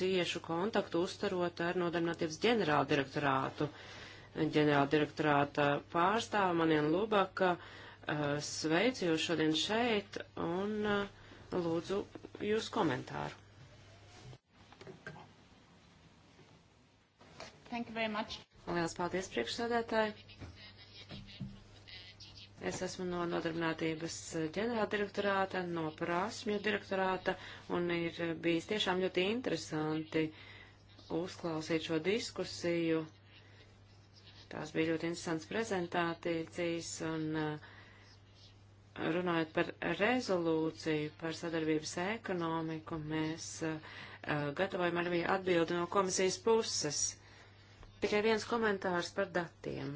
ciešu kontaktu uztarot ar nodarbinātības ģenerāldirektorātu. direktorātu ģenerāla direktorāta pārstāva Manien Lubaka. Eh, sveicu jūs šodien šeit un eh, lūdzu jūs komentāru. Thank you very much. Lielas paldies priekšsādētāji. Es esmu no nodarbinātības ģenerāldirektorāta, no prasmju direktorāta, un ir bijis tiešām ļoti interesanti uzklausīt šo diskusiju Tās bija ļoti interesants prezentācijas un uh, runājot par rezolūciju par sadarbības ekonomiku, mēs uh, uh, gatavojam arī atbildi no komisijas puses. Tikai viens komentārs par datiem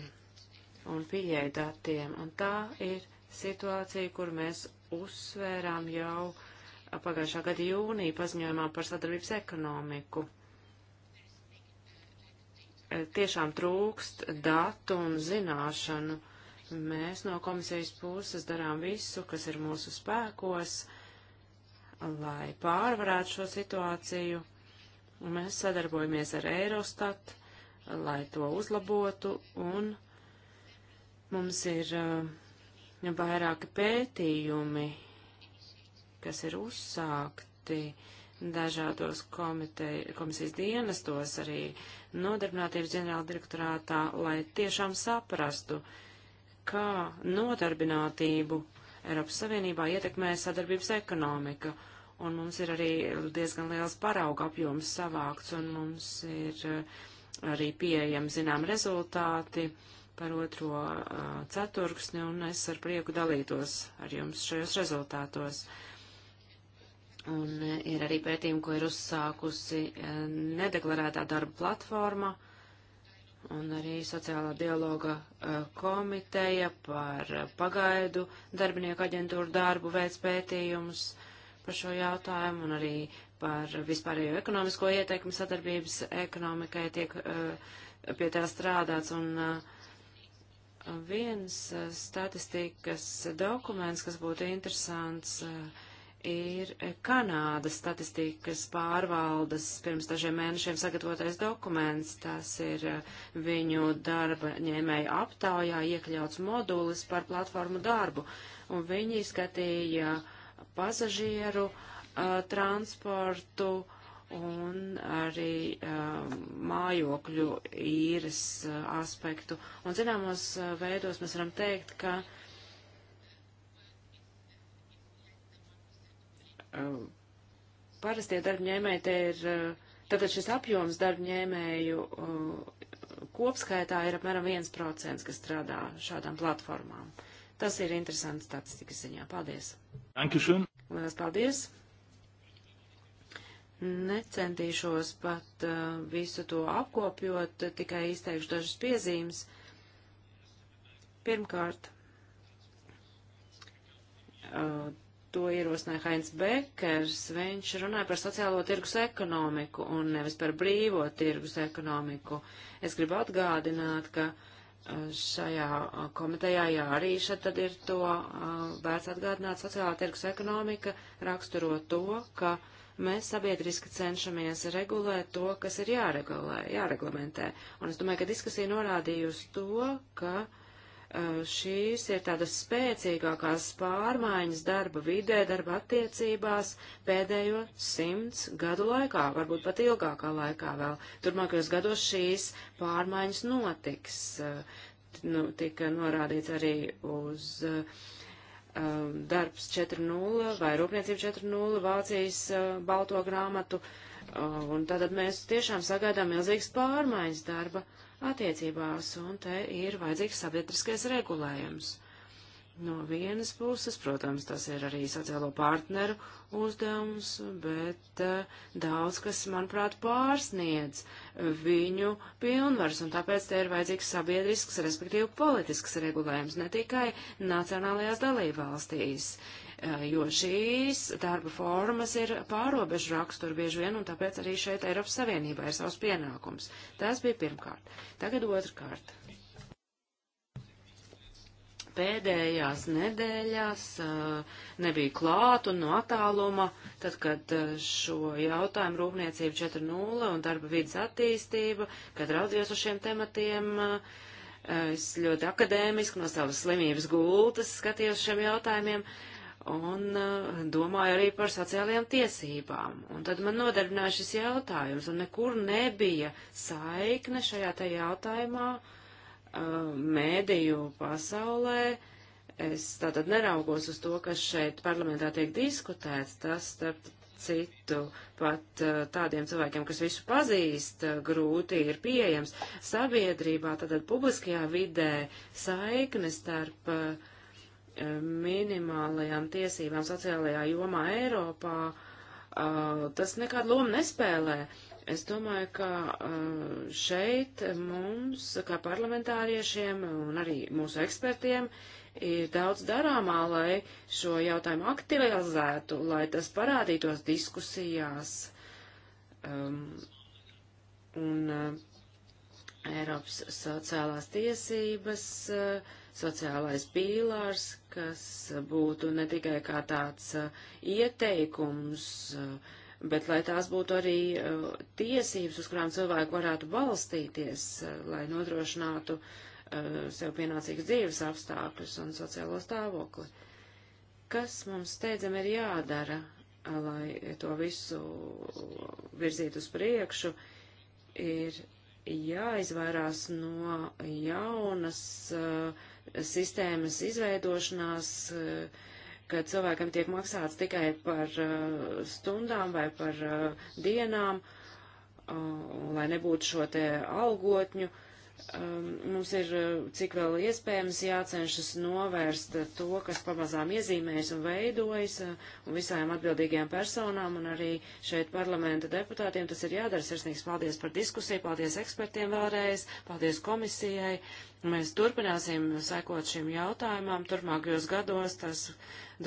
un pieeja datiem, un tā ir situācija, kur mēs uzsvērām jau pagājušā gada jūnija paziņojumā par sadarbības ekonomiku tiešām trūkst datu un zināšanu. Mēs no komisijas puses darām visu, kas ir mūsu spēkos, lai pārvarētu šo situāciju. Mēs sadarbojamies ar Eirostat, lai to uzlabotu, un mums ir uh, vairāki pētījumi, kas ir uzsākti dažādos komiteja, komisijas dienestos, arī nodarbinātības ģenerāla direktorātā, lai tiešām saprastu, kā nodarbinātību Eiropas Savienībā ietekmē sadarbības ekonomika. Un mums ir arī diezgan liels parauga apjoms savākts, un mums ir uh, arī pieejami zinām rezultāti par otro uh, ceturksni, un es ar prieku dalītos ar jums šajos rezultātos. Uh, Un e, ir arī pētījumi, ko ir uzsākusi e, nedeklarētā darba platforma un arī sociālā dialoga e, komiteja par pagaidu darbinieku aģentūru darbu veids pētījumus par šo jautājumu un arī par vispārējo ekonomisko ieteikumu sadarbības ekonomikai tiek pie tā strādāts. Un viens statistikas dokuments, kas būtu interesants, uh, ir Kanādas statistikas pārvaldes pirms dažiem mēnešiem sagatavotais dokuments. Tas ir eh, viņu darba ņēmēja aptaujā iekļauts modulis par platformu darbu. Un viņi skatīja pasažieru uh, transportu un arī uh, mājokļu īres uh, aspektu. Un zināmos veidos mēs varam teikt, ka uh, parastie darbņēmēji te ir, tātad šis apjoms darbņēmēju kopskaitā ir apmēram 1%, kas strādā šādām platformām. Tas ir interesants statistikas ziņā. Paldies! Dankeschön! Lielas paldies! Necentīšos pat uh, visu to apkopjot, tikai izteikšu dažas piezīmes. Pirmkārt, uh, to ierosināja Heinz Bekers. Viņš runāja par sociālo tirgus ekonomiku un nevis par brīvo tirgus ekonomiku. Es gribu atgādināt, ka uh, šajā uh, komitejā jā, arī šeit tad ir to uh, vērts atgādināt. Sociālā tirgus ekonomika raksturo to, ka mēs sabiedriski cenšamies regulēt to, kas ir jāregulē, jāreglamentē. Un es domāju, ka diskusija norādīja uz to, ka uh, šīs ir tādas spēcīgākās pārmaiņas darba vidē, darba attiecībās pēdējo simts gadu laikā, varbūt pat ilgākā laikā vēl. Turmākajos gados šīs pārmaiņas notiks. Nu, tika norādīts arī uz um, darbs 4.0 vai rūpniecība 4.0 Vācijas uh, balto grāmatu. Uh, un tātad mēs tiešām sagaidām milzīgas pārmaiņas darba uh, attiecībās, un te ir vajadzīgs sabiedriskais regulējums. No vienas puses, protams, tas ir arī sociālo partneru uzdevums, bet uh, daudz, kas, manuprāt, pārsniedz viņu pilnvars, un tāpēc te ir vajadzīgs sabiedrisks, respektīvi politisks regulējums, ne tikai nacionālajās dalībvalstīs. Uh, Eh, jo šīs darba formas ir pārobežu rakstura bieži vien, un tāpēc arī šeit Eiropas Savienībā ir savs pienākums. Tas bija pirmkārt. Tagad otrkārt. Pēdējās nedēļās eh, nebija klāt un no attāluma, tad, kad eh, šo jautājumu rūpniecība 4.0 un darba vidas attīstība, kad raudzījos uz šiem tematiem, es ļoti akadēmiski no savas slimības gultas skatījos šiem jautājumiem, uh, un uh, domāju arī par sociālajām tiesībām. Un tad man nodarbināja šis jautājums, un nekur nebija saikne šajā te jautājumā uh, mēdīju pasaulē. Es tātad neraugos uz to, kas šeit parlamentā tiek diskutēts, tas starp citu pat uh, tādiem cilvēkiem, kas visu pazīst, grūti ir pieejams sabiedrībā, tātad publiskajā vidē saikne starp uh, minimālajām tiesībām sociālajā jomā Eiropā, tas nekādu lomu nespēlē. Es domāju, ka šeit mums, kā parlamentāriešiem un arī mūsu ekspertiem, ir daudz darāmā, lai šo jautājumu aktivizētu, lai tas parādītos diskusijās. Um, un uh, Eiropas sociālās tiesības uh, sociālais pīlārs, kas būtu ne tikai kā tāds uh, ieteikums, uh, bet lai tās būtu arī uh, tiesības, uz kurām cilvēki varētu balstīties, lai nodrošinātu sev pienācīgas dzīves apstākļus un sociālo stāvokli. Kas mums steidzam ir jādara, lai to visu virzītu uz priekšu, ir jāizvairās no jaunas uh, sistēmas izveidošanās, kad cilvēkam tiek maksāts tikai par uh, stundām vai par uh, dienām, uh, lai nebūtu šo te algotņu, uh, Um, mums ir, uh, cik vēl iespējams, jācenšas novērst uh, to, kas pamazām iezīmējas un veidojas, uh, un visām atbildīgajām personām un arī šeit parlamenta deputātiem tas ir jādara. Sirsnīgs paldies par diskusiju, paldies ekspertiem vēlreiz, paldies komisijai. Mēs turpināsim sekot šim jautājumam. Turpmākajos gados tas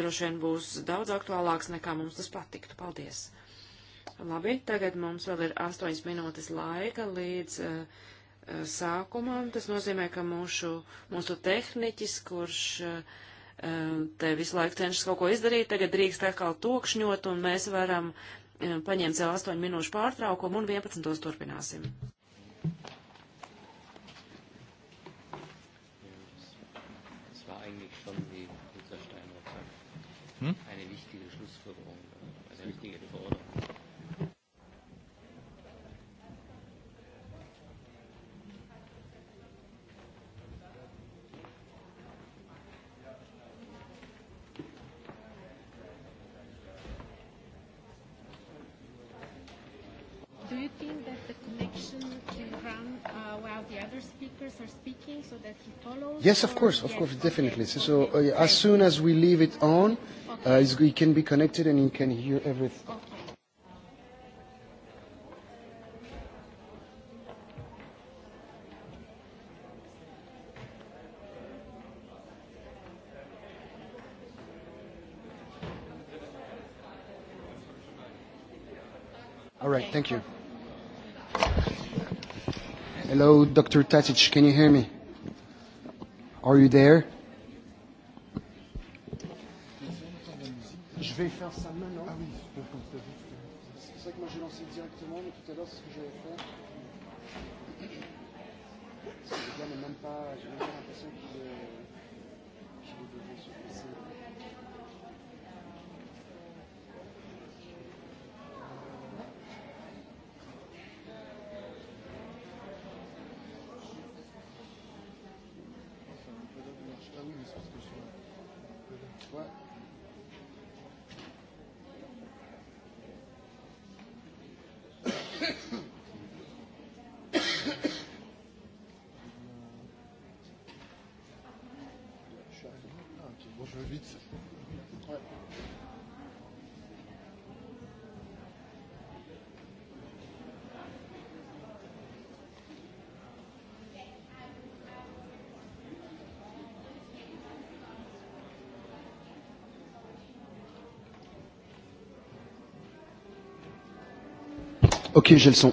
droši vien būs daudz aktuālāks, nekā mums tas patiktu. Paldies! Labi, tagad mums vēl ir astoņas minūtes laika līdz uh, sākumam. Tas nozīmē, ka mūsu, mūsu tehniķis, kurš eh, te visu laiku cenšas kaut ko izdarīt, tagad drīkst atkal tokšņot, un mēs varam eh, paņemt vēl 8 minūšu pārtraukumu un 11. turpināsim. what the other speakers are speaking so that he follows? Yes, of course, of yes, course, okay, definitely. Okay, so okay. Uh, as soon as we leave it on, uh, okay. uh, he can be connected and he can hear everything. Okay. All right, okay. thank you. Hello, Dr. Tatic, can you hear me? Are you there? Je vais faire ça maintenant. Ah oui, je peux comme ça vite. Euh, c'est ça que moi j'ai lancé directement, mais tout à l'heure c'est ce que j'avais fait. Parce que le gars n'a même pas, j'ai même pas l'impression qu'il est, qu'il est devant son PC. Je veux vite. Ouais. Ok, j'ai le son.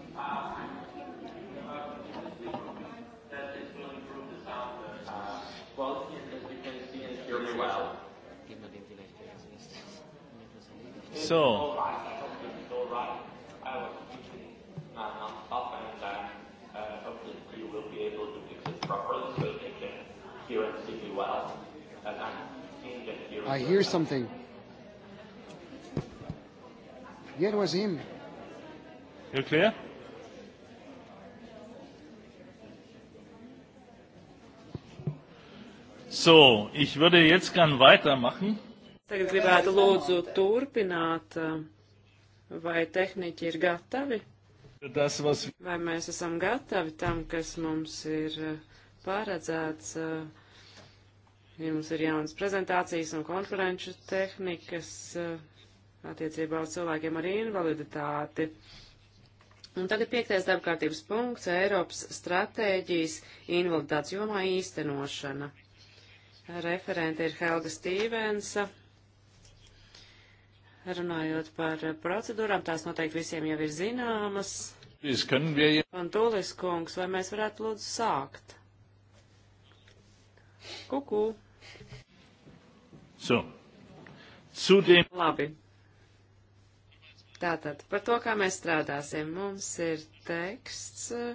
So, ich würde jetzt gern weitermachen. Tagad gribētu lūdzu turpināt, eh, vai tehniķi ir gatavi? Tas, was... Vai mēs esam gatavi tam, kas mums ir eh, paredzēts? Eh, ja mums ir jaunas prezentācijas un konferenču tehnikas attiecībā uz cilvēkiem ar invaliditāti. Un tagad piektais darbkārtības punkts - Eiropas stratēģijas invaliditātes jomā īstenošana. Referente ir Helga Stīvensa. Runājot par procedūrām, tās noteikti visiem jau ir zināmas. Pantulis kungs, vai mēs varētu lūdzu sākt? Kukū. So. Sūtījumi. Labi. Tātad, par to, kā mēs strādāsim. Mums ir teksts uh,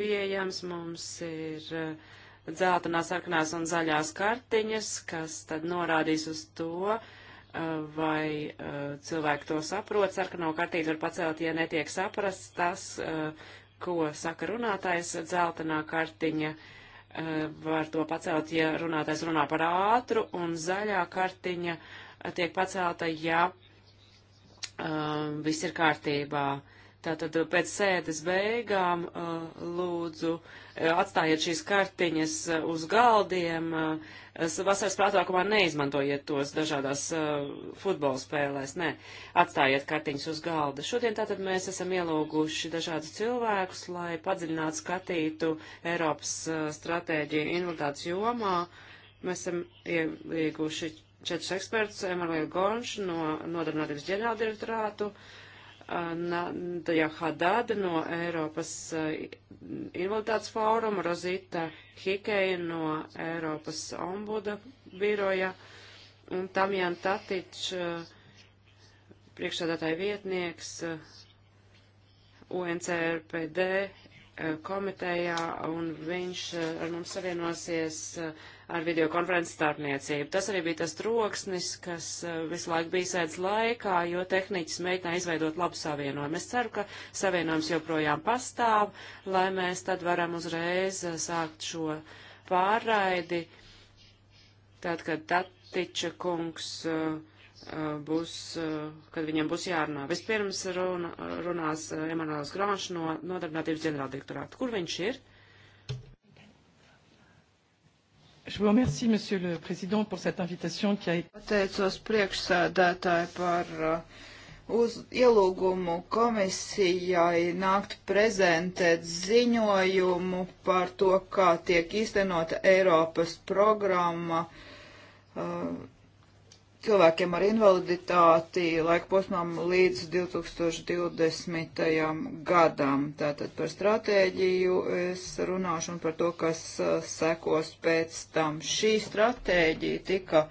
pieejams, mums ir uh, dzeltenās, sarkanās un zaļās kartiņas, kas tad norādīs uz to, uh, vai uh, cilvēki to saprot. Sarkano kartīti var pacelt, ja netiek saprasts tas, uh, ko saka runātājs. Dzeltenā kartiņa var to pacelt, ja runātājs runā par ātru, un zaļā kartiņa tiek pacelta, ja viss ir kārtībā. Uh, Tātad eh, pēc sēdes beigām eh, lūdzu eh, atstājiet šīs kartiņas uz galdiem. Vasaras prātākumā neizmantojiet tos dažādās futbola spēlēs. Nē, atstājiet kartiņas uz galda. Šodien tātad mēs esam ielūguši dažādus cilvēkus, lai padziļinātu skatītu Eiropas stratēģiju invaliditātes jomā. Mēs esam ielīguši četrus ekspertus, Emanuelu Gonšu no Nodarbinātības ģenerāldirektorātu. direktorātu Nadja Hadada no Eiropas eh, invaliditātes fóruma, Rozita Hikeja no Eiropas ombuda biroja un Tamjan Tatič, eh, priekšsādātāja vietnieks eh, UNCRPD komitejā, un viņš ar mums savienosies ar videokonferences starpniecību. Tas arī bija tas troksnis, kas eh, visu laiku bija sēdz laikā, jo tehniķis mēģināja izveidot labu savienojumu. Es ceru, ka savienojums joprojām pastāv, lai mēs tad varam uzreiz eh, sākt šo pārraidi, tad, kad Tatiča kungs eh, būs, kad viņam būs jārunā. Vispirms runa, runās Emanuels Grāns no Nodarbinātības ģenerāldirektorāta. Kur viņš ir? Pateicos priekšsēdētāji par uh, uz ielūgumu komisijai nākt prezentēt ziņojumu par to, kā tiek īstenota Eiropas programma. Uh, cilvēkiem ar invaliditāti laika posmām līdz 2020. gadam. Tātad par stratēģiju es runāšu un par to, kas sekos pēc tam. Šī stratēģija tika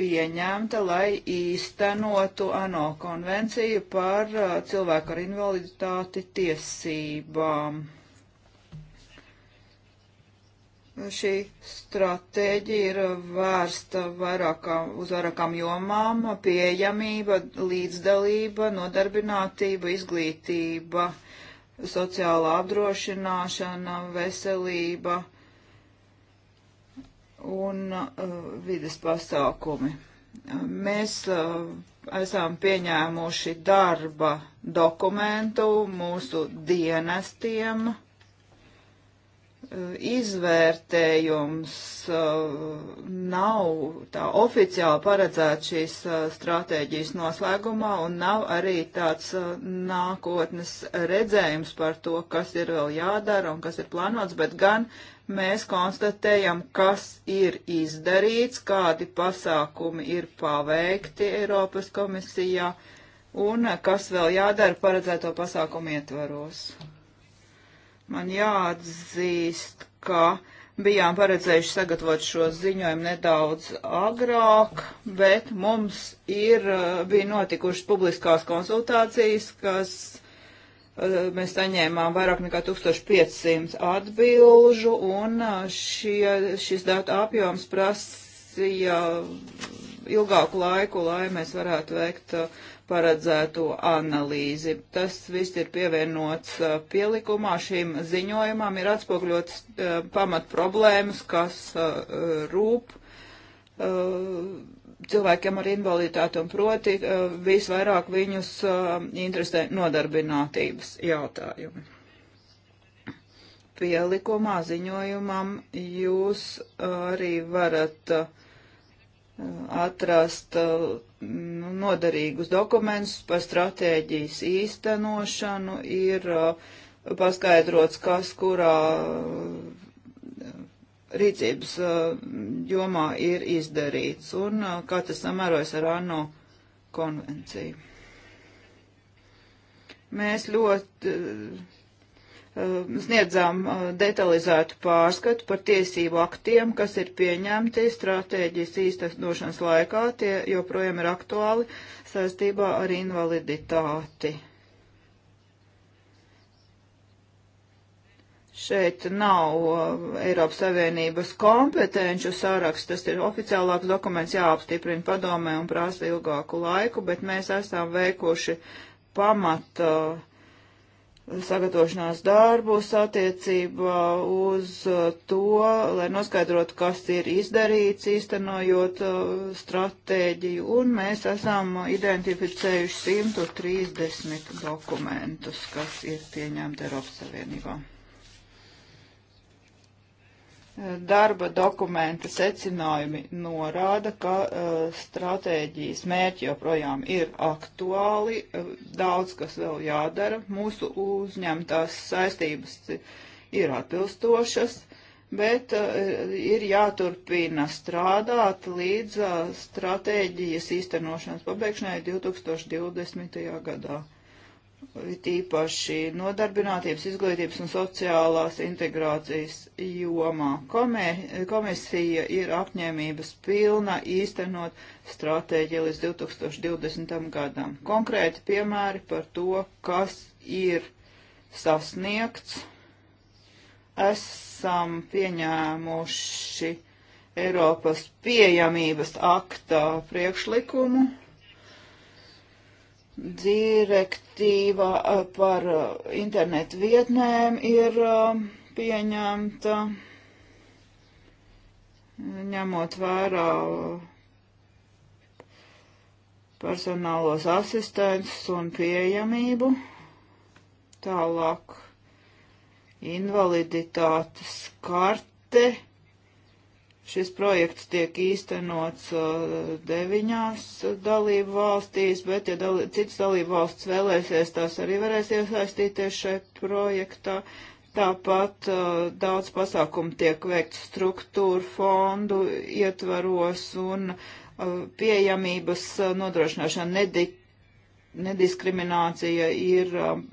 pieņemta, lai īstenotu ANO konvenciju par cilvēku ar invaliditāti tiesībām šī stratēģija ir vērsta vairākām, uz vairākām jomām - pieejamība, līdzdalība, nodarbinātība, izglītība, sociālā apdrošināšana, veselība un uh, vides pasākumi. Mēs uh, esam pieņēmuši darba dokumentu mūsu dienestiem izvērtējums uh, nav tā oficiāli paredzēts šīs uh, stratēģijas noslēgumā un nav arī tāds uh, nākotnes redzējums par to, kas ir vēl jādara un kas ir plānots, bet gan mēs konstatējam, kas ir izdarīts, kādi pasākumi ir paveikti Eiropas komisijā un kas vēl jādara paredzēto pasākumu ietvaros. Man jāatzīst, ka bijām paredzējuši sagatavot šo ziņojumu nedaudz agrāk, bet mums ir, eh, bija notikušas publiskās konsultācijas, kas eh, mēs saņēmām vairāk nekā 1500 atbilžu, un eh, šie, šis datu apjoms prasīja ilgāku laiku, lai mēs varētu veikt paredzēto analīzi. Tas viss ir pievienots uh, pielikumā. Šīm ziņojumam ir atspogļots uh, pamat problēmas, kas uh, rūp cilvēkiem ar invaliditāti un proti visvairāk viņus interesē nodarbinātības jautājumi. Pielikumā ziņojumam jūs arī varat atrast nu, noderīgus dokumentus par stratēģijas īstenošanu, ir uh, paskaidrots, kas kurā uh, rīcības uh, jomā ir izdarīts un uh, kā tas samērojas ar ANO konvenciju. Mēs ļoti sniedzām detalizētu pārskatu par tiesību aktiem, kas ir pieņemti stratēģijas īstenošanas laikā, tie joprojām ir aktuāli saistībā ar invaliditāti. Šeit nav Eiropas Savienības kompetenču saraksts, tas ir oficiālāks dokuments jāapstiprina padomē un prasa ilgāku laiku, bet mēs esam veikuši pamata uh, sagatavošanās darbus attiecībā uz uh, to, lai noskaidrotu, kas ir izdarīts, īstenojot uh, stratēģiju, un mēs esam identificējuši 130 dokumentus, kas ir pieņemti Eiropas Savienībā. Darba dokumenta secinājumi norāda, ka uh, stratēģijas mērķi joprojām ir aktuāli, eh, daudz kas vēl jādara, mūsu uzņemtās saistības ir atbilstošas, bet uh, ir jāturpina strādāt līdz uh, stratēģijas īstenošanas pabeigšanai 2020. gadā tīpaši nodarbinātības, izglītības un sociālās integrācijas jomā. Komē, komisija ir apņēmības pilna īstenot stratēģiju līdz 2020. gadam. Konkrēti piemēri par to, kas ir sasniegts. Esam pieņēmuši Eiropas pieejamības aktā priekšlikumu direktīva eh, par eh, internetu vietnēm ir eh, pieņemta, ņemot vērā personālos asistentus un pieejamību, tālāk invaliditātes karte Šis projekts tiek īstenots uh, deviņās dalību valstīs, bet ja dal cits dalību valsts vēlēsies, tās arī varēs iesaistīties šeit projektā. Tāpat uh, daudz pasākumu tiek veikt struktūru fondu ietvaros un uh, pieejamības uh, nodrošināšana nedik nediskriminācija ir um,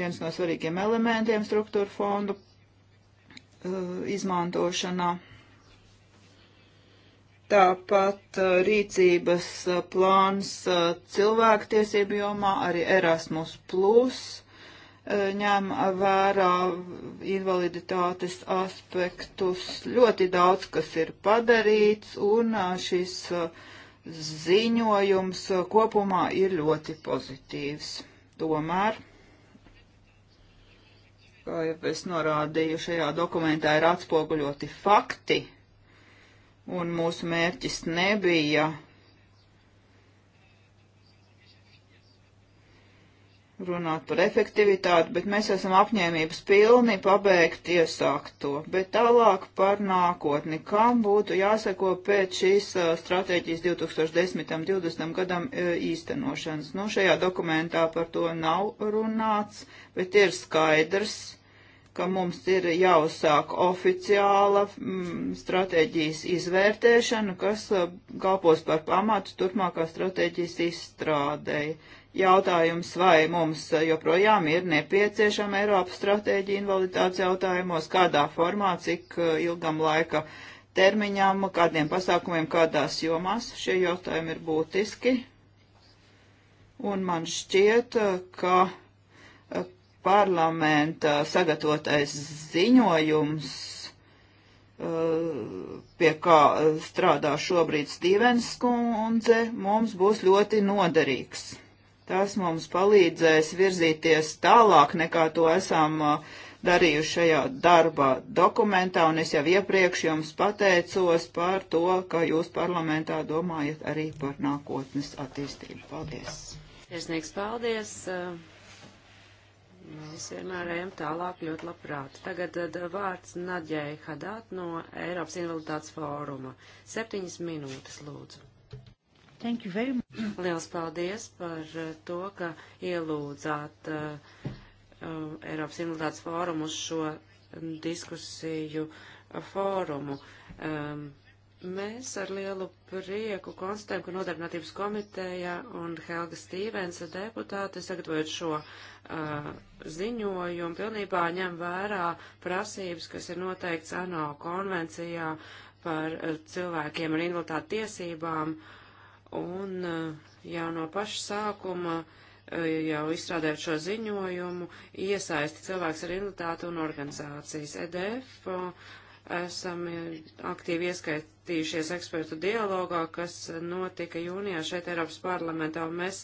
viens no svarīgiem elementiem struktūra fondu uh, izmantošanā. Tāpat rīcības plāns cilvēktiesību jomā, arī Erasmus Plus ņem vērā invaliditātes aspektus. Ļoti daudz, kas ir padarīts, un šis ziņojums kopumā ir ļoti pozitīvs. Tomēr, kā jau es norādīju, šajā dokumentā ir atspoguļoti fakti un mūsu mērķis nebija runāt par efektivitāti, bet mēs esam apņēmības pilni pabeigt iesākt to. Bet tālāk par nākotni, kam būtu jāseko pēc šīs uh, stratēģijas 2010-2020 gadam uh, īstenošanas. Nu, šajā dokumentā par to nav runāts, bet ir skaidrs, ka mums ir jāuzsāk oficiāla m, mm, stratēģijas izvērtēšana, kas uh, kalpos par pamatu turpmākā stratēģijas izstrādēji. Jautājums, vai mums uh, joprojām ir nepieciešama Eiropas stratēģija invaliditātes jautājumos, kādā formā, cik uh, ilgam laika termiņam, kādiem pasākumiem, kādās jomās šie jautājumi ir būtiski. Un man šķiet, ka parlamenta sagatavotais ziņojums, eh, pie kā strādā šobrīd Stīvens kundze, mums būs ļoti noderīgs. Tas mums palīdzēs virzīties tālāk nekā to esam eh, darījuši šajā darba dokumentā, un es jau iepriekš jums pateicos par to, ka jūs parlamentā domājat arī par nākotnes attīstību. Paldies! Iesniegs paldies! Uh... Mēs vienmēr ejam tālāk ļoti labprāt. Tagad vārds Nadjai Hadāt no Eiropas Invaliditātes fóruma. Septiņas minūtes, lūdzu. Thank you very much. Liels paldies par eh, to, ka ielūdzāt uh, Eiropas Invaliditātes fórumu uz šo diskusiju fórumu. Um, Mēs ar lielu prieku konstatējam, ka Nodarbinātības komiteja un Helga Stīvensa deputāte sagatavojot šo uh, ziņojumu pilnībā ņem vērā prasības, kas ir noteikts ANO konvencijā par uh, cilvēkiem ar invaliditāti tiesībām un uh, jau no paša sākuma uh, jau izstrādājot šo ziņojumu, iesaisti cilvēks ar invaliditāti un organizācijas EDF, uh, esam uh, aktīvi ieskaitīti iesaistījušies ekspertu dialogā, kas notika jūnijā šeit Eiropas parlamentā. Mēs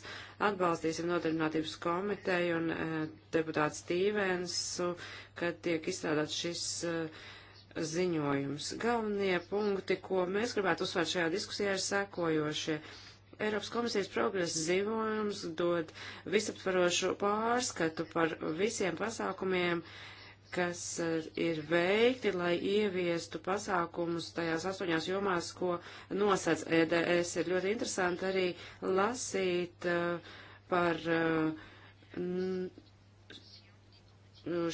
atbalstīsim nodarbinātības komiteju un e, eh, deputātu Stīvensu, kad tiek izstrādāts šis e, ziņojums. Galvenie punkti, ko mēs gribētu uzsvērt šajā diskusijā, ir sekojošie. Eiropas komisijas progresa ziņojums dod visaptvarošu pārskatu par visiem pasākumiem, uh, kas eh, ir veikti, lai ieviestu pasākumus tajās astoņās jomās, ko nosac EDS. Ir ļoti interesanti arī lasīt eh, par eh,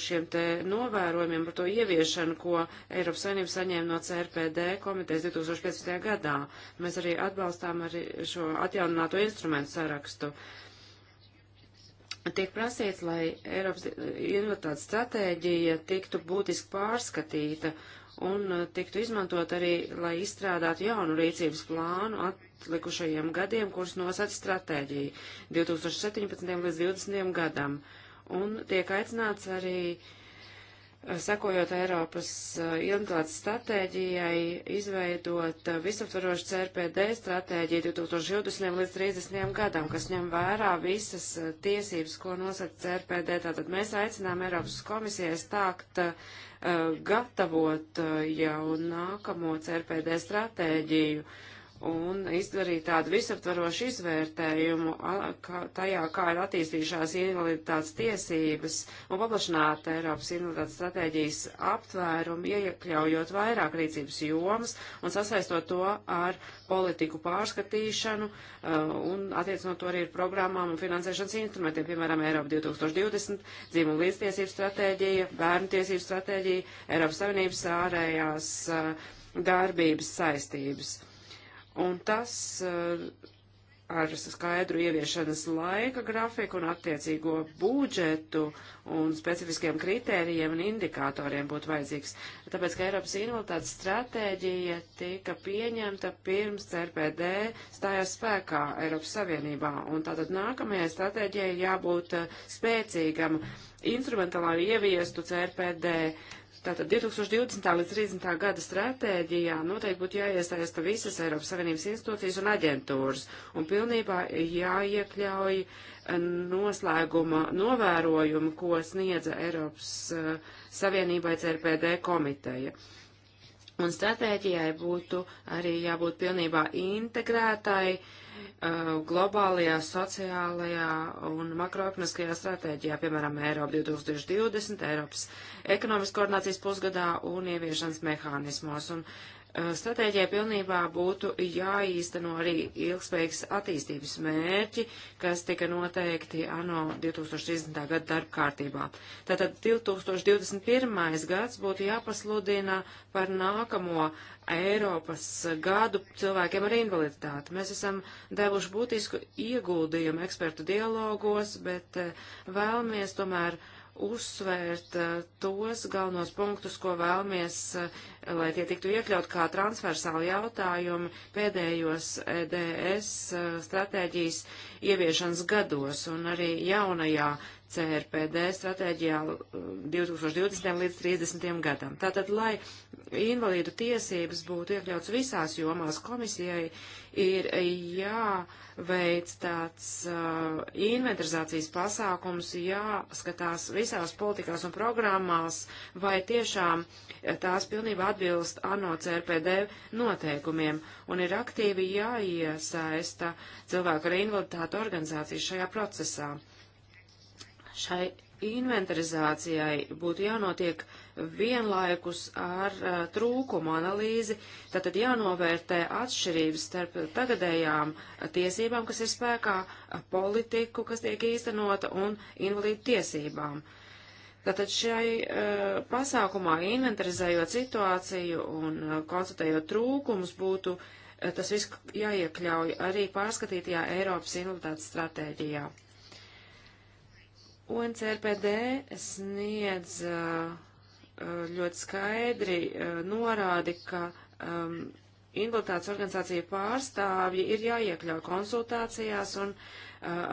šiem te novērojumiem, par to ieviešanu, ko Eiropas Savienība saņēma no CRPD komitejas 2015. gadā. Mēs arī atbalstām arī šo atjaunināto instrumentu sarakstu. Uh, tiek prasīts, lai Eiropas iedotāt stratēģija tiktu būtiski pārskatīta un uh, tiktu izmantot arī, lai izstrādātu jaunu rīcības plānu atlikušajiem gadiem, kurus nosaka stratēģija 2017. līdz 2020. gadam. Un tiek aicināts arī uh, sakojot Eiropas eh, ilgklāts stratēģijai, izveidot eh, visaptvarošu CRPD stratēģiju 2020 līdz 30 gadam, kas ņem vērā visas eh, tiesības, ko nosaka CRPD. Tātad mēs aicinām Eiropas komisijai stākt uh, gatavot jau nākamo CRPD stratēģiju. Uh, un izdarīt tādu visaptvarošu izvērtējumu tajā, kā ir attīstījušās invaliditātes tiesības un paplašināt Eiropas invaliditātes stratēģijas aptvērumu, iekļaujot vairāk rīcības jomas un sasaistot to ar politiku pārskatīšanu un attiecinot to arī ar programmām un finansēšanas instrumentiem, piemēram, Eiropa 2020, dzīvuma līdztiesības stratēģija, bērnu tiesības stratēģija, Eiropas Savienības ārējās darbības saistības un tas eh, ar skaidru ieviešanas laika grafiku un attiecīgo budžetu un specifiskiem kritērijiem un indikatoriem būtu vajadzīgs. Tāpēc, ka Eiropas invaliditātes stratēģija tika pieņemta pirms CRPD stājās spēkā Eiropas Savienībā, un tātad nākamajai stratēģijai jābūt eh, spēcīgam instrumentālā ieviestu CRPD. Uh, Tātad 2020. līdz 30. gada stratēģijā noteikti būtu jāiesaista visas Eiropas Savienības institūcijas un aģentūras un pilnībā jāiekļauj eh, noslēguma novērojumu, ko sniedza Eiropas uh, Savienībai CRPD komiteja. Un stratēģijai būtu arī jābūt pilnībā integrētai uh, Uh, globālajā, sociālajā un makroekonomiskajā stratēģijā, piemēram, Eiropa 2020, Eiropas ekonomikas koordinācijas pusgadā un ieviešanas mehānismos. Un Eh, stratēģijai pilnībā būtu jāīsteno arī ilgspējīgas attīstības mērķi, kas tika noteikti ANO 2030. gada darba kārtībā. Tātad 2021. gads būtu jāpasludina par nākamo Eiropas gadu cilvēkiem ar invaliditāti. Mēs esam devuši būtisku ieguldījumu ekspertu dialogos, bet eh, vēlamies tomēr uh, uzsvērt eh, tos galvenos punktus, ko vēlamies, eh, lai tie tiktu iekļaut kā transversāli jautājumi pēdējos EDS eh, stratēģijas ieviešanas gados un arī jaunajā CRPD stratēģijā 2020. Uh, līdz 30. gadam. Tātad, lai invalīdu tiesības būtu iekļauts visās jomās, komisijai ir jāveic tāds uh, inventarizācijas pasākums, jāskatās visās politikās un programmās, vai tiešām tās pilnībā atbilst ANO CRPD noteikumiem, un ir aktīvi jāiesaista cilvēku ar invaliditātu organizācijas šajā procesā. Šai inventarizācijai būtu jānotiek vienlaikus ar uh, trūkumu analīzi, tātad jānovērtē atšķirības starp tagadējām tiesībām, kas ir spēkā, politiku, kas tiek īstenota, un invalīdu tiesībām. Tātad šai uh, pasākumā inventarizējot situāciju un uh, konstatējot trūkumus būtu uh, tas viss jāiekļauj arī pārskatītajā Eiropas invaliditātes stratēģijā. UNCRPD sniedz uh, uh, ļoti skaidri uh, norādi, ka um, invaliditātes organizācija pārstāvji ir jāiekļauj konsultācijās un uh,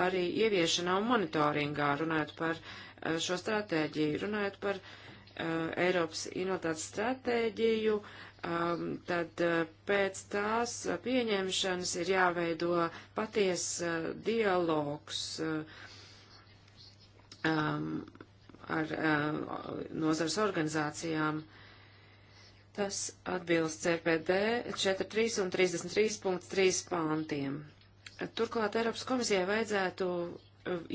arī ieviešanā un monitoringā, runājot par uh, šo stratēģiju, runājot par uh, Eiropas invaliditātes stratēģiju, um, tad pēc tās pieņemšanas ir jāveido paties dialogs. Uh, um, ar um, uh, nozars organizācijām. Tas atbilst CPD 4.3 un 33.3 pāntiem. Turklāt Eiropas komisijai vajadzētu uh,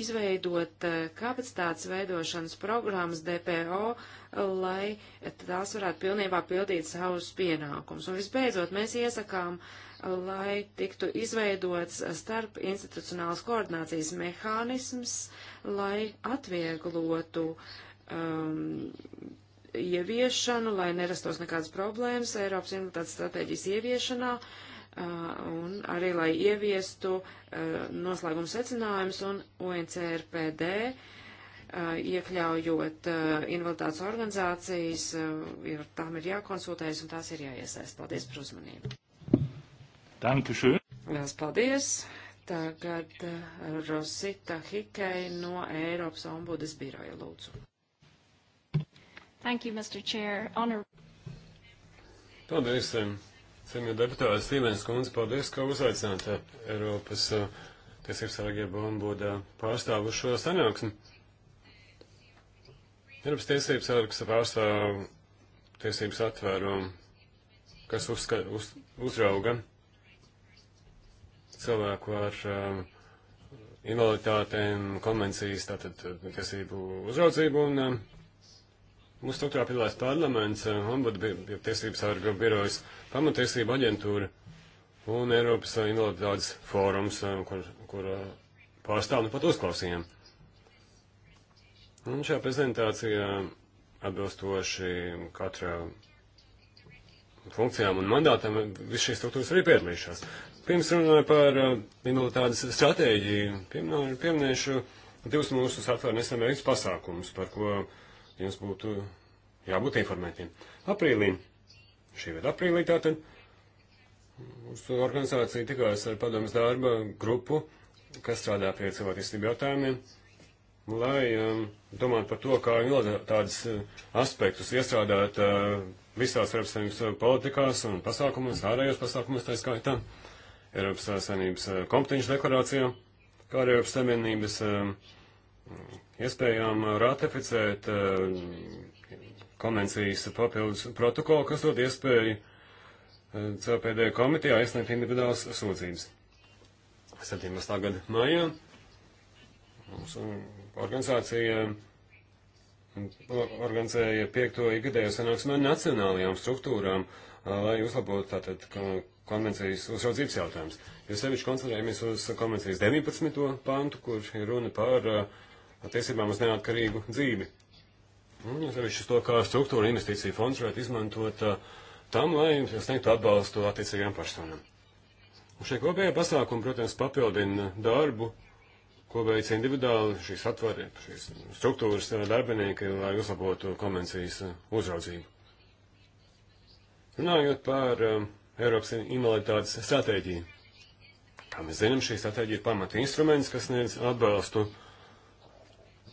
izveidot uh, kapacitātes veidošanas programmas DPO lai tās varētu pilnībā pildīt savus pienākumus. Un visbeidzot, mēs iesakām, lai tiktu izveidots starp institucionāls koordinācijas mehānisms, lai atvieglotu um, ieviešanu, lai nerastos nekādas problēmas Eiropas invaliditātes stratēģijas ieviešanā. Uh, un arī lai ieviestu uh, noslēguma secinājumus un ONCRPD iekļaujot invaliditātes organizācijas, ir, tām ir jākonsultējas un tās ir jāiesaist. Paldies par uzmanību. Dankušu. Lielas paldies. Tagad Rosita Hikei no Eiropas ombudas biroja lūdzu. Thank you, Mr. Chair. Honor... Paldies, cienījamie deputāti Stīvens Kunz, paldies, ka uzaicināt Eiropas tiesības sargie bombuda pārstāvušo sanāksmi. Eiropas tiesības sargs pārstāv tiesības atvērumu, kas uzska, uz, uzrauga cilvēku ar um, invaliditātēm, konvencijas, tātad uh, tiesību uzraudzību un um, mūsu struktūrā pilēs parlaments, uh, ombudu um, tiesības sarga birojas, pamatiesība aģentūra un Eiropas uh, invaliditātes fórums, um, kur, kur uh, pārstāv nu pat uzklausījām. Un šajā prezentācijā atbilstoši katra funkcijām un mandātam viss šīs struktūras arī piedalīšās. Pirms runāju par minoritātes uh, stratēģiju, piemēram, pieminēšu divus mūsu satvēru nesen veikts pasākumus, par ko jums būtu jābūt informētiem. Aprīlī, šī gada aprīlī tātad, mūsu organizācija tikās ar padomas darba grupu, kas strādā pie cilvēku jautājumiem lai um, domātu par to, kā tādus uh, aspektus iestrādāt uh, visās Eiropas Savienības uh, politikās un pasākumos, ārējos pasākumos, tā skaitā, Eiropas uh, Savienības kompetenci deklarācijā, kā arī Eiropas Savienības um, iespējām ratificēt uh, konvencijas papildus protokolu, kas dod iespēju uh, CPD komitejā iesniegt individuālas sūdzības. 17. gada maijā. Mums, um, organizācija organizēja piekto ikgadējo sanāksmē nacionālajām struktūrām, lai uzlabotu tātad konvencijas uzraudzības jautājums. Jo sevišķi koncentrējamies uz konvencijas 19. pantu, kur ir runa par tiesībām uz neatkarīgu dzīvi. Un sevišķi uz to, kā struktūra investīcija fonds varētu izmantot tam, lai sniegtu atbalstu attiecīgajām personām. Un šie kopējie pasākumi, protams, papildina darbu, ko veic individuāli šīs atvari, šīs struktūras eh, darbinieki, lai uzlabotu konvencijas eh, uzraudzību. Runājot par um, Eiropas invaliditātes stratēģiju. Kā mēs zinām, šī stratēģija ir pamata instruments, kas sniedz atbalstu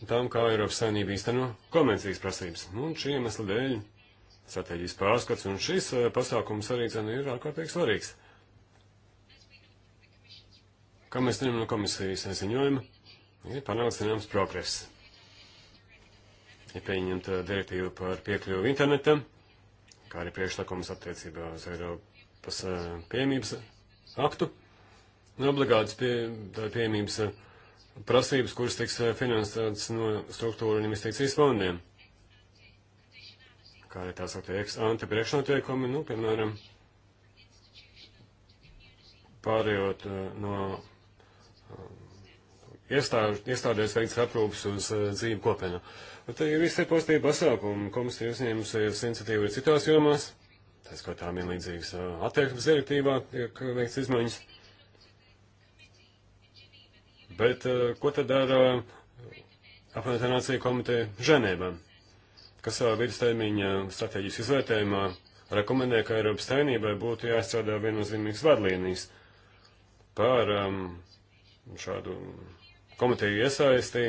tam, kā Eiropas saimnība īsteno konvencijas prasības. Un šī iemesla dēļ stratēģijas pārskats un šis uh, pasākums arī zin, ir ārkārtīgi svarīgs. Kā mēs zinām no komisijas ziņojuma, Nu, ir panākts zināms progress. Ir pieņemta direktīva par piekļuvu internetam, kā arī priekšlikums attiecībā uz Eiropas eh, piemības aktu. Obligātas pie, piemības eh, prasības, kuras tiks eh, finansētas no struktūra un investīcijas fondiem. Kā arī tās attieks antipriekšnotiekumi, nu, piemēram, pārējot no iestāžu, iestādēs veikts aprūpas uz eh, dzīvu kopienu. Un te ir visi pozitīvi pasākumi, komisija uzņēmusies iniciatīvu ir citās jomās, tā skatām vienlīdzīgas eh, attieksmes direktīvā, tiek veikts izmaiņas. Bet eh, ko tad dara apvienotā nācija komiteja Ženēbā, kas savā vidustermiņa stratēģijas izvērtējumā rekomendē, ka Eiropas saimnībai būtu jāizstrādā viennozīmīgas vadlīnijas par um, šādu komiteju iesaisti,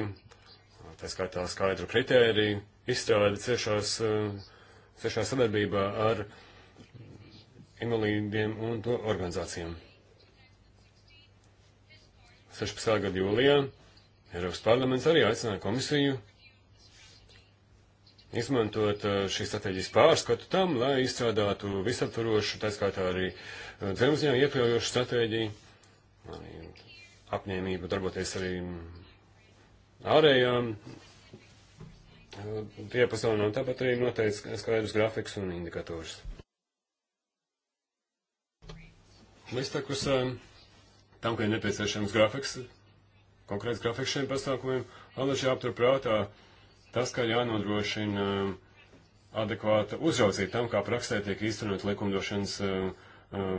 tā skaitā skaidru kritēriju, izstrādi ciešās, eh, ciešā sadarbībā ar invalīdiem un to organizācijām. 16. gada jūlijā Eiropas parlaments arī aicināja komisiju izmantot eh, šīs strateģijas pārskatu tam, lai izstrādātu visaptvarošu, tā skaitā arī eh, dzemziņā iekļaujošu stratēģiju, apņēmību darboties arī ārējām diapazonā, uh, un tāpat arī noteica skaidrus grafikus un indikatorus. Līdztekus uh, tam, ka ir nepieciešams grafiks, konkrēts grafiks šiem pasākumiem, alaži jāaptur prātā tas, ka jānodrošina uh, adekvāta uzraudzība tam, kā praksē tiek īstenot likumdošanas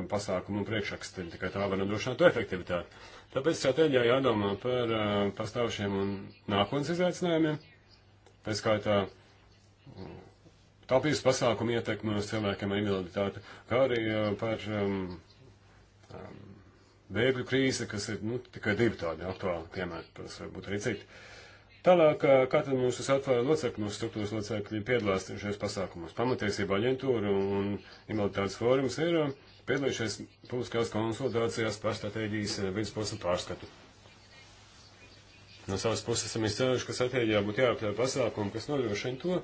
pasākumu un priekšraksti. Tikai tā var nodrošināt efektivitāti. Tāpēc stratēģijā jādomā par uh, pastāvušiem un nākotnes izaicinājumiem, pēc kā tā taupības pasākuma ietekme uz cilvēkiem ar invaliditāti, kā arī uh, par um, um, bēgļu krīzi, kas ir nu, tikai divi tādi aktuāli piemēri, tas varbūt arī citi. Tālāk, kā tad mūsu satvēra locekļi, mūsu struktūras locekļi piedalās šajos pasākumos? Pamatiesība aģentūra un invaliditātes fórums ir uh, piedalījušies publiskajās konsultācijās par stratēģijas eh, vidusposmu pārskatu. No savas puses esam izcēluši, ka stratēģijā būtu jāaptver pasākumi, kas nodrošina to,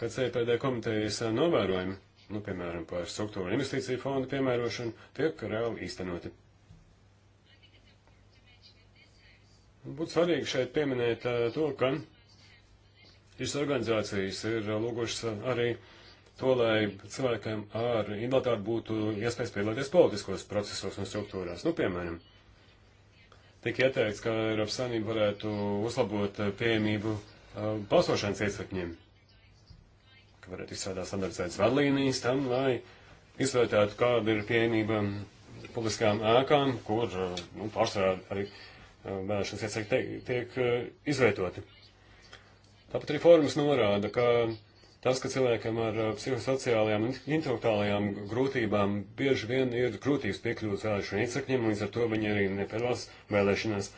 ka CPD komitejas eh, novērojumi, nu, piemēram, par struktūra investīciju fondu piemērošanu, tiek reāli īstenoti. Būtu svarīgi šeit pieminēt eh, to, ka šīs organizācijas ir lūgušas arī uh, to, lai cilvēkiem ar invaliditāti būtu iespējas piedalīties politiskos procesos un struktūrās. Nu, piemēram, tika ieteikts, ka Eiropas Savienība varētu uzlabot pieejamību uh, balsošanas iecirkņiem, ka varētu izstrādāt standartizētas vadlīnijas tam, lai izvērtētu, kāda ir pieejamība publiskām ēkām, kur uh, nu, pārsvarā arī vēlēšanas uh, iecirkļi tiek, tiek izveidoti. Tāpat arī forums norāda, ka Tas, ka cilvēkam ar uh, psihosociālajām un intelektuālajām grūtībām bieži vien ir grūtības piekļūt vēlēšanu iecirkņiem, līdz ar to viņi arī nepiedalās vēlēšanās.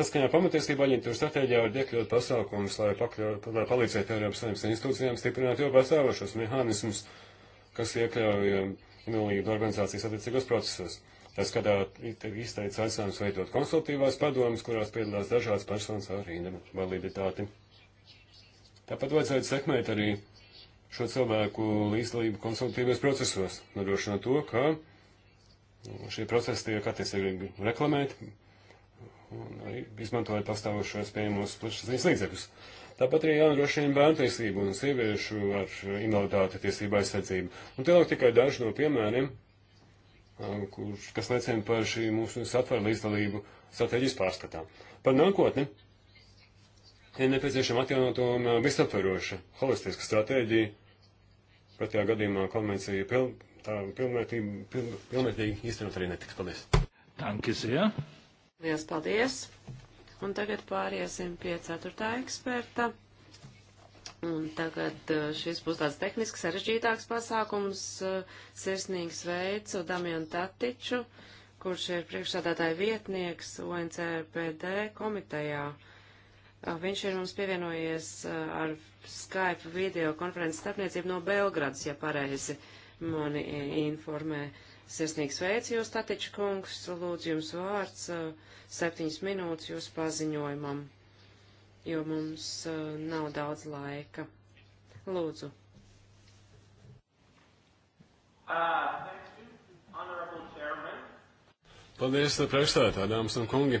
Saskaņā pamatiesība aģentūra stratēģijā var iekļaut pasākumus, lai, pakļau, lai palīdzētu Eiropas Savienības institūcijām stiprināt jau pastāvošos mehānismus, kas iekļauj uh, invalīdu organizācijas attiecīgos procesos. Tas, kad izteica aicinājums veidot konsultīvās padomas, kurās piedalās dažādas personas ar invaliditāti. Tāpat vajadzētu sekmēt arī uh, šo cilvēku līdzdalību konsultatīvos procesos, nodrošinot to, ka nu, šie procesi tiek attiecīgi reklamēti un arī izmantojot pastāvošos pieejamos plašsaziņas līdzekļus. Tāpat arī jānodrošina bērnu tiesību un sieviešu ar invaliditāti tiesību aizsardzību. Un te lūk tikai daži no piemēriem, kur, kas liecina par šī mūsu satvaru līdzdalību strateģijas pārskatā. Par nākotni ir nepieciešama atjaunot un visaptveroša holistiska stratēģija, Pretējā gadījumā konvencija pil, pilnvērtīgi pil, pilnvērtīgi īstenot arī netiks. Paldies. Tankis, jā. Lielas paldies. Un tagad pāriesim pie ceturtā eksperta. Un tagad eh, šis būs tāds tehniski sarežģītāks pasākums. Eh, sirsnīgi sveicu Damianu Tatiču, kurš ir priekšsādātāja vietnieks ONCPD komitejā. Viņš ir mums pievienojies ar Skype video konferences starpniecību no Belgradas, ja pareizi mani informē. Sirsnīgs veids jūs, Tatiča kungs, lūdzu jums vārds septiņas minūtes jūs paziņojumam, jo mums nav daudz laika. Lūdzu. Paldies, priekšstādā, dāmas un kungi.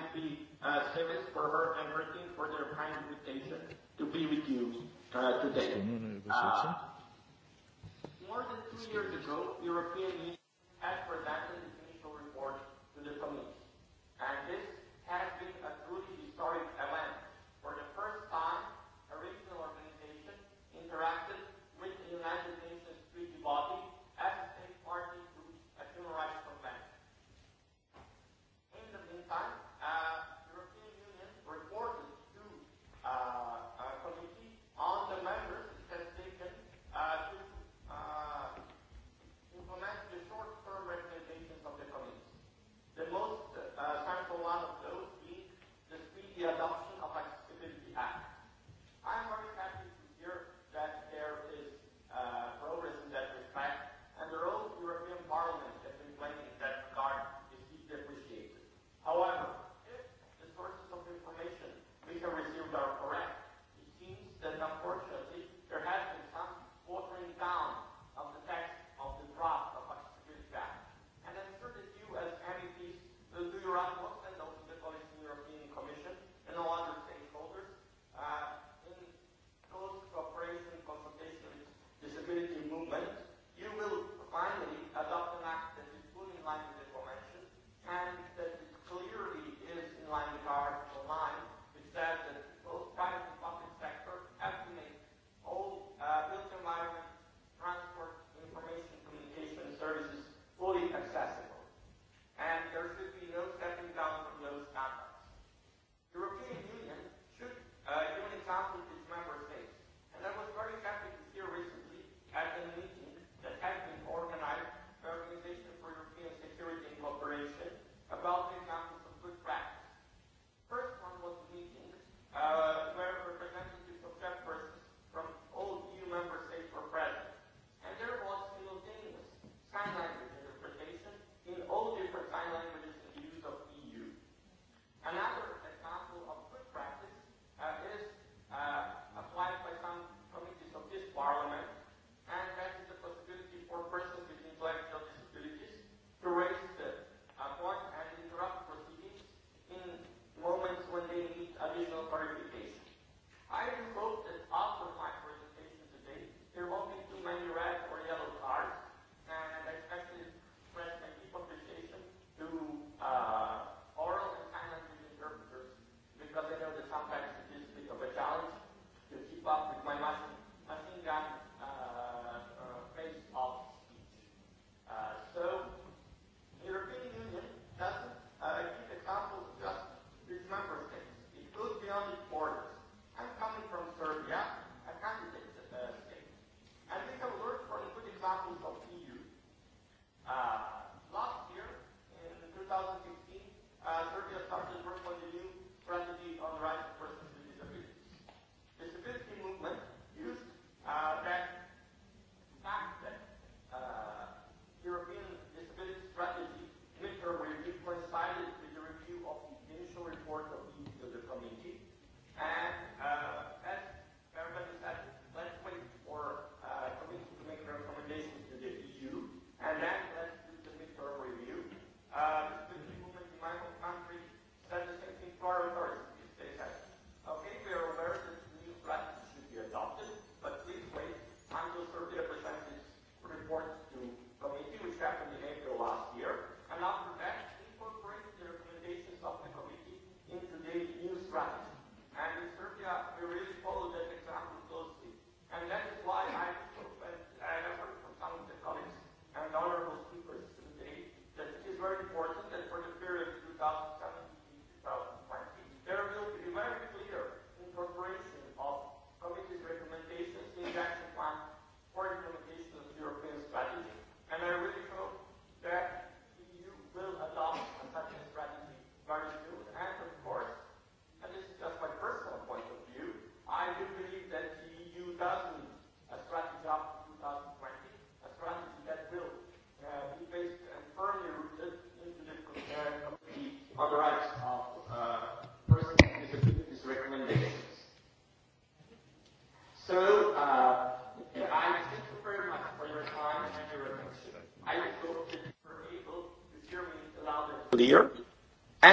Uh, service for her and her team for their kind invitation to be with you uh, today. Uh, more than two years ago, European Union asked for that initial report to the committee, and this has been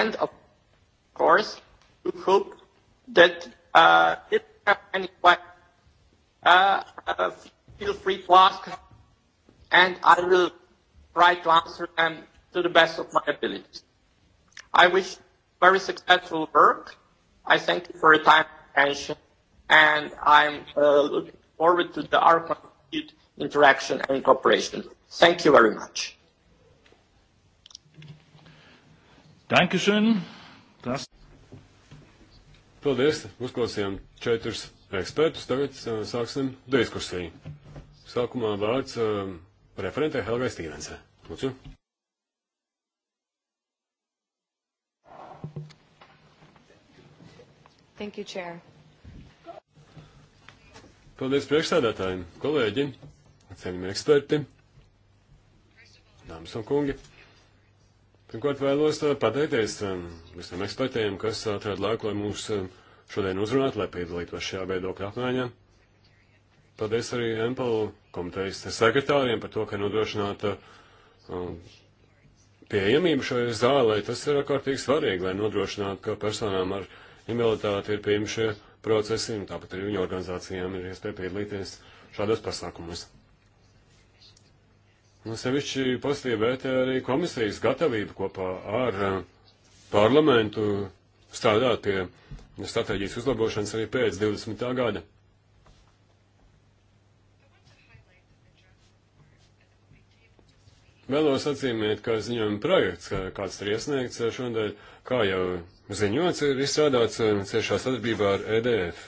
And of course, we hope that uh, if you have any questions, uh, uh, feel free to ask, and I will try to answer them to the best of my abilities. I wish very successful work. I thank you for your time and attention, and I'm uh, looking forward to the our continued interaction and cooperation. Thank you very much. Dankeschön. Tas. Paldies. Uzklausījām četrus ekspertus. Tagad uh, sāksim diskusiju. Sākumā vārds uh, um, referentē Helgai Stīvensē. Lūdzu. Thank you, Chair. Paldies priekšsēdētājiem, kolēģi, cienījami eksperti, dāmas un kungi. Pirmkārt, vēlos pateikties um, visiem ekspertiem, kas atrada laiku, lai mūs um, šodien uzrunātu, lai piedalītos šajā viedokļa apmaiņā. Paldies arī MPL komitejas sekretāriem par to, ka nodrošināta uh, um, pieejamību šajā zālē. Tas ir ārkārtīgi svarīgi, lai nodrošinātu, ka personām ar invaliditāti ir pieejami šie procesi, un tāpat arī viņu organizācijām ir iespēja piedalīties šādos pasākumos. Un nu, sevišķi pozitīvi vērtē arī komisijas gatavību kopā ar eh, parlamentu strādāt pie stratēģijas uzlabošanas arī pēc 20. gada. Vēlos atzīmēt, ka ziņojuma projekts, eh, kāds ir iesniegts eh, šodien, kā jau ziņots, ir izstrādāts ciešā sadarbībā ar EDF,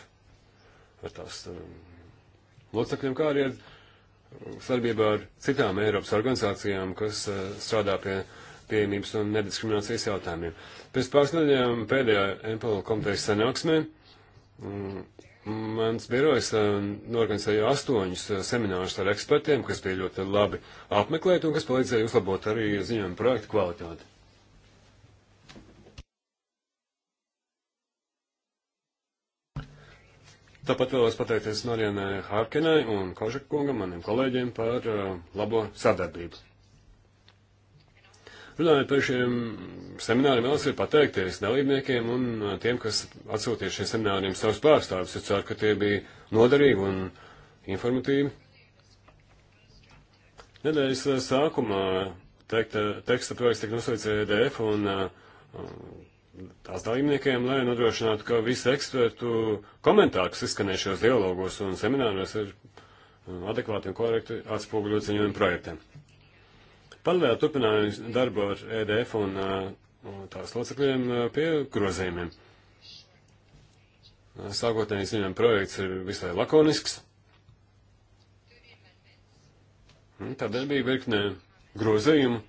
ar tās locekļiem, kā arī ar sadarbībā ar citām Eiropas organizācijām, kas eh, strādā pie pieejamības un nediskriminācijas jautājumiem. Pēc pāris nedēļām pēdējā MPL komitejas sanāksmē mm, mans birojs eh, norganizēja astoņus eh, seminārus ar ekspertiem, kas bija ļoti labi apmeklēti un kas palīdzēja uzlabot arī ziņojumu projektu kvalitāti. Tāpat vēlos pateikties Marijanai Hārkenai un Kožakungam, maniem kolēģiem, par uh, labo sadarbību. Runājot par šiem semināriem, vēlos arī pateikties dalībniekiem un uh, tiem, kas atsūtīja šiem semināriem savus pārstāvjus. Es ceru, ka tie bija noderīgi un informatīvi. Nedēļas uh, sākumā tekta, teksta projekts tika nosaucts EDF un uh, tās dalībniekiem, lai nodrošinātu, ka visi ekspertu komentāri, kas izskanējušos dialogos un semināros, ir um, adekvāti un korekti atspoguļot ziņojumu projektiem. Paralēli turpināju darbu ar EDF uh, un tās locekļiem uh, pie grozījumiem. Uh, Sākotnēji ziņojuma projekts ir visai lakonisks. Tādēļ bija virkne grozījumu,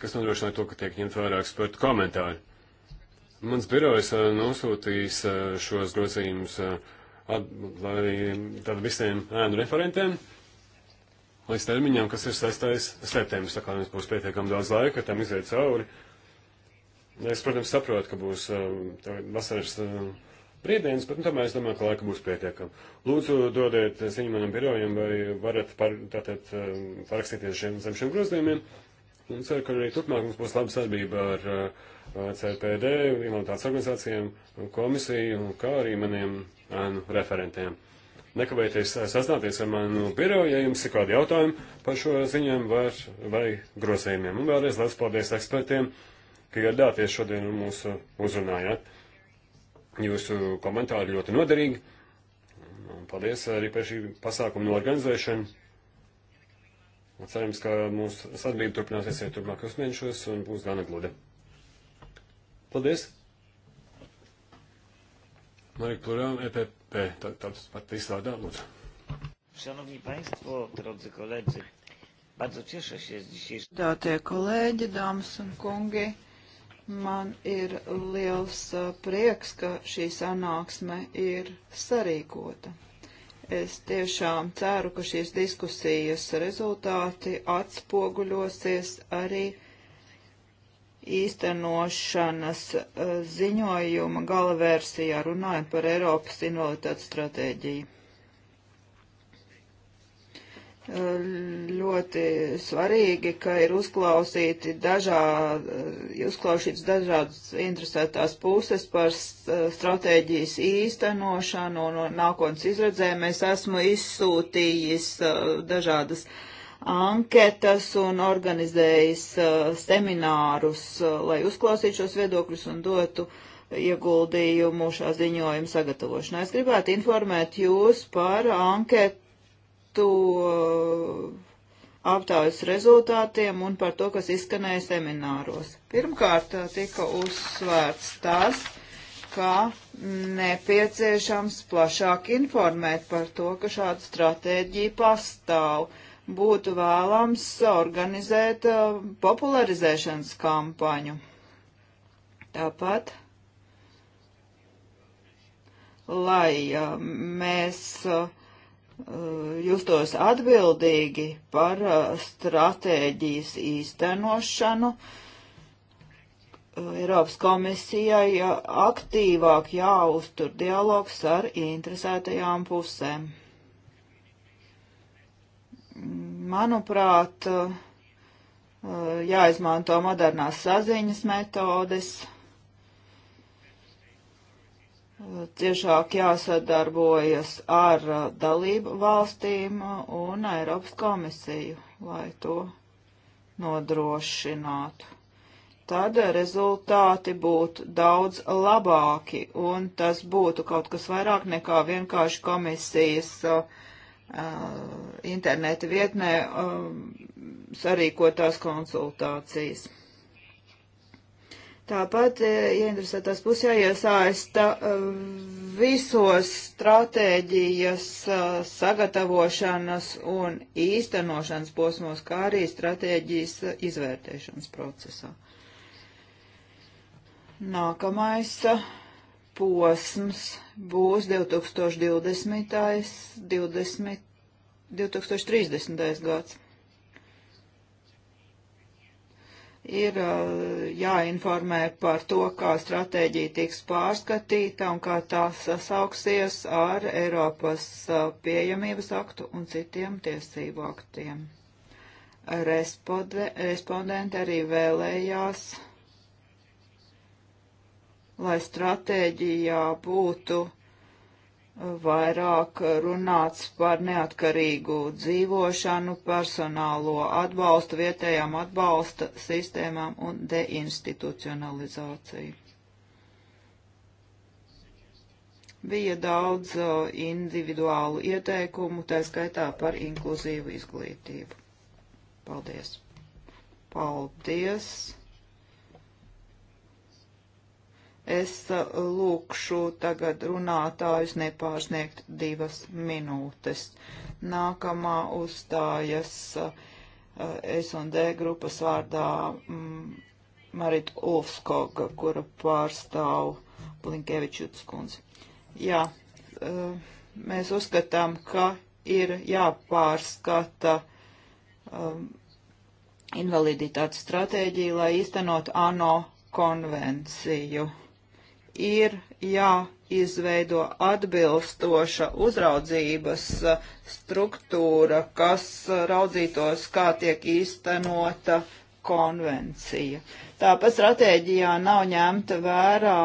kas nodrošināja to, ka tiek ņemt vērā ekspertu komentāri. Mans birojs eh, nosūtīs eh, šos grozījumus eh, tad visiem ēnu referentiem līdz termiņam, kas ir 6. septembris, tā kā mums būs pietiekami daudz laika, tam iziet cauri. Es, protams, saprotu, ka būs vasaras brīvdienas, bet nu, tomēr es domāju, ka laika būs pietiekami. Lūdzu, dodiet ziņu manam birojam, vai varat par, tātad, parakstīties šiem, zem šiem grozījumiem. Un ceru, ka arī turpmāk mums būs laba sadarbība ar uh, CPD, imunitātes organizācijām, komisiju, kā arī maniem ēnu referentiem. Nekavēties sazināties ar manu biroju, ja jums ir kādi jautājumi par šo ziņām var, vai grozījumiem. Un vēlreiz liels paldies ekspertiem, ka ieradāties šodien un mūsu uzrunājāt. Jūsu komentāri ļoti noderīgi. Un paldies arī par šī pasākuma norganizēšanu. Un cerams, ka mūsu sadarbība turpināsies jau turpmākajos mēnešos un būs gana gluda. Paldies! Marek Pluram, EPP, tak tam pat izstrādā, lūdzu. Szanowni Państwo, drodzy koledzy, bardzo cieszę się z dzisiejszego... Dātie kolēģi, dāmas un kungi, man ir liels prieks, ka šī sanāksme ir sarīkota. Es tiešām ceru, ka šīs diskusijas rezultāti atspoguļosies arī īstenošanas eh, ziņojuma gala versijā runājot par Eiropas invaliditātes stratēģiju. Eh, ļoti svarīgi, ka ir uzklausīti dažādi, eh, uzklausīts dažādas interesētās puses par stratēģijas īstenošanu un nākotnes izredzē. Mēs esmu izsūtījis dažādas uh, anketas un organizējis uh, seminārus, uh, lai uzklausītu šos viedokļus un dotu ieguldījumu šā ziņojuma sagatavošanā. Es gribētu informēt jūs par anketu uh, aptaujas rezultātiem un par to, kas izskanēja semināros. Pirmkārt, tika uzsvērts tas, ka nepieciešams plašāk informēt par to, ka šāda stratēģija pastāv būtu vēlams organizēt uh, popularizēšanas kampaņu. Tāpat, lai uh, mēs uh, justos atbildīgi par uh, stratēģijas īstenošanu, uh, Eiropas komisijai uh, aktīvāk jāuztur dialogs ar interesētajām pusēm manuprāt, eh, jāizmanto modernās saziņas metodes, eh, ciešāk jāsadarbojas ar eh, dalību valstīm un Eiropas komisiju, lai to nodrošinātu. Tad rezultāti būtu daudz labāki, un tas būtu kaut kas vairāk nekā vienkārši komisijas uh, Uh, interneta vietnē um, sarīkotās konsultācijas. Tāpat uh, ieinteresētās ja puses jāiesaista uh, visos stratēģijas sagatavošanas un īstenošanas posmos, kā arī stratēģijas izvērtēšanas procesā. Nākamais posms būs 2020. 20, 2030. gads. Ir jāinformē par to, kā stratēģija tiks pārskatīta un kā tā sasauksies ar Eiropas pieejamības aktu un citiem tiesību aktiem. Responde, respondenti arī vēlējās lai stratēģijā būtu uh, vairāk runāts par neatkarīgu dzīvošanu, personālo atbalstu, vietējām atbalsta sistēmām un deinstitucionalizāciju. Bija daudz uh, individuālu ieteikumu, tā skaitā par inkluzīvu izglītību. Paldies! Paldies! Es uh, lūkšu tagad runātājus nepārsniegt divas minūtes. Nākamā uzstājas uh, S&D grupas vārdā mm, Marita Ulfskoga, kura pārstāv Blinkevičuts kundzi. Jā, uh, mēs uzskatām, ka ir jāpārskata um, invaliditātes stratēģija, lai īstenot ANO konvenciju ir jāizveido atbilstoša uzraudzības struktūra, kas raudzītos, kā tiek īstenota konvencija. Tāpat stratēģijā nav ņemta vērā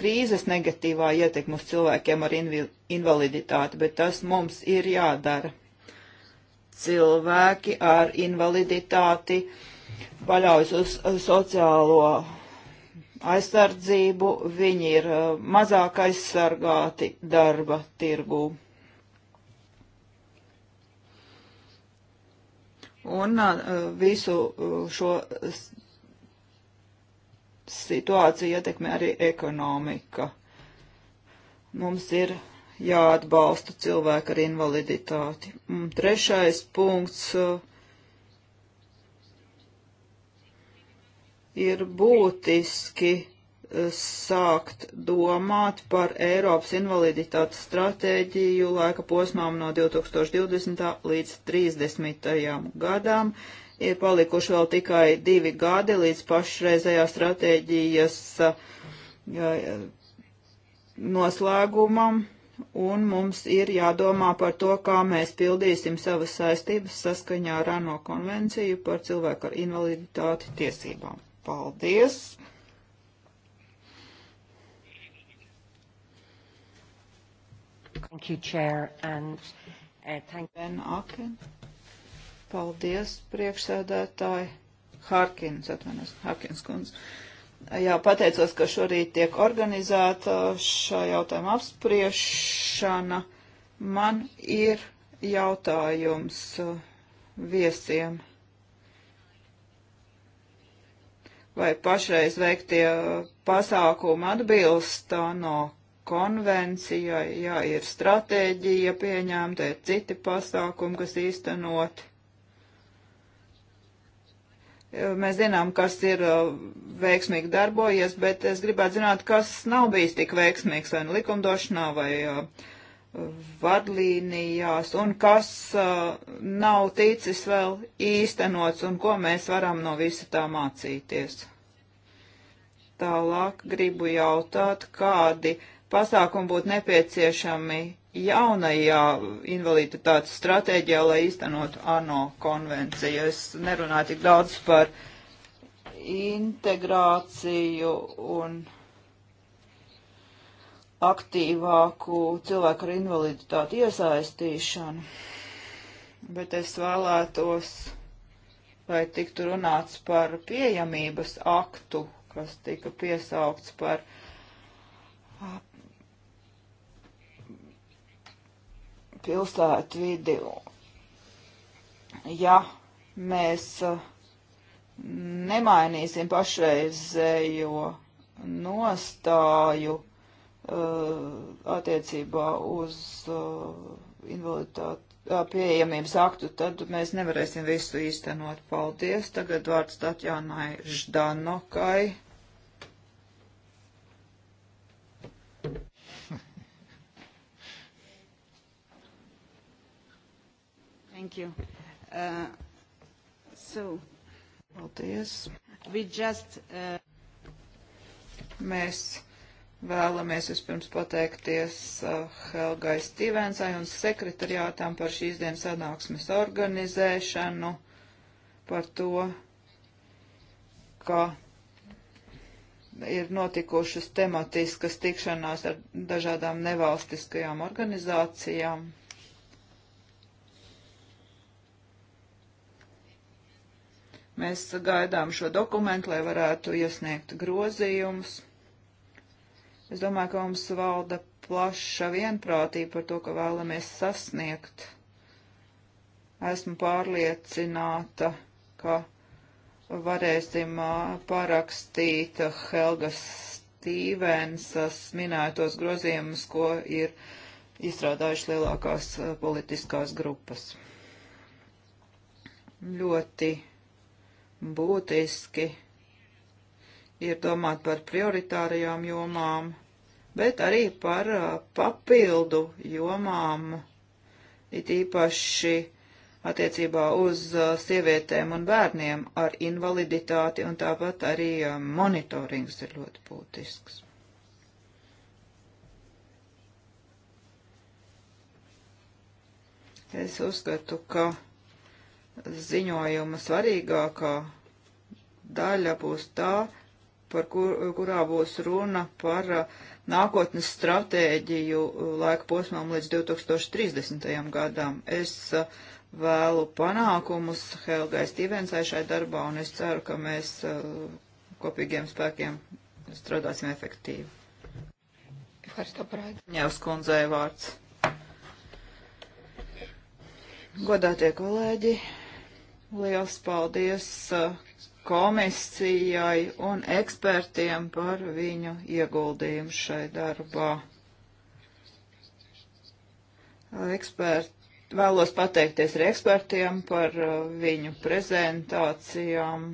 krīzes negatīvā ietekme uz cilvēkiem ar invaliditāti, bet tas mums ir jādara. Cilvēki ar invaliditāti paļaujas uz sociālo aizsardzību, viņi ir eh, mazāk aizsargāti darba tirgū. Un eh, visu eh, šo situāciju ietekmē arī ekonomika. Mums ir jāatbalsta cilvēki ar invaliditāti. Un trešais punkts uh, ir būtiski eh, sākt domāt par Eiropas invaliditātes stratēģiju laika posmām no 2020. līdz 30. gadam. Ir palikuši vēl tikai divi gadi līdz pašreizējā stratēģijas eh, noslēgumam, un mums ir jādomā par to, kā mēs pildīsim savas saistības saskaņā ar ANO konvenciju par cilvēku ar invaliditāti tiesībām. Paldies! Thank you, Chair, and uh, thank Ben Aken. Paldies, priekšsēdētāji. Harkins, atvainojos, Harkins kundze. Jā, pateicos, ka šorīt tiek organizēta šā jautājuma apspriešana. Man ir jautājums uh, viesiem. vai pašreiz veiktie pasākumi atbilst ANO konvencijai, ja ir stratēģija pieņemta, ir citi pasākumi, kas īstenoti. Mēs zinām, kas ir uh, veiksmīgi darbojies, bet es gribētu zināt, kas nav bijis tik veiksmīgs vai nu likumdošanā vai uh, vadlīnijās un kas uh, nav ticis vēl īstenots un ko mēs varam no visa tā mācīties. Tālāk gribu jautāt, kādi pasākumi būtu nepieciešami jaunajā invaliditātes stratēģijā, lai īstenotu ANO konvenciju. Es nerunāju tik daudz par integrāciju un aktīvāku cilvēku ar invaliditāti iesaistīšanu, bet es vēlētos, lai tiktu runāts par pieejamības aktu, kas tika piesaukts par pilsētu vidi. Ja mēs nemainīsim pašreizējo nostāju, Uh, attiecībā uz uh, invaliditāti uh, pieejamības aktu, tad mēs nevarēsim visu īstenot. Paldies. Tagad vārds Tatjānai Ždanokai. Thank you. Uh, so, Paldies. We just, uh... Mēs Vēlamies vispirms pateikties uh, Helgai Stīvensai un sekretariātām par šīs dienas sanāksmes organizēšanu, par to, ka ir notikušas tematiskas tikšanās ar dažādām nevalstiskajām organizācijām. Mēs gaidām šo dokumentu, lai varētu iesniegt grozījumus. Es domāju, ka mums valda plaša vienprātība par to, ka vēlamies sasniegt. Esmu pārliecināta, ka varēsim parakstīt Helgas Stīvensas minētos grozījumus, ko ir izstrādājuši lielākās politiskās grupas. Ļoti būtiski ir domāt par prioritārajām jomām, bet arī par uh, papildu jomām, it īpaši attiecībā uz uh, sievietēm un bērniem ar invaliditāti, un tāpat arī uh, monitorings ir ļoti būtisks. Es uzskatu, ka ziņojuma svarīgākā daļa būs tā, par kur, kurā būs runa par uh, nākotnes stratēģiju uh, laika posmām līdz 2030. gadam. Es uh, vēlu panākumus Helgai Stevensai šai darbā, un es ceru, ka mēs kopīgiem spēkiem strādāsim efektīvi. Jā, uz kundzei vārds. Godātie kolēģi, liels paldies komisijai un ekspertiem par viņu ieguldījumu šai darbā. Ekspert, vēlos pateikties arī ekspertiem par uh, viņu prezentācijām.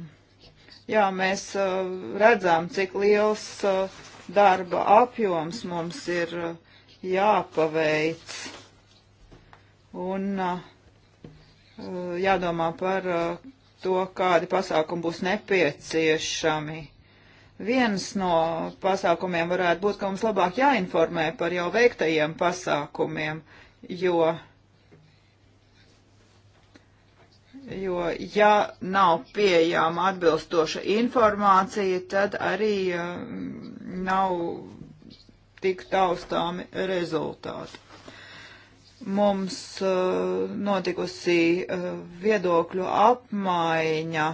Jā, mēs uh, redzam, cik liels uh, darba apjoms mums ir jāpaveic. Un jādomā par to, kādi pasākumi būs nepieciešami. Viens no pasākumiem varētu būt, ka mums labāk jāinformē par jau veiktajiem pasākumiem, jo jo ja nav pieejama atbilstoša informācija, tad arī uh, nav tik taustāmi rezultāti. Mums uh, notikusi uh, viedokļu apmaiņa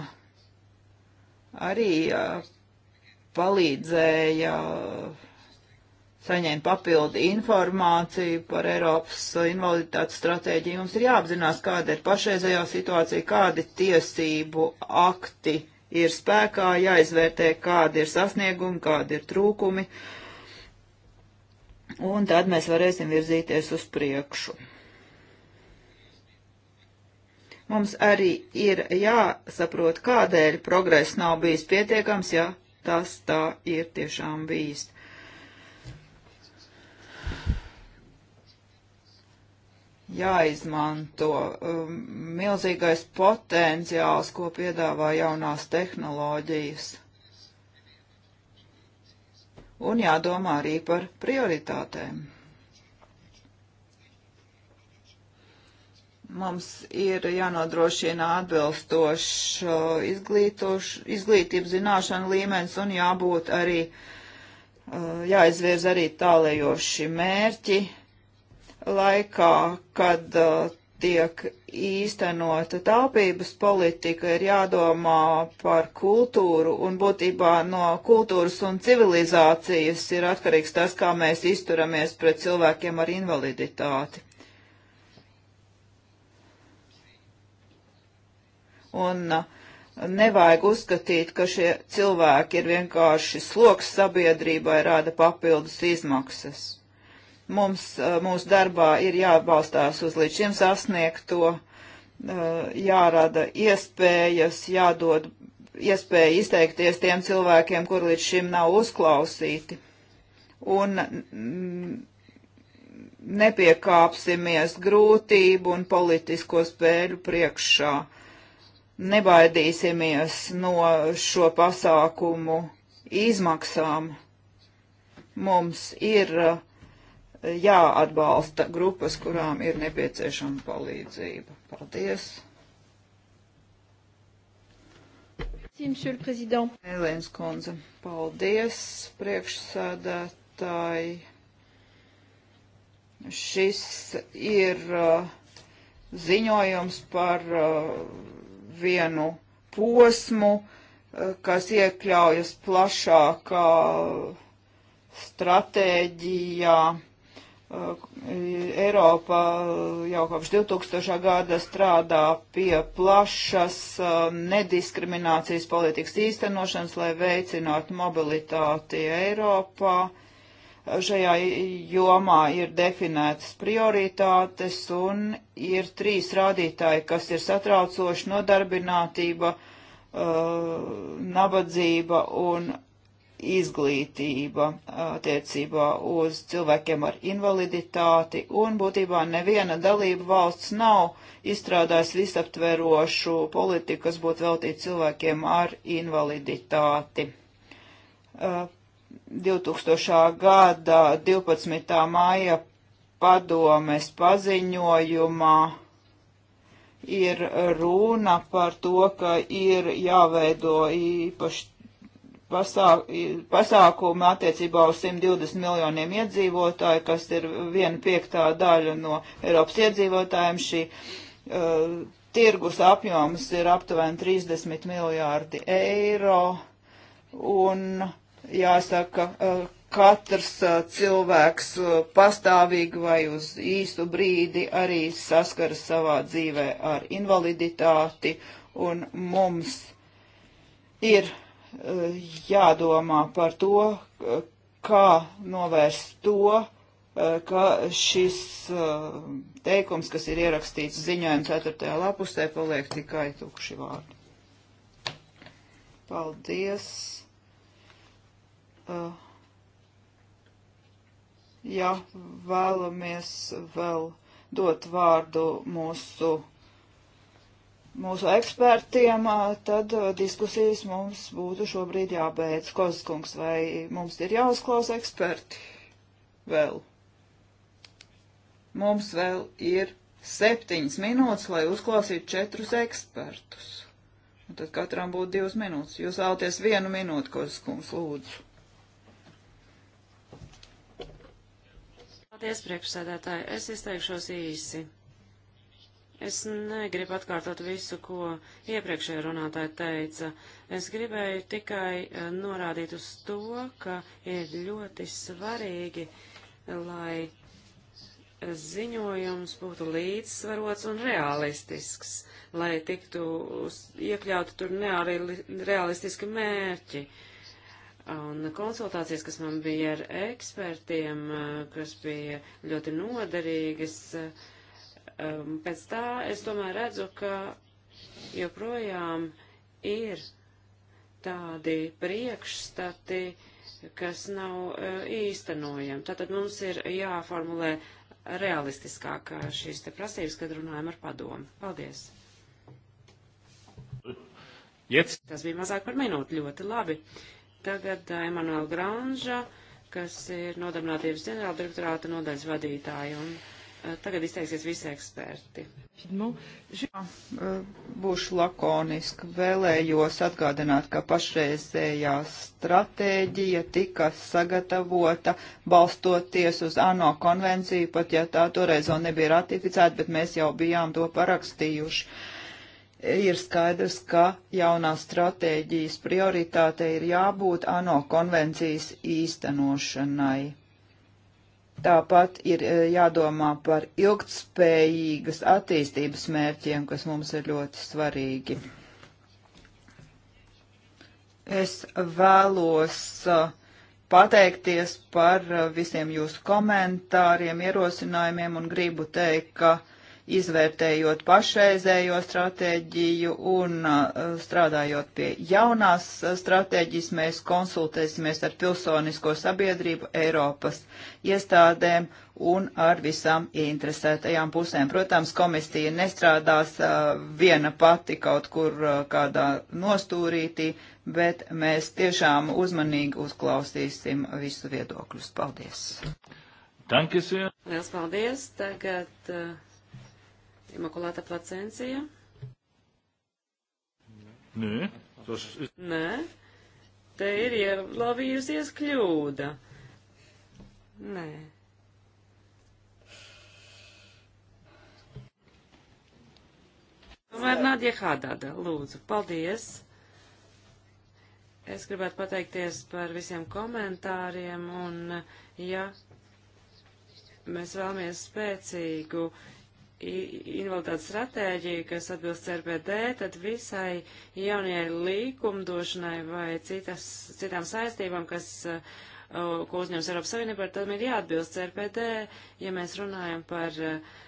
arī uh, palīdzēja saņēma papildu informāciju par Eiropas invaliditātes stratēģiju. Mums ir jāapzinās, kāda ir pašreizējā situācija, kādi tiesību akti ir spēkā, jāizvērtē, kādi ir sasniegumi, kādi ir trūkumi, un tad mēs varēsim virzīties uz priekšu. Mums arī ir jāsaprot, kādēļ progress nav bijis pietiekams, ja tas tā ir tiešām bijis. Jāizmanto um, milzīgais potenciāls, ko piedāvā jaunās tehnoloģijas un jādomā arī par prioritātēm. Mums ir jānodrošina atbilstošs izglītības zināšanu līmenis un jābūt arī, uh, jāizvirz arī tālējoši mērķi laikā, kad uh, tiek īstenota taupības politika, ir jādomā par kultūru, un būtībā no kultūras un civilizācijas ir atkarīgs tas, kā mēs izturamies pret cilvēkiem ar invaliditāti. Un uh, nevajag uzskatīt, ka šie cilvēki ir vienkārši sloks sabiedrībai, rada papildus izmaksas. Mums, eh, mūsu darbā ir jāatbalstās uz līdz šim sasniegto, eh, jārada iespējas, jādod iespēja izteikties tiem cilvēkiem, kur līdz šim nav uzklausīti. Un nepiekāpsimies grūtību un politisko spēļu priekšā. Nebaidīsimies no šo pasākumu izmaksām. Mums ir uh, jāatbalsta grupas, kurām ir nepieciešama palīdzība. Paldies! Monsieur le Président. Elēns Konze, paldies, priekšsādātāji. Šis ir uh, ziņojums par uh, vienu posmu, uh, kas iekļaujas plašākā uh, stratēģijā Uh, Eiropa jau kopš 2000. gada strādā pie plašas uh, nediskriminācijas politikas īstenošanas, lai veicinātu mobilitāti Eiropā. Uh, šajā jomā ir definētas prioritātes un ir trīs rādītāji, kas ir satraucoši nodarbinātība, nabadzība un izglītība attiecībā uz cilvēkiem ar invaliditāti, un būtībā neviena dalība valsts nav izstrādājis visaptverošu politiku, kas būtu veltīta cilvēkiem ar invaliditāti. 2000. Uh, gada 12. māja padomes paziņojumā ir runa par to, ka ir jāveido īpaši pasākumi attiecībā uz 120 miljoniem iedzīvotāju, kas ir viena piektā daļa no Eiropas iedzīvotājiem. Šī uh, tirgus apjoms ir aptuveni 30 miljārdi eiro. Un jāsaka, uh, katrs uh, cilvēks uh, pastāvīgi vai uz īstu brīdi arī saskaras savā dzīvē ar invaliditāti. Un mums ir jādomā par to, kā novērst to, ka šis uh, teikums, kas ir ierakstīts ziņojuma 4. lapusē, paliek tikai tukši vārdi. Paldies. Uh, ja vēlamies vēl dot vārdu mūsu mūsu ekspertiem, tad diskusijas mums būtu šobrīd jābeidz. Kozkungs, vai mums ir jāuzklausa eksperti? Vēl. Mums vēl ir septiņas minūtes, lai uzklausītu četrus ekspertus. Un tad katram būtu divas minūtes. Jūs vēlaties vienu minūti, Kozkungs, lūdzu. Paldies, priekšsēdētāji. Es izteikšos īsi. Es negribu atkārtot visu, ko iepriekšējā runātāja teica. Es gribēju tikai eh, norādīt uz to, ka ir ļoti svarīgi, lai ziņojums būtu līdzsvarots un realistisks, lai tiktu iekļauti tur neāri realistiski mērķi. Un konsultācijas, kas man bija ar ekspertiem, eh, kas bija ļoti noderīgas, uh, um, pēc tā es tomēr redzu, ka joprojām ir tādi priekšstati, kas nav uh, īstenojami. Tātad mums ir jāformulē realistiskāk e, šīs te prasības, kad runājam ar padomu. Paldies! Yes. Tas bija mazāk par minūti, ļoti labi. Tagad uh, Emanuela Granža, kas ir nodarbinātības ģenerāldirektorāta nodaļas vadītāja. Un Eh, tagad izteiksies visi eksperti. Eh, būšu lakoniska. Vēlējos atgādināt, ka pašreizējā stratēģija tika sagatavota balstoties uz ANO konvenciju, pat ja tā toreiz vēl nebija ratificēta, bet mēs jau bijām to parakstījuši. Ir skaidrs, ka jaunā stratēģijas prioritāte ir jābūt ANO konvencijas īstenošanai Tāpat ir eh, jādomā par ilgtspējīgas attīstības mērķiem, kas mums ir ļoti svarīgi. Es vēlos eh, pateikties par eh, visiem jūsu komentāriem, ierosinājumiem un gribu teikt, ka izvērtējot pašreizējo stratēģiju un strādājot pie jaunās stratēģijas, mēs konsultēsimies ar pilsonisko sabiedrību, Eiropas iestādēm un ar visām interesētajām pusēm. Protams, komisija nestrādās viena pati kaut kur kādā nostūrītī, bet mēs tiešām uzmanīgi uzklausīsim visu viedokļus. Paldies! Dankis, jā. Liels paldies. Tagad uh, Imakulāta placencija. Nē, tas ir. Nē, te ir ielavījusies kļūda. Nē. Tomēr Nadja Hādāda, lūdzu, paldies. Es gribētu pateikties par visiem komentāriem un, ja mēs vēlamies spēcīgu invaliditātes stratēģija, kas atbilst CRPD, tad visai jaunajai līkumdošanai vai citas, citām saistībām, kas, uh, ko uzņems Eiropas Savienība, tad ir jāatbilst CRPD. Ja mēs runājam par uh,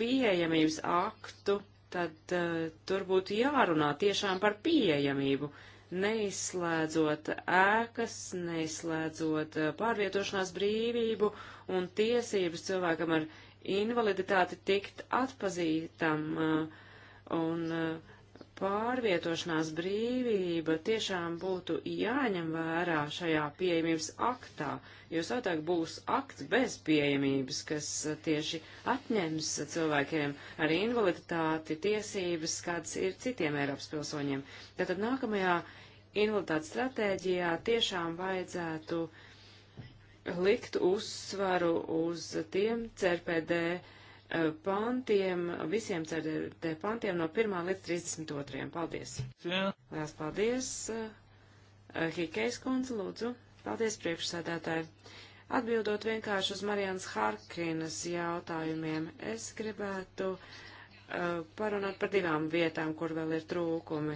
pieejamības aktu, tad uh, tur būtu jārunā tiešām par pieejamību, neizslēdzot ēkas, neizslēdzot uh, pārvietošanās brīvību un tiesības cilvēkam ar invaliditāti tikt atpazītam uh, un uh, pārvietošanās brīvība tiešām būtu jāņem vērā šajā pieejamības aktā, jo savādāk būs akts bez pieejamības, kas uh, tieši atņems cilvēkiem ar invaliditāti tiesības, kādas ir citiem Eiropas pilsoņiem. Tātad nākamajā invaliditātes stratēģijā tiešām vajadzētu uh, likt uzsvaru uz tiem CRPD eh, pantiem, visiem CRPD pantiem no 1 līdz 32. Paldies! Jā. Lielas paldies! Eh, Hikeis kundze, lūdzu! Paldies, priekšsēdētāji! Atbildot vienkārši uz Marianas Harkinas jautājumiem, es gribētu uh, parunāt par divām vietām, kur vēl ir trūkumi.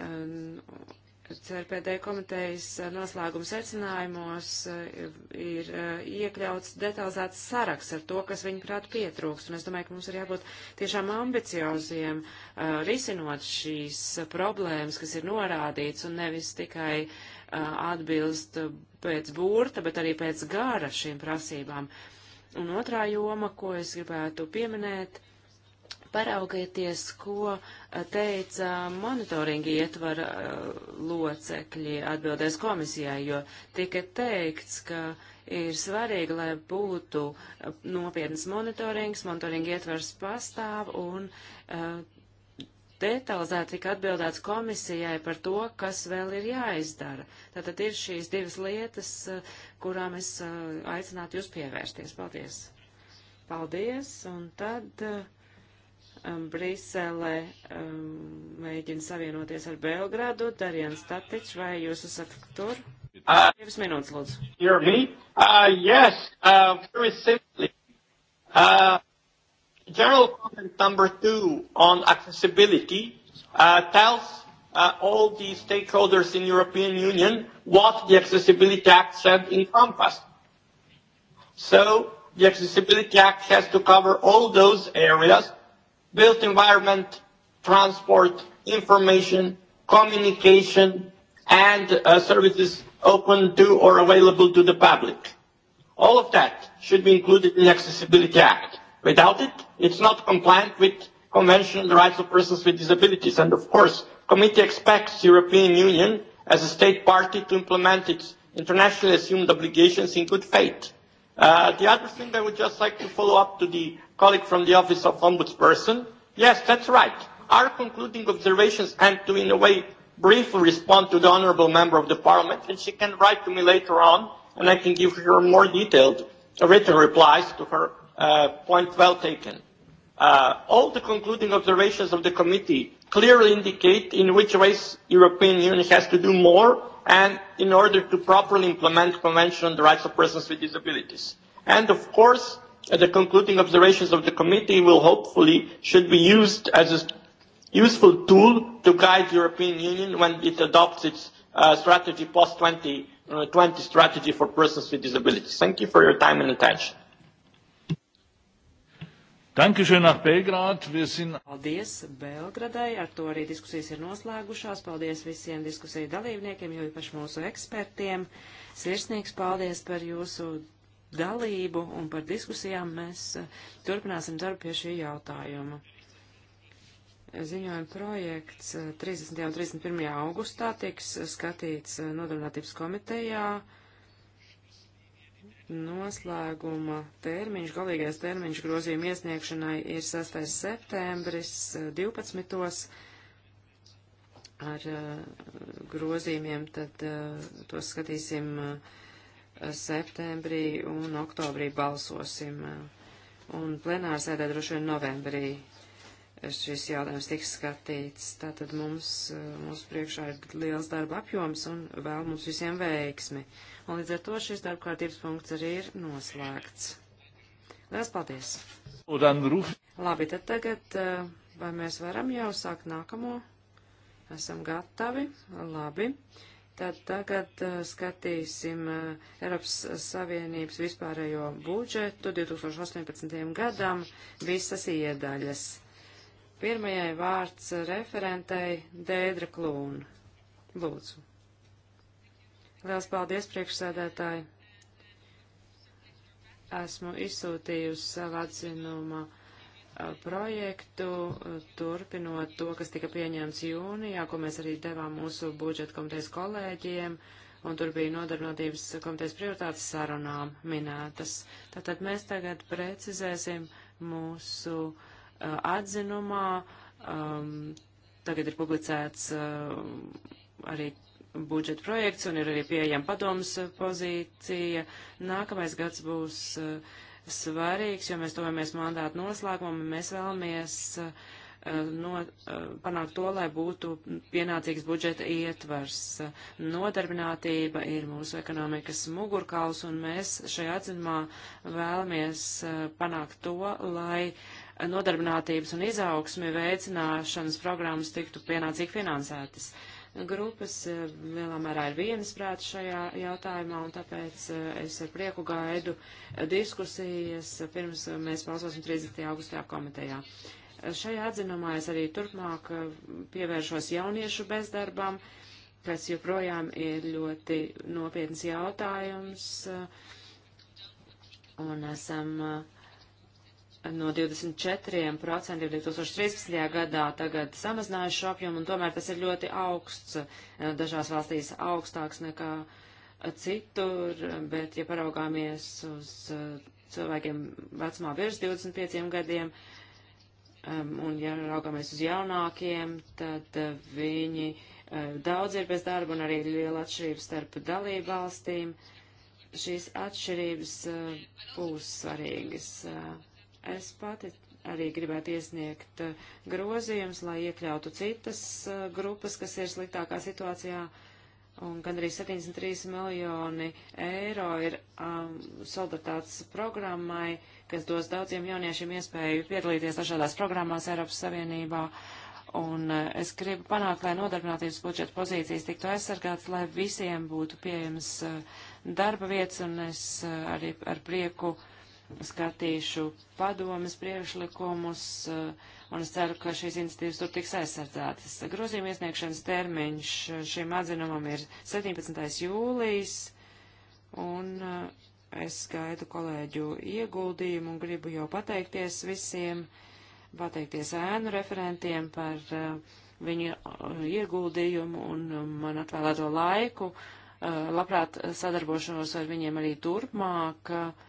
Um, CRPD komitejas noslēguma secinājumos ir iekļauts detalizēts saraksts ar to, kas viņu prāt pietrūkst. Un es domāju, ka mums ir jābūt tiešām ambicioziem risinot šīs problēmas, kas ir norādīts, un nevis tikai atbilst pēc būrta, bet arī pēc gara šīm prasībām. Un otrā joma, ko es gribētu pieminēt, Paraugieties, ko eh, teica monitoringa ietvara eh, locekļi atbildēs komisijai, jo tika teikts, ka ir svarīgi, lai būtu eh, nopietnas monitorings, monitoringa ietvars pastāv un detalizēti tika atbildēts komisijai par to, kas vēl ir jāizdara. Tātad ir šīs divas lietas, kurām es aicinātu jūs pievērsties. Paldies! Paldies! Un tad uh, Um, Brisele um, mēģina savienoties ar Belgrādu. Darjans Tatičs, vai jūs esat tur? Uh, Divas minūtes, lūdzu. You're me? Uh, yes, uh, very simply. Uh, general comment number two on accessibility uh, tells uh, all the stakeholders in European Union what the Accessibility Act said in Compass. So the Accessibility Act has to cover all those areas built environment, transport, information, communication, and uh, services open to or available to the public. All of that should be included in the Accessibility Act. Without it, it's not compliant with Convention on the Rights of Persons with Disabilities. And of course, committee expects European Union as a state party to implement its internationally assumed obligations in good faith. Uh, the other thing I would just like to follow up to the colleague from the Office of Ombudsperson. Yes, that's right. Our concluding observations and to, in a way, briefly respond to the Honourable Member of the Parliament, and she can write to me later on, and I can give her more detailed written replies to her uh, point well taken. Uh, all the concluding observations of the committee clearly indicate in which ways European Union has to do more and in order to properly implement Convention on the Rights of Persons with Disabilities. And of course, the concluding observations of the committee will hopefully should be used as a useful tool to guide the European Union when it adopts its uh, strategy post 2020 uh, 20 strategy for persons with disabilities. Thank you for your time and attention. Dankeschön nach Belgrad. Wir sind... Paldies Belgradai. Ar to arī diskusijas ir noslēgušās. Paldies visiem diskusiju dalībniekiem, jo īpaši mūsu ekspertiem. Sirsnīgs paldies par jūsu dalību un par diskusijām. Mēs eh, turpināsim darbu pie šī jautājuma. Ziņojuma projekts 30. Eh, un 31. augustā tiks eh, skatīts nodarbinātības komitejā. Noslēguma termiņš, galīgais termiņš grozījuma iesniegšanai ir 6. septembris 12. Eh, ar eh, grozījumiem, tad eh, tos skatīsim septembrī un oktobrī balsosim. Un plenārsēdē droši vien novembrī šis jautājums tiks skatīts. Tātad mums, mums priekšā ir liels darba apjoms un vēl mums visiem veiksmi. Un līdz ar to šis darba kārtības punkts arī ir noslēgts. Lielas paldies! Labi, tad tagad eh, vai mēs varam jau sākt nākamo? Esam gatavi. Labi. Tad tagad uh, skatīsim uh, Eiropas Savienības vispārējo budžetu 2018. gadam visas iedaļas. Pirmajai vārds referentei Dēdra Klūna. Lūdzu. Liels paldies, priekšsēdētāji! Esmu izsūtījusi savu atzinumu projektu, turpinot to, kas tika pieņemts jūnijā, ko mēs arī devām mūsu budžeta komitejas kolēģiem, un tur bija nodarbinātības komitejas prioritātes sarunām minētas. Tātad mēs tagad precizēsim mūsu uh, atzinumā. Um, tagad ir publicēts uh, arī budžeta projekts un ir arī pieejama padomas pozīcija. Nākamais gads būs uh, svarīgs, jo mēs tovamies mandātu noslēgumam un mēs vēlamies uh, no, eh, panākt to, lai būtu pienācīgs budžeta ietvars. Nodarbinātība ir mūsu ekonomikas mugurkauls, un mēs šajā atzinumā vēlamies panākt to, lai nodarbinātības un izaugsmi veicināšanas programmas tiktu pienācīgi finansētas. Uh, grupas eh, lielā mērā ir vienisprāt šajā jautājumā, un tāpēc eh, es ar prieku gaidu eh, diskusijas pirms mēs balsosim 30. augustā komitejā. Šajā atzinumā es arī turpmāk pievēršos jauniešu bezdarbam, kas joprojām ir ļoti nopietns jautājums, un esam uh, no 24% 2013. gadā tagad samazinājuši šo apjomu, un tomēr tas ir ļoti augsts, eh, dažās valstīs augstāks nekā citur, bet, ja paraugāmies uz eh, cilvēkiem vecumā virs 25 gadiem, um, un ja raugāmies uz jaunākiem, tad eh, viņi daudz ir bez darba, un arī liela atšķirība starp dalību valstīm. Šīs atšķirības būs svarīgas Es pati arī gribētu iesniegt uh, grozījums, lai iekļautu citas uh, grupas, kas ir sliktākā situācijā. Un gandrīz 73 miljoni eiro ir um, solidaritātes programmai, kas dos daudziem jauniešiem iespēju piedalīties dažādās programmās Eiropas Savienībā. Un uh, es gribu panākt, lai nodarbinātības budžeta pozīcijas tiktu aizsargāts, lai visiem būtu pieejams uh, darba vietas, un es uh, arī ar prieku uh, skatīšu padomas priekšlikumus, eh, un es ceru, ka šīs iniciatīvas tur tiks aizsardzētas. Grozījuma iesniegšanas termiņš eh, šim atzinumam ir 17. jūlijas, un eh, es gaidu kolēģu ieguldījumu un gribu jau pateikties visiem, pateikties ēnu referentiem par viņu ieguldījumu un um, man atvēlēto laiku. Labprāt sadarbošos ar viņiem arī turpmāk. Uh,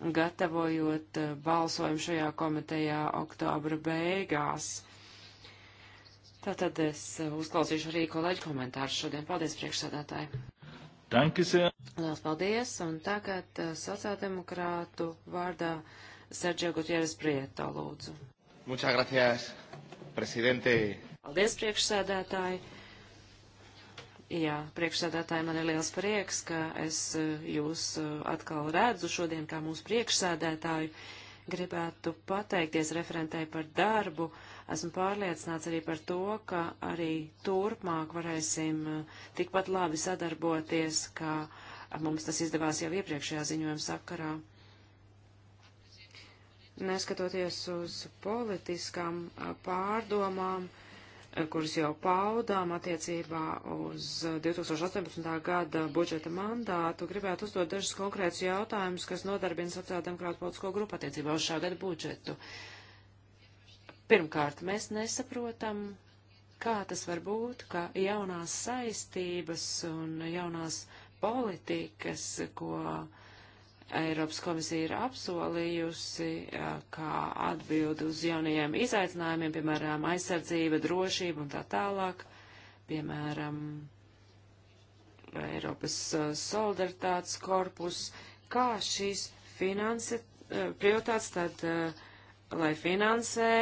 gatavojot eh, balsojumu šajā komitejā oktobra beigās. Tātad es eh, uzklausīšu arī kolēģi komentārus šodien. Paldies, priekšsādātāji! Dankisē! Lielas paldies! Un tagad eh, sociāldemokrātu vārdā Sergio Gutieres Prieto lūdzu. Muchas gracias, presidente! Paldies, priekšsēdētāji! Jā, priekšsēdētāji, man ir liels prieks, ka es eh, jūs eh, atkal redzu šodien kā mūsu priekšsēdētāju. Gribētu pateikties referentei par darbu. Esmu pārliecināts arī par to, ka arī turpmāk varēsim eh, tikpat labi sadarboties, kā mums tas izdevās jau iepriekšējā ziņojuma sakarā. Neskatoties uz politiskām pārdomām, uh, kurus jau paudām attiecībā uz 2018. gada budžeta mandātu, gribētu uzdot dažus konkrētus jautājumus, kas nodarbina sociāldemokrātu politisko grupu attiecībā uz šā gada budžetu. Pirmkārt, mēs nesaprotam, kā tas var būt, ka jaunās saistības un jaunās politikas, ko uh, Eiropas komisija ir apsolījusi, kā atbildi uz jaunajiem izaicinājumiem, piemēram, aizsardzība, drošība un tā tālāk, piemēram, Eiropas solidaritātes korpus, kā šīs finanse, prioritātes tad, lai finansē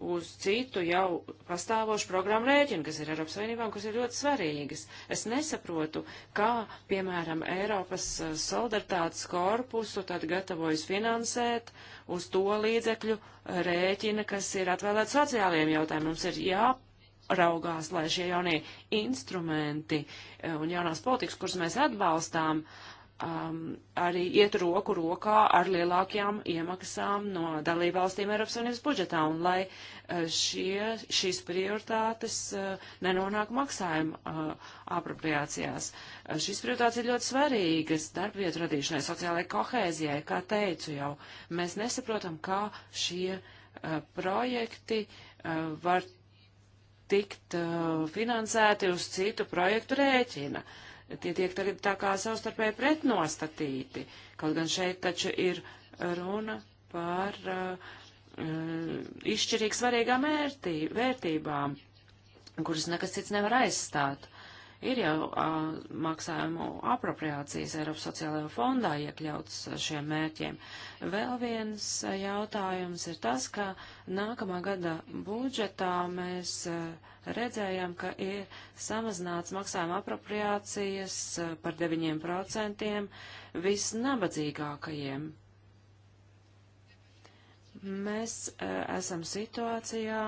uz citu jau pastāvošu programmu rēķinu, kas ir Eiropas Savienībām, kas ir ļoti svarīgas. Es nesaprotu, kā, piemēram, Eiropas eh, solidaritātes korpusu tad gatavojas finansēt uz to līdzekļu eh, rēķina, kas ir atvēlēts sociālajiem jautājumiem. Mums ir jāraugās, lai šie jaunie instrumenti eh, un jaunās politikas, kuras mēs atbalstām, uh, um, arī iet roku rokā ar lielākajām iemaksām no dalībvalstīm Eiropas Savienības budžetā, un lai uh, šie, šīs prioritātes uh, nenonāk maksājuma uh, apropriācijās. Uh, šīs prioritātes ir ļoti svarīgas darbvietu radīšanai, sociālajai kohēzijai, kā teicu jau. Mēs nesaprotam, kā šie uh, projekti uh, var tikt uh, finansēti uz citu projektu rēķina. Uh, tie tiek tagad tā kā savstarpēji pretnostatīti. Kaut gan šeit taču ir runa par uh, uh, izšķirīgi svarīgām ērtī, vērtībām, kuras nekas cits nevar aizstāt. Ir jau uh, maksājumu apropriācijas Eiropas sociālajā fondā iekļauts uh, šiem mērķiem. Vēl viens uh, jautājums ir tas, ka nākamā gada budžetā mēs uh, redzējām, ka ir samazināts maksājuma apropriācijas eh, par 9% visnabadzīgākajiem. Mēs eh, esam situācijā,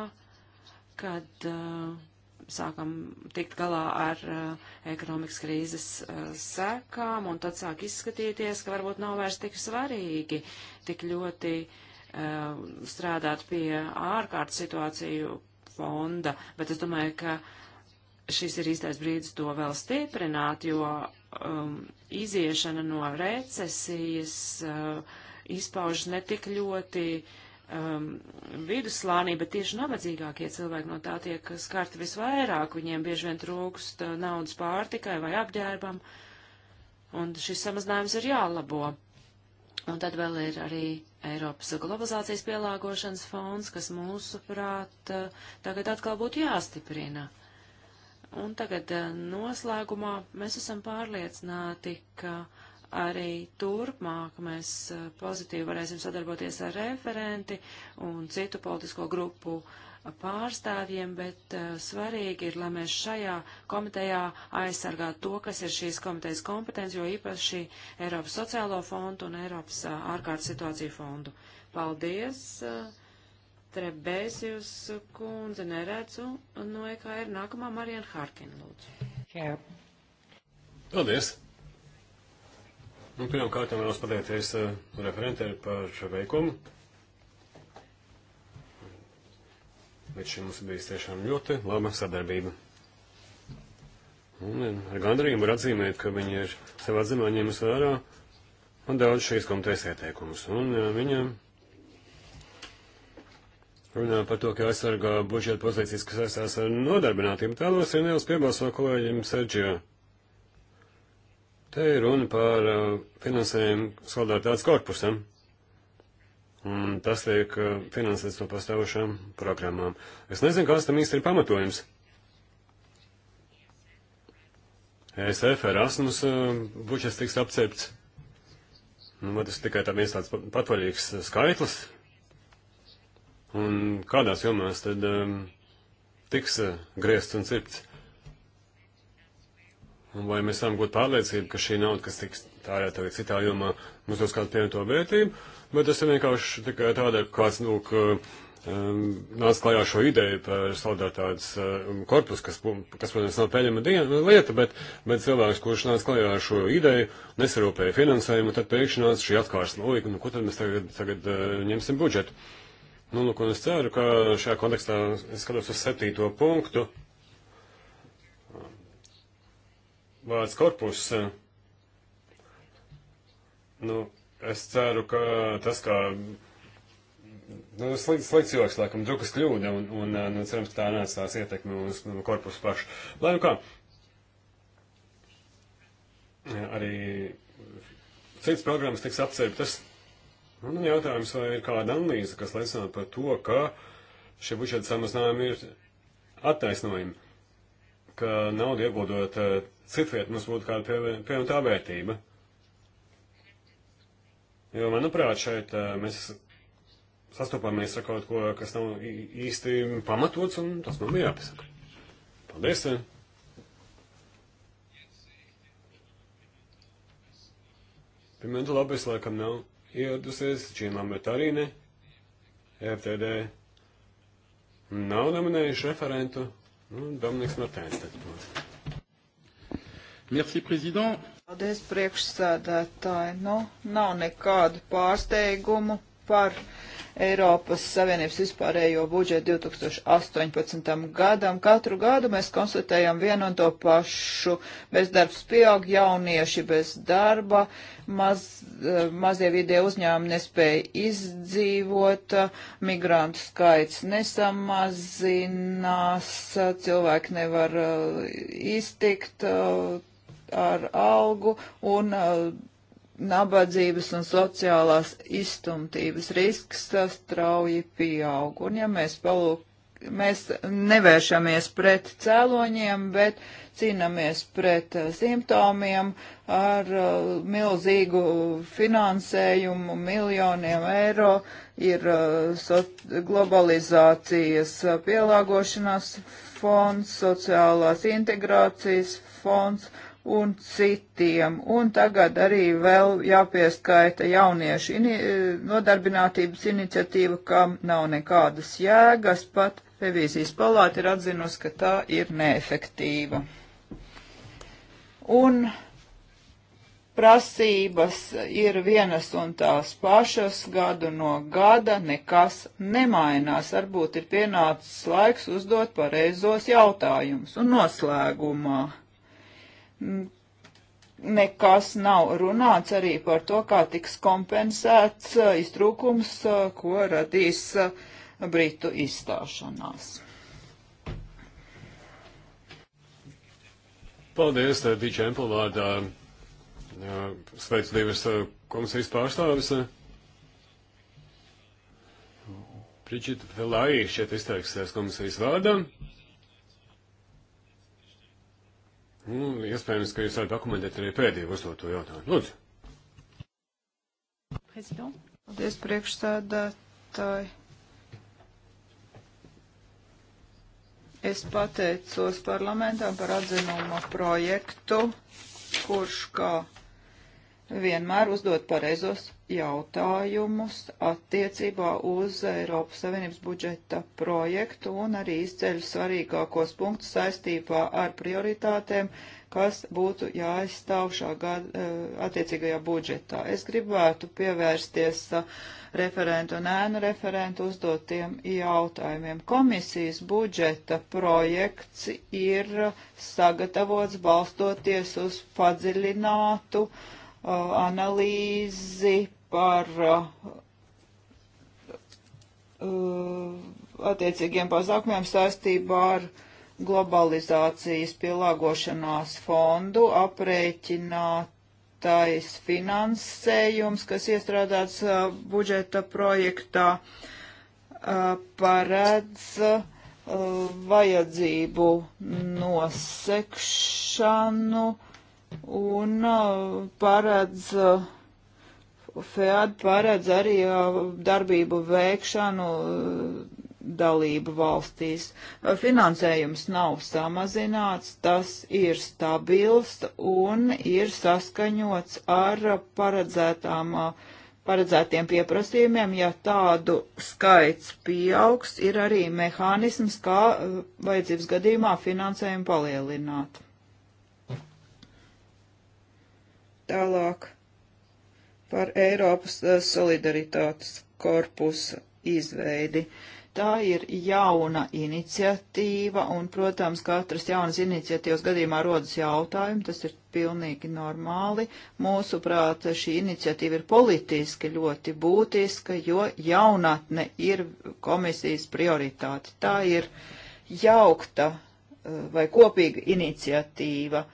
kad eh, sākam tikt galā ar uh, ekonomikas krīzes uh, sekām, un tad sāk izskatīties, ka varbūt nav vairs tik svarīgi tik ļoti uh, strādāt pie ārkārtas situāciju fonda, bet es domāju, ka šis ir īstais brīdis to vēl stiprināt, jo um, iziešana no recesijas uh, izpaužas ne tik ļoti um, viduslānī, bet tieši nabadzīgākie cilvēki no tā tiek skarti visvairāk, viņiem bieži vien trūkst uh, naudas pārtikai vai apģērbam, un šis samazinājums ir jālabo. Un tad vēl ir arī Eiropas globalizācijas pielāgošanas fonds, kas mūsuprāt eh, tagad atkal būtu jāstiprina. Un tagad eh, noslēgumā mēs esam pārliecināti, ka arī turpmāk mēs eh, pozitīvi varēsim sadarboties ar referenti un citu politisko grupu uh, pārstāvjiem, bet uh, svarīgi ir, lai mēs šajā komitejā aizsargātu to, kas ir šīs komitejas kompetence, jo īpaši Eiropas sociālo fondu un Eiropas uh, ārkārtas situāciju fondu. Paldies! Uh, eh, Trebēsijus kundze neredzu no EKR. Nākamā Marijana Harkina, lūdzu. Jā. Paldies! Un nu, pirmkārt, vēlos pateikties referentē par veikumu. Līdz šim mums bijis tiešām ļoti laba sadarbība. Un eh, ar gandarījumu var atzīmēt, ka viņi ir savā zemē ņēmis vērā un daudz šīs komitejas ieteikumus. Un eh, viņam runā par to, ka aizsargā budžeta pozīcijas, kas aizsās ar nodarbinātību. Tālos ir liels piebalso kolēģim Sergio. Te ir runa par eh, finansējumu solidaritātes korpusam. Un tas tiek eh, finansēts no pastāvošām programmām. Es nezinu, kāds tam īsti ir pamatojums. ESF Erasmus eh, bučas tiks apcepts. Nu, tas tikai tā viens tāds patvaļīgs eh, skaitlis. Un kādās jomās tad um, tiks uh, griezt un cirpts? Un vai mēs varam gūt pārliecību, ka šī nauda, kas tiks tērēt arī citā jomā, mums dos kādu pievienoto vērtību, bet tas ir vienkārši tikai tādēļ, kāds, lūk, um, nāca klajā šo ideju par solidaritātes um, korpusu, kas, kas, protams, nav pieņemama lieta, bet, bet cilvēks, kurš nāca klajā ar šo ideju, nesarūpēja finansējumu, tad pēkšņi nāca šī atkārsme, oi, nu, ko tad mēs tagad, tagad uh, ņemsim budžetu? Nu, lūk, un es ceru, ka šajā kontekstā es skatos uz septīto punktu. Vārds korpus. Uh, Nu, es ceru, ka tas, kā nu, slikts, slikts joks, laikam, drukas kļūda, un, un uh, nu, cerams, ka tā nesās ietekmi uz nu, korpusu pašu. Lai nu kā, Jā, arī cits programmas tiks apcerptas. Un nu, jautājums, vai ir kāda analīze, kas liecina par to, ka šie budžeta samazinājumi ir attaisnojumi, ka naudu ieguldot uh, citviet mums būtu kāda pievienotā vērtība. Pie Jo, manuprāt, šeit eh, mēs sastopamies ar kaut ko, kas nav īsti pamatots, un tas man bija jāpasaka. Paldies! Tev. Eh. Pimenta labais laikam nav ieradusies, Džīmām bet arī ne. FTD nav nominējuši referentu. Nu, Dominiks Martēns tad. Merci, prezident. Paldies, priekšsēdētāji. Nu, nav nekādu pārsteigumu par Eiropas Savienības vispārējo budžetu 2018. gadam. Katru gadu mēs konstatējam vienu un to pašu. Bezdarbs pieaug, jaunieši bez darba, maz, eh, mazie vidē uzņēmumi nespēja izdzīvot, migrantu skaits nesamazinās, cilvēki nevar eh, iztikt eh, ar algu un uh, nabadzības un sociālās izstumtības risks strauji pieaug. Un ja mēs palūk, mēs nevēršamies pret cēloņiem, bet cīnāmies pret uh, simptomiem ar uh, milzīgu finansējumu, miljoniem eiro ir globalizācijas pielāgošanās fonds, sociālās integrācijas fonds un citiem. Un tagad arī vēl jāpieskaita jauniešu ini nodarbinātības iniciatīva, kam nav nekādas jēgas, pat revīzijas palāta ir atzinusi, ka tā ir neefektīva. Un prasības ir vienas un tās pašas gadu no gada, nekas nemainās. Varbūt ir pienācis laiks uzdot pareizos jautājumus un noslēgumā nekas nav runāts arī par to, kā tiks kompensēts uh, iztrūkums, uh, ko radīs uh, Britu izstāšanās. Paldies, Dīča Empelvārdā. Sveicu divas komisijas pārstāvis. Brigita Velāji šeit izteiksies komisijas vārdam. Nu, iespējams, ka jūs varat dokumentēt arī pēdējo uzdoto jautājumu. Lūdzu. Prezident. Paldies, priekšsēdētāji. Es pateicos parlamentam par atzinumu projektu, kurš kā vienmēr uzdot pareizos jautājumus attiecībā uz Eiropas Savienības budžeta projektu un arī izceļ svarīgākos punktus saistībā ar prioritātēm, kas būtu jāizstāv šā gada eh, attiecīgajā budžetā. Es gribētu pievērsties eh, referentu un ēnu referentu uzdotiem jautājumiem. Komisijas budžeta projekts ir sagatavots balstoties uz padziļinātu uh, analīzi par uh, uh, attiecīgiem pasākumiem saistībā ar globalizācijas pielāgošanās fondu aprēķinātais finansējums, kas iestrādāts uh, budžeta projektā, uh, paredz uh, vajadzību nosekšanu un uh, paredz uh, FEAD paredz arī darbību veikšanu dalību valstīs. Finansējums nav samazināts, tas ir stabils un ir saskaņots ar paredzētām, paredzētiem pieprasījumiem. Ja tādu skaits pieaugs, ir arī mehānisms, kā vajadzības gadījumā finansējumu palielināt. Tālāk par Eiropas eh, solidaritātes korpusa izveidi. Tā ir jauna iniciatīva, un, protams, katras jaunas iniciatīvas gadījumā rodas jautājumi, tas ir pilnīgi normāli. Mūsuprāt, šī iniciatīva ir politiski ļoti būtiska, jo jaunatne ir komisijas prioritāte. Tā ir jaukta eh, vai kopīga iniciatīva,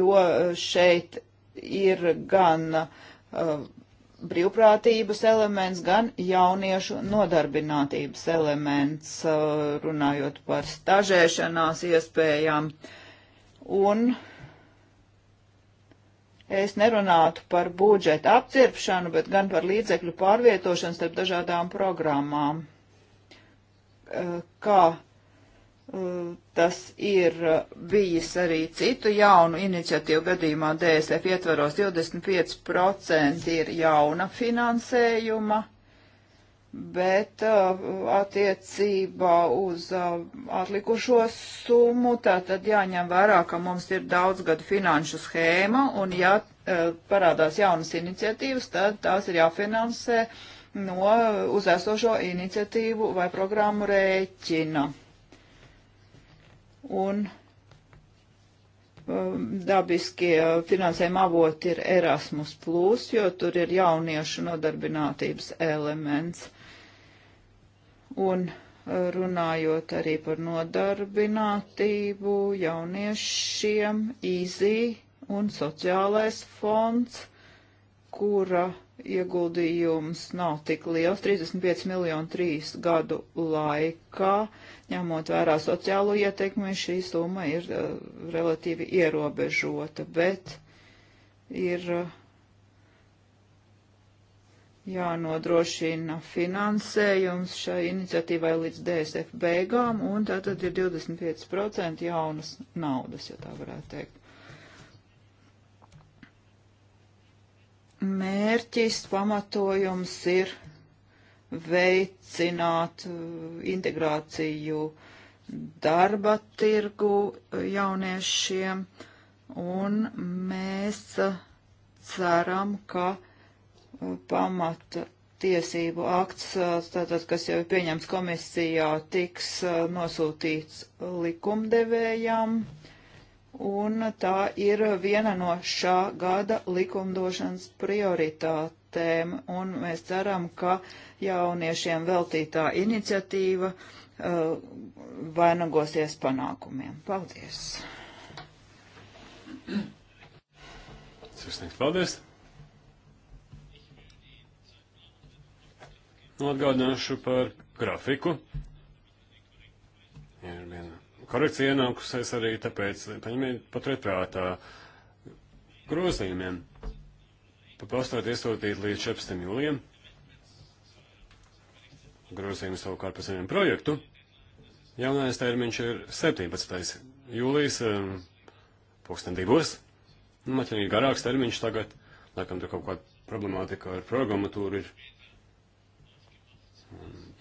jo eh, šeit ir gan uh, Uh, brīvprātības elements, gan jauniešu nodarbinātības elements, uh, runājot par stažēšanās iespējām. Un es nerunātu par budžeta apcirpšanu, bet gan par līdzekļu pārvietošanu starp dažādām programmām. Uh, kā Mm, tas ir uh, bijis arī citu jaunu iniciatīvu gadījumā DSF ietvaros 25% ir jauna finansējuma, bet uh, attiecībā uz uh, atlikušo summu tātad jāņem vērā, ka mums ir daudz gadu finanšu schēma un ja parādās jaunas iniciatīvas, tad tās ir jāfinansē no uz esošo iniciatīvu vai programmu rēķina un um, dabiskie finansējuma avoti ir Erasmus, jo tur ir jauniešu nodarbinātības elements. Un uh, runājot arī par nodarbinātību jauniešiem, īzī un sociālais fonds, kura ieguldījums nav tik liels - 35 miljonu trīs gadu laikā. Ņemot vērā sociālo ietekmi, šī summa ir uh, relatīvi ierobežota, bet ir uh, jānodrošina finansējums šai iniciatīvai līdz DSF beigām, un tātad ir 25% jaunas naudas, ja tā varētu teikt. mērķis, pamatojums ir veicināt uh, integrāciju darba tirgu uh, jauniešiem, un mēs uh, ceram, ka pamata tiesību akts, tātad, kas jau ir pieņemts komisijā, tiks nosūtīts likumdevējam un tā ir viena no šā gada likumdošanas prioritātēm, un mēs ceram, ka jauniešiem veltītā iniciatīva uh, vainagosies panākumiem. Paldies! Sirsnīgs paldies! Nu, atgādināšu par grafiku. Ir viena korekcija ienākusies arī tāpēc, paņemiet paturprātā grozījumiem. Pa postāt iesūtīt līdz 14. jūlijam. Grozījumi savukārt par saviem projektu. Jaunais termiņš ir 17. jūlijas, um, pulksten divos. Nu, man ir garāks termiņš tagad. Laikam tur kaut kāda problemātika ar programmatūru ir.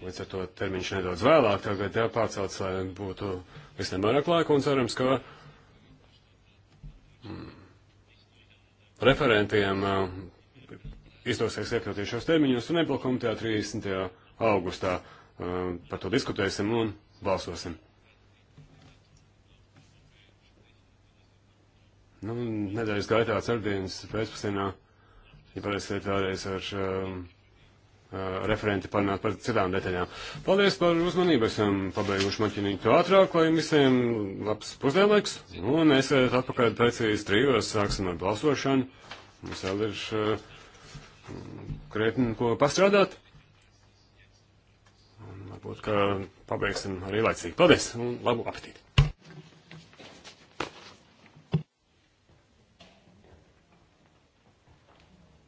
Līdz ar to termiņš nedaudz vēlāk tagad jāpārcelts, lai būtu uh, pēc tam vairāk laika un cerams, ka mm, referentiem uh, izdosies iekļauties šos termiņos un neblokomitejā 30. augustā. Uh, par to diskutēsim un balsosim. Nu, nedēļas gaitā, ceturtdienas pēcpusdienā, ja varēsiet vēlreiz ar um, uh, Uh, referenti parunāt par citām detaļām. Paldies par uzmanību. Esam pabeiguši maķinītu ātrāk, lai visiem labs pusdienlaiks. Un es uh, atpakaļ precīzi trijos sāksim ar balsošanu. Mums vēl ir uh, krietni ko pastrādāt. Un varbūt, ka pabeigsim arī laicīgi. Paldies un labu apetīti!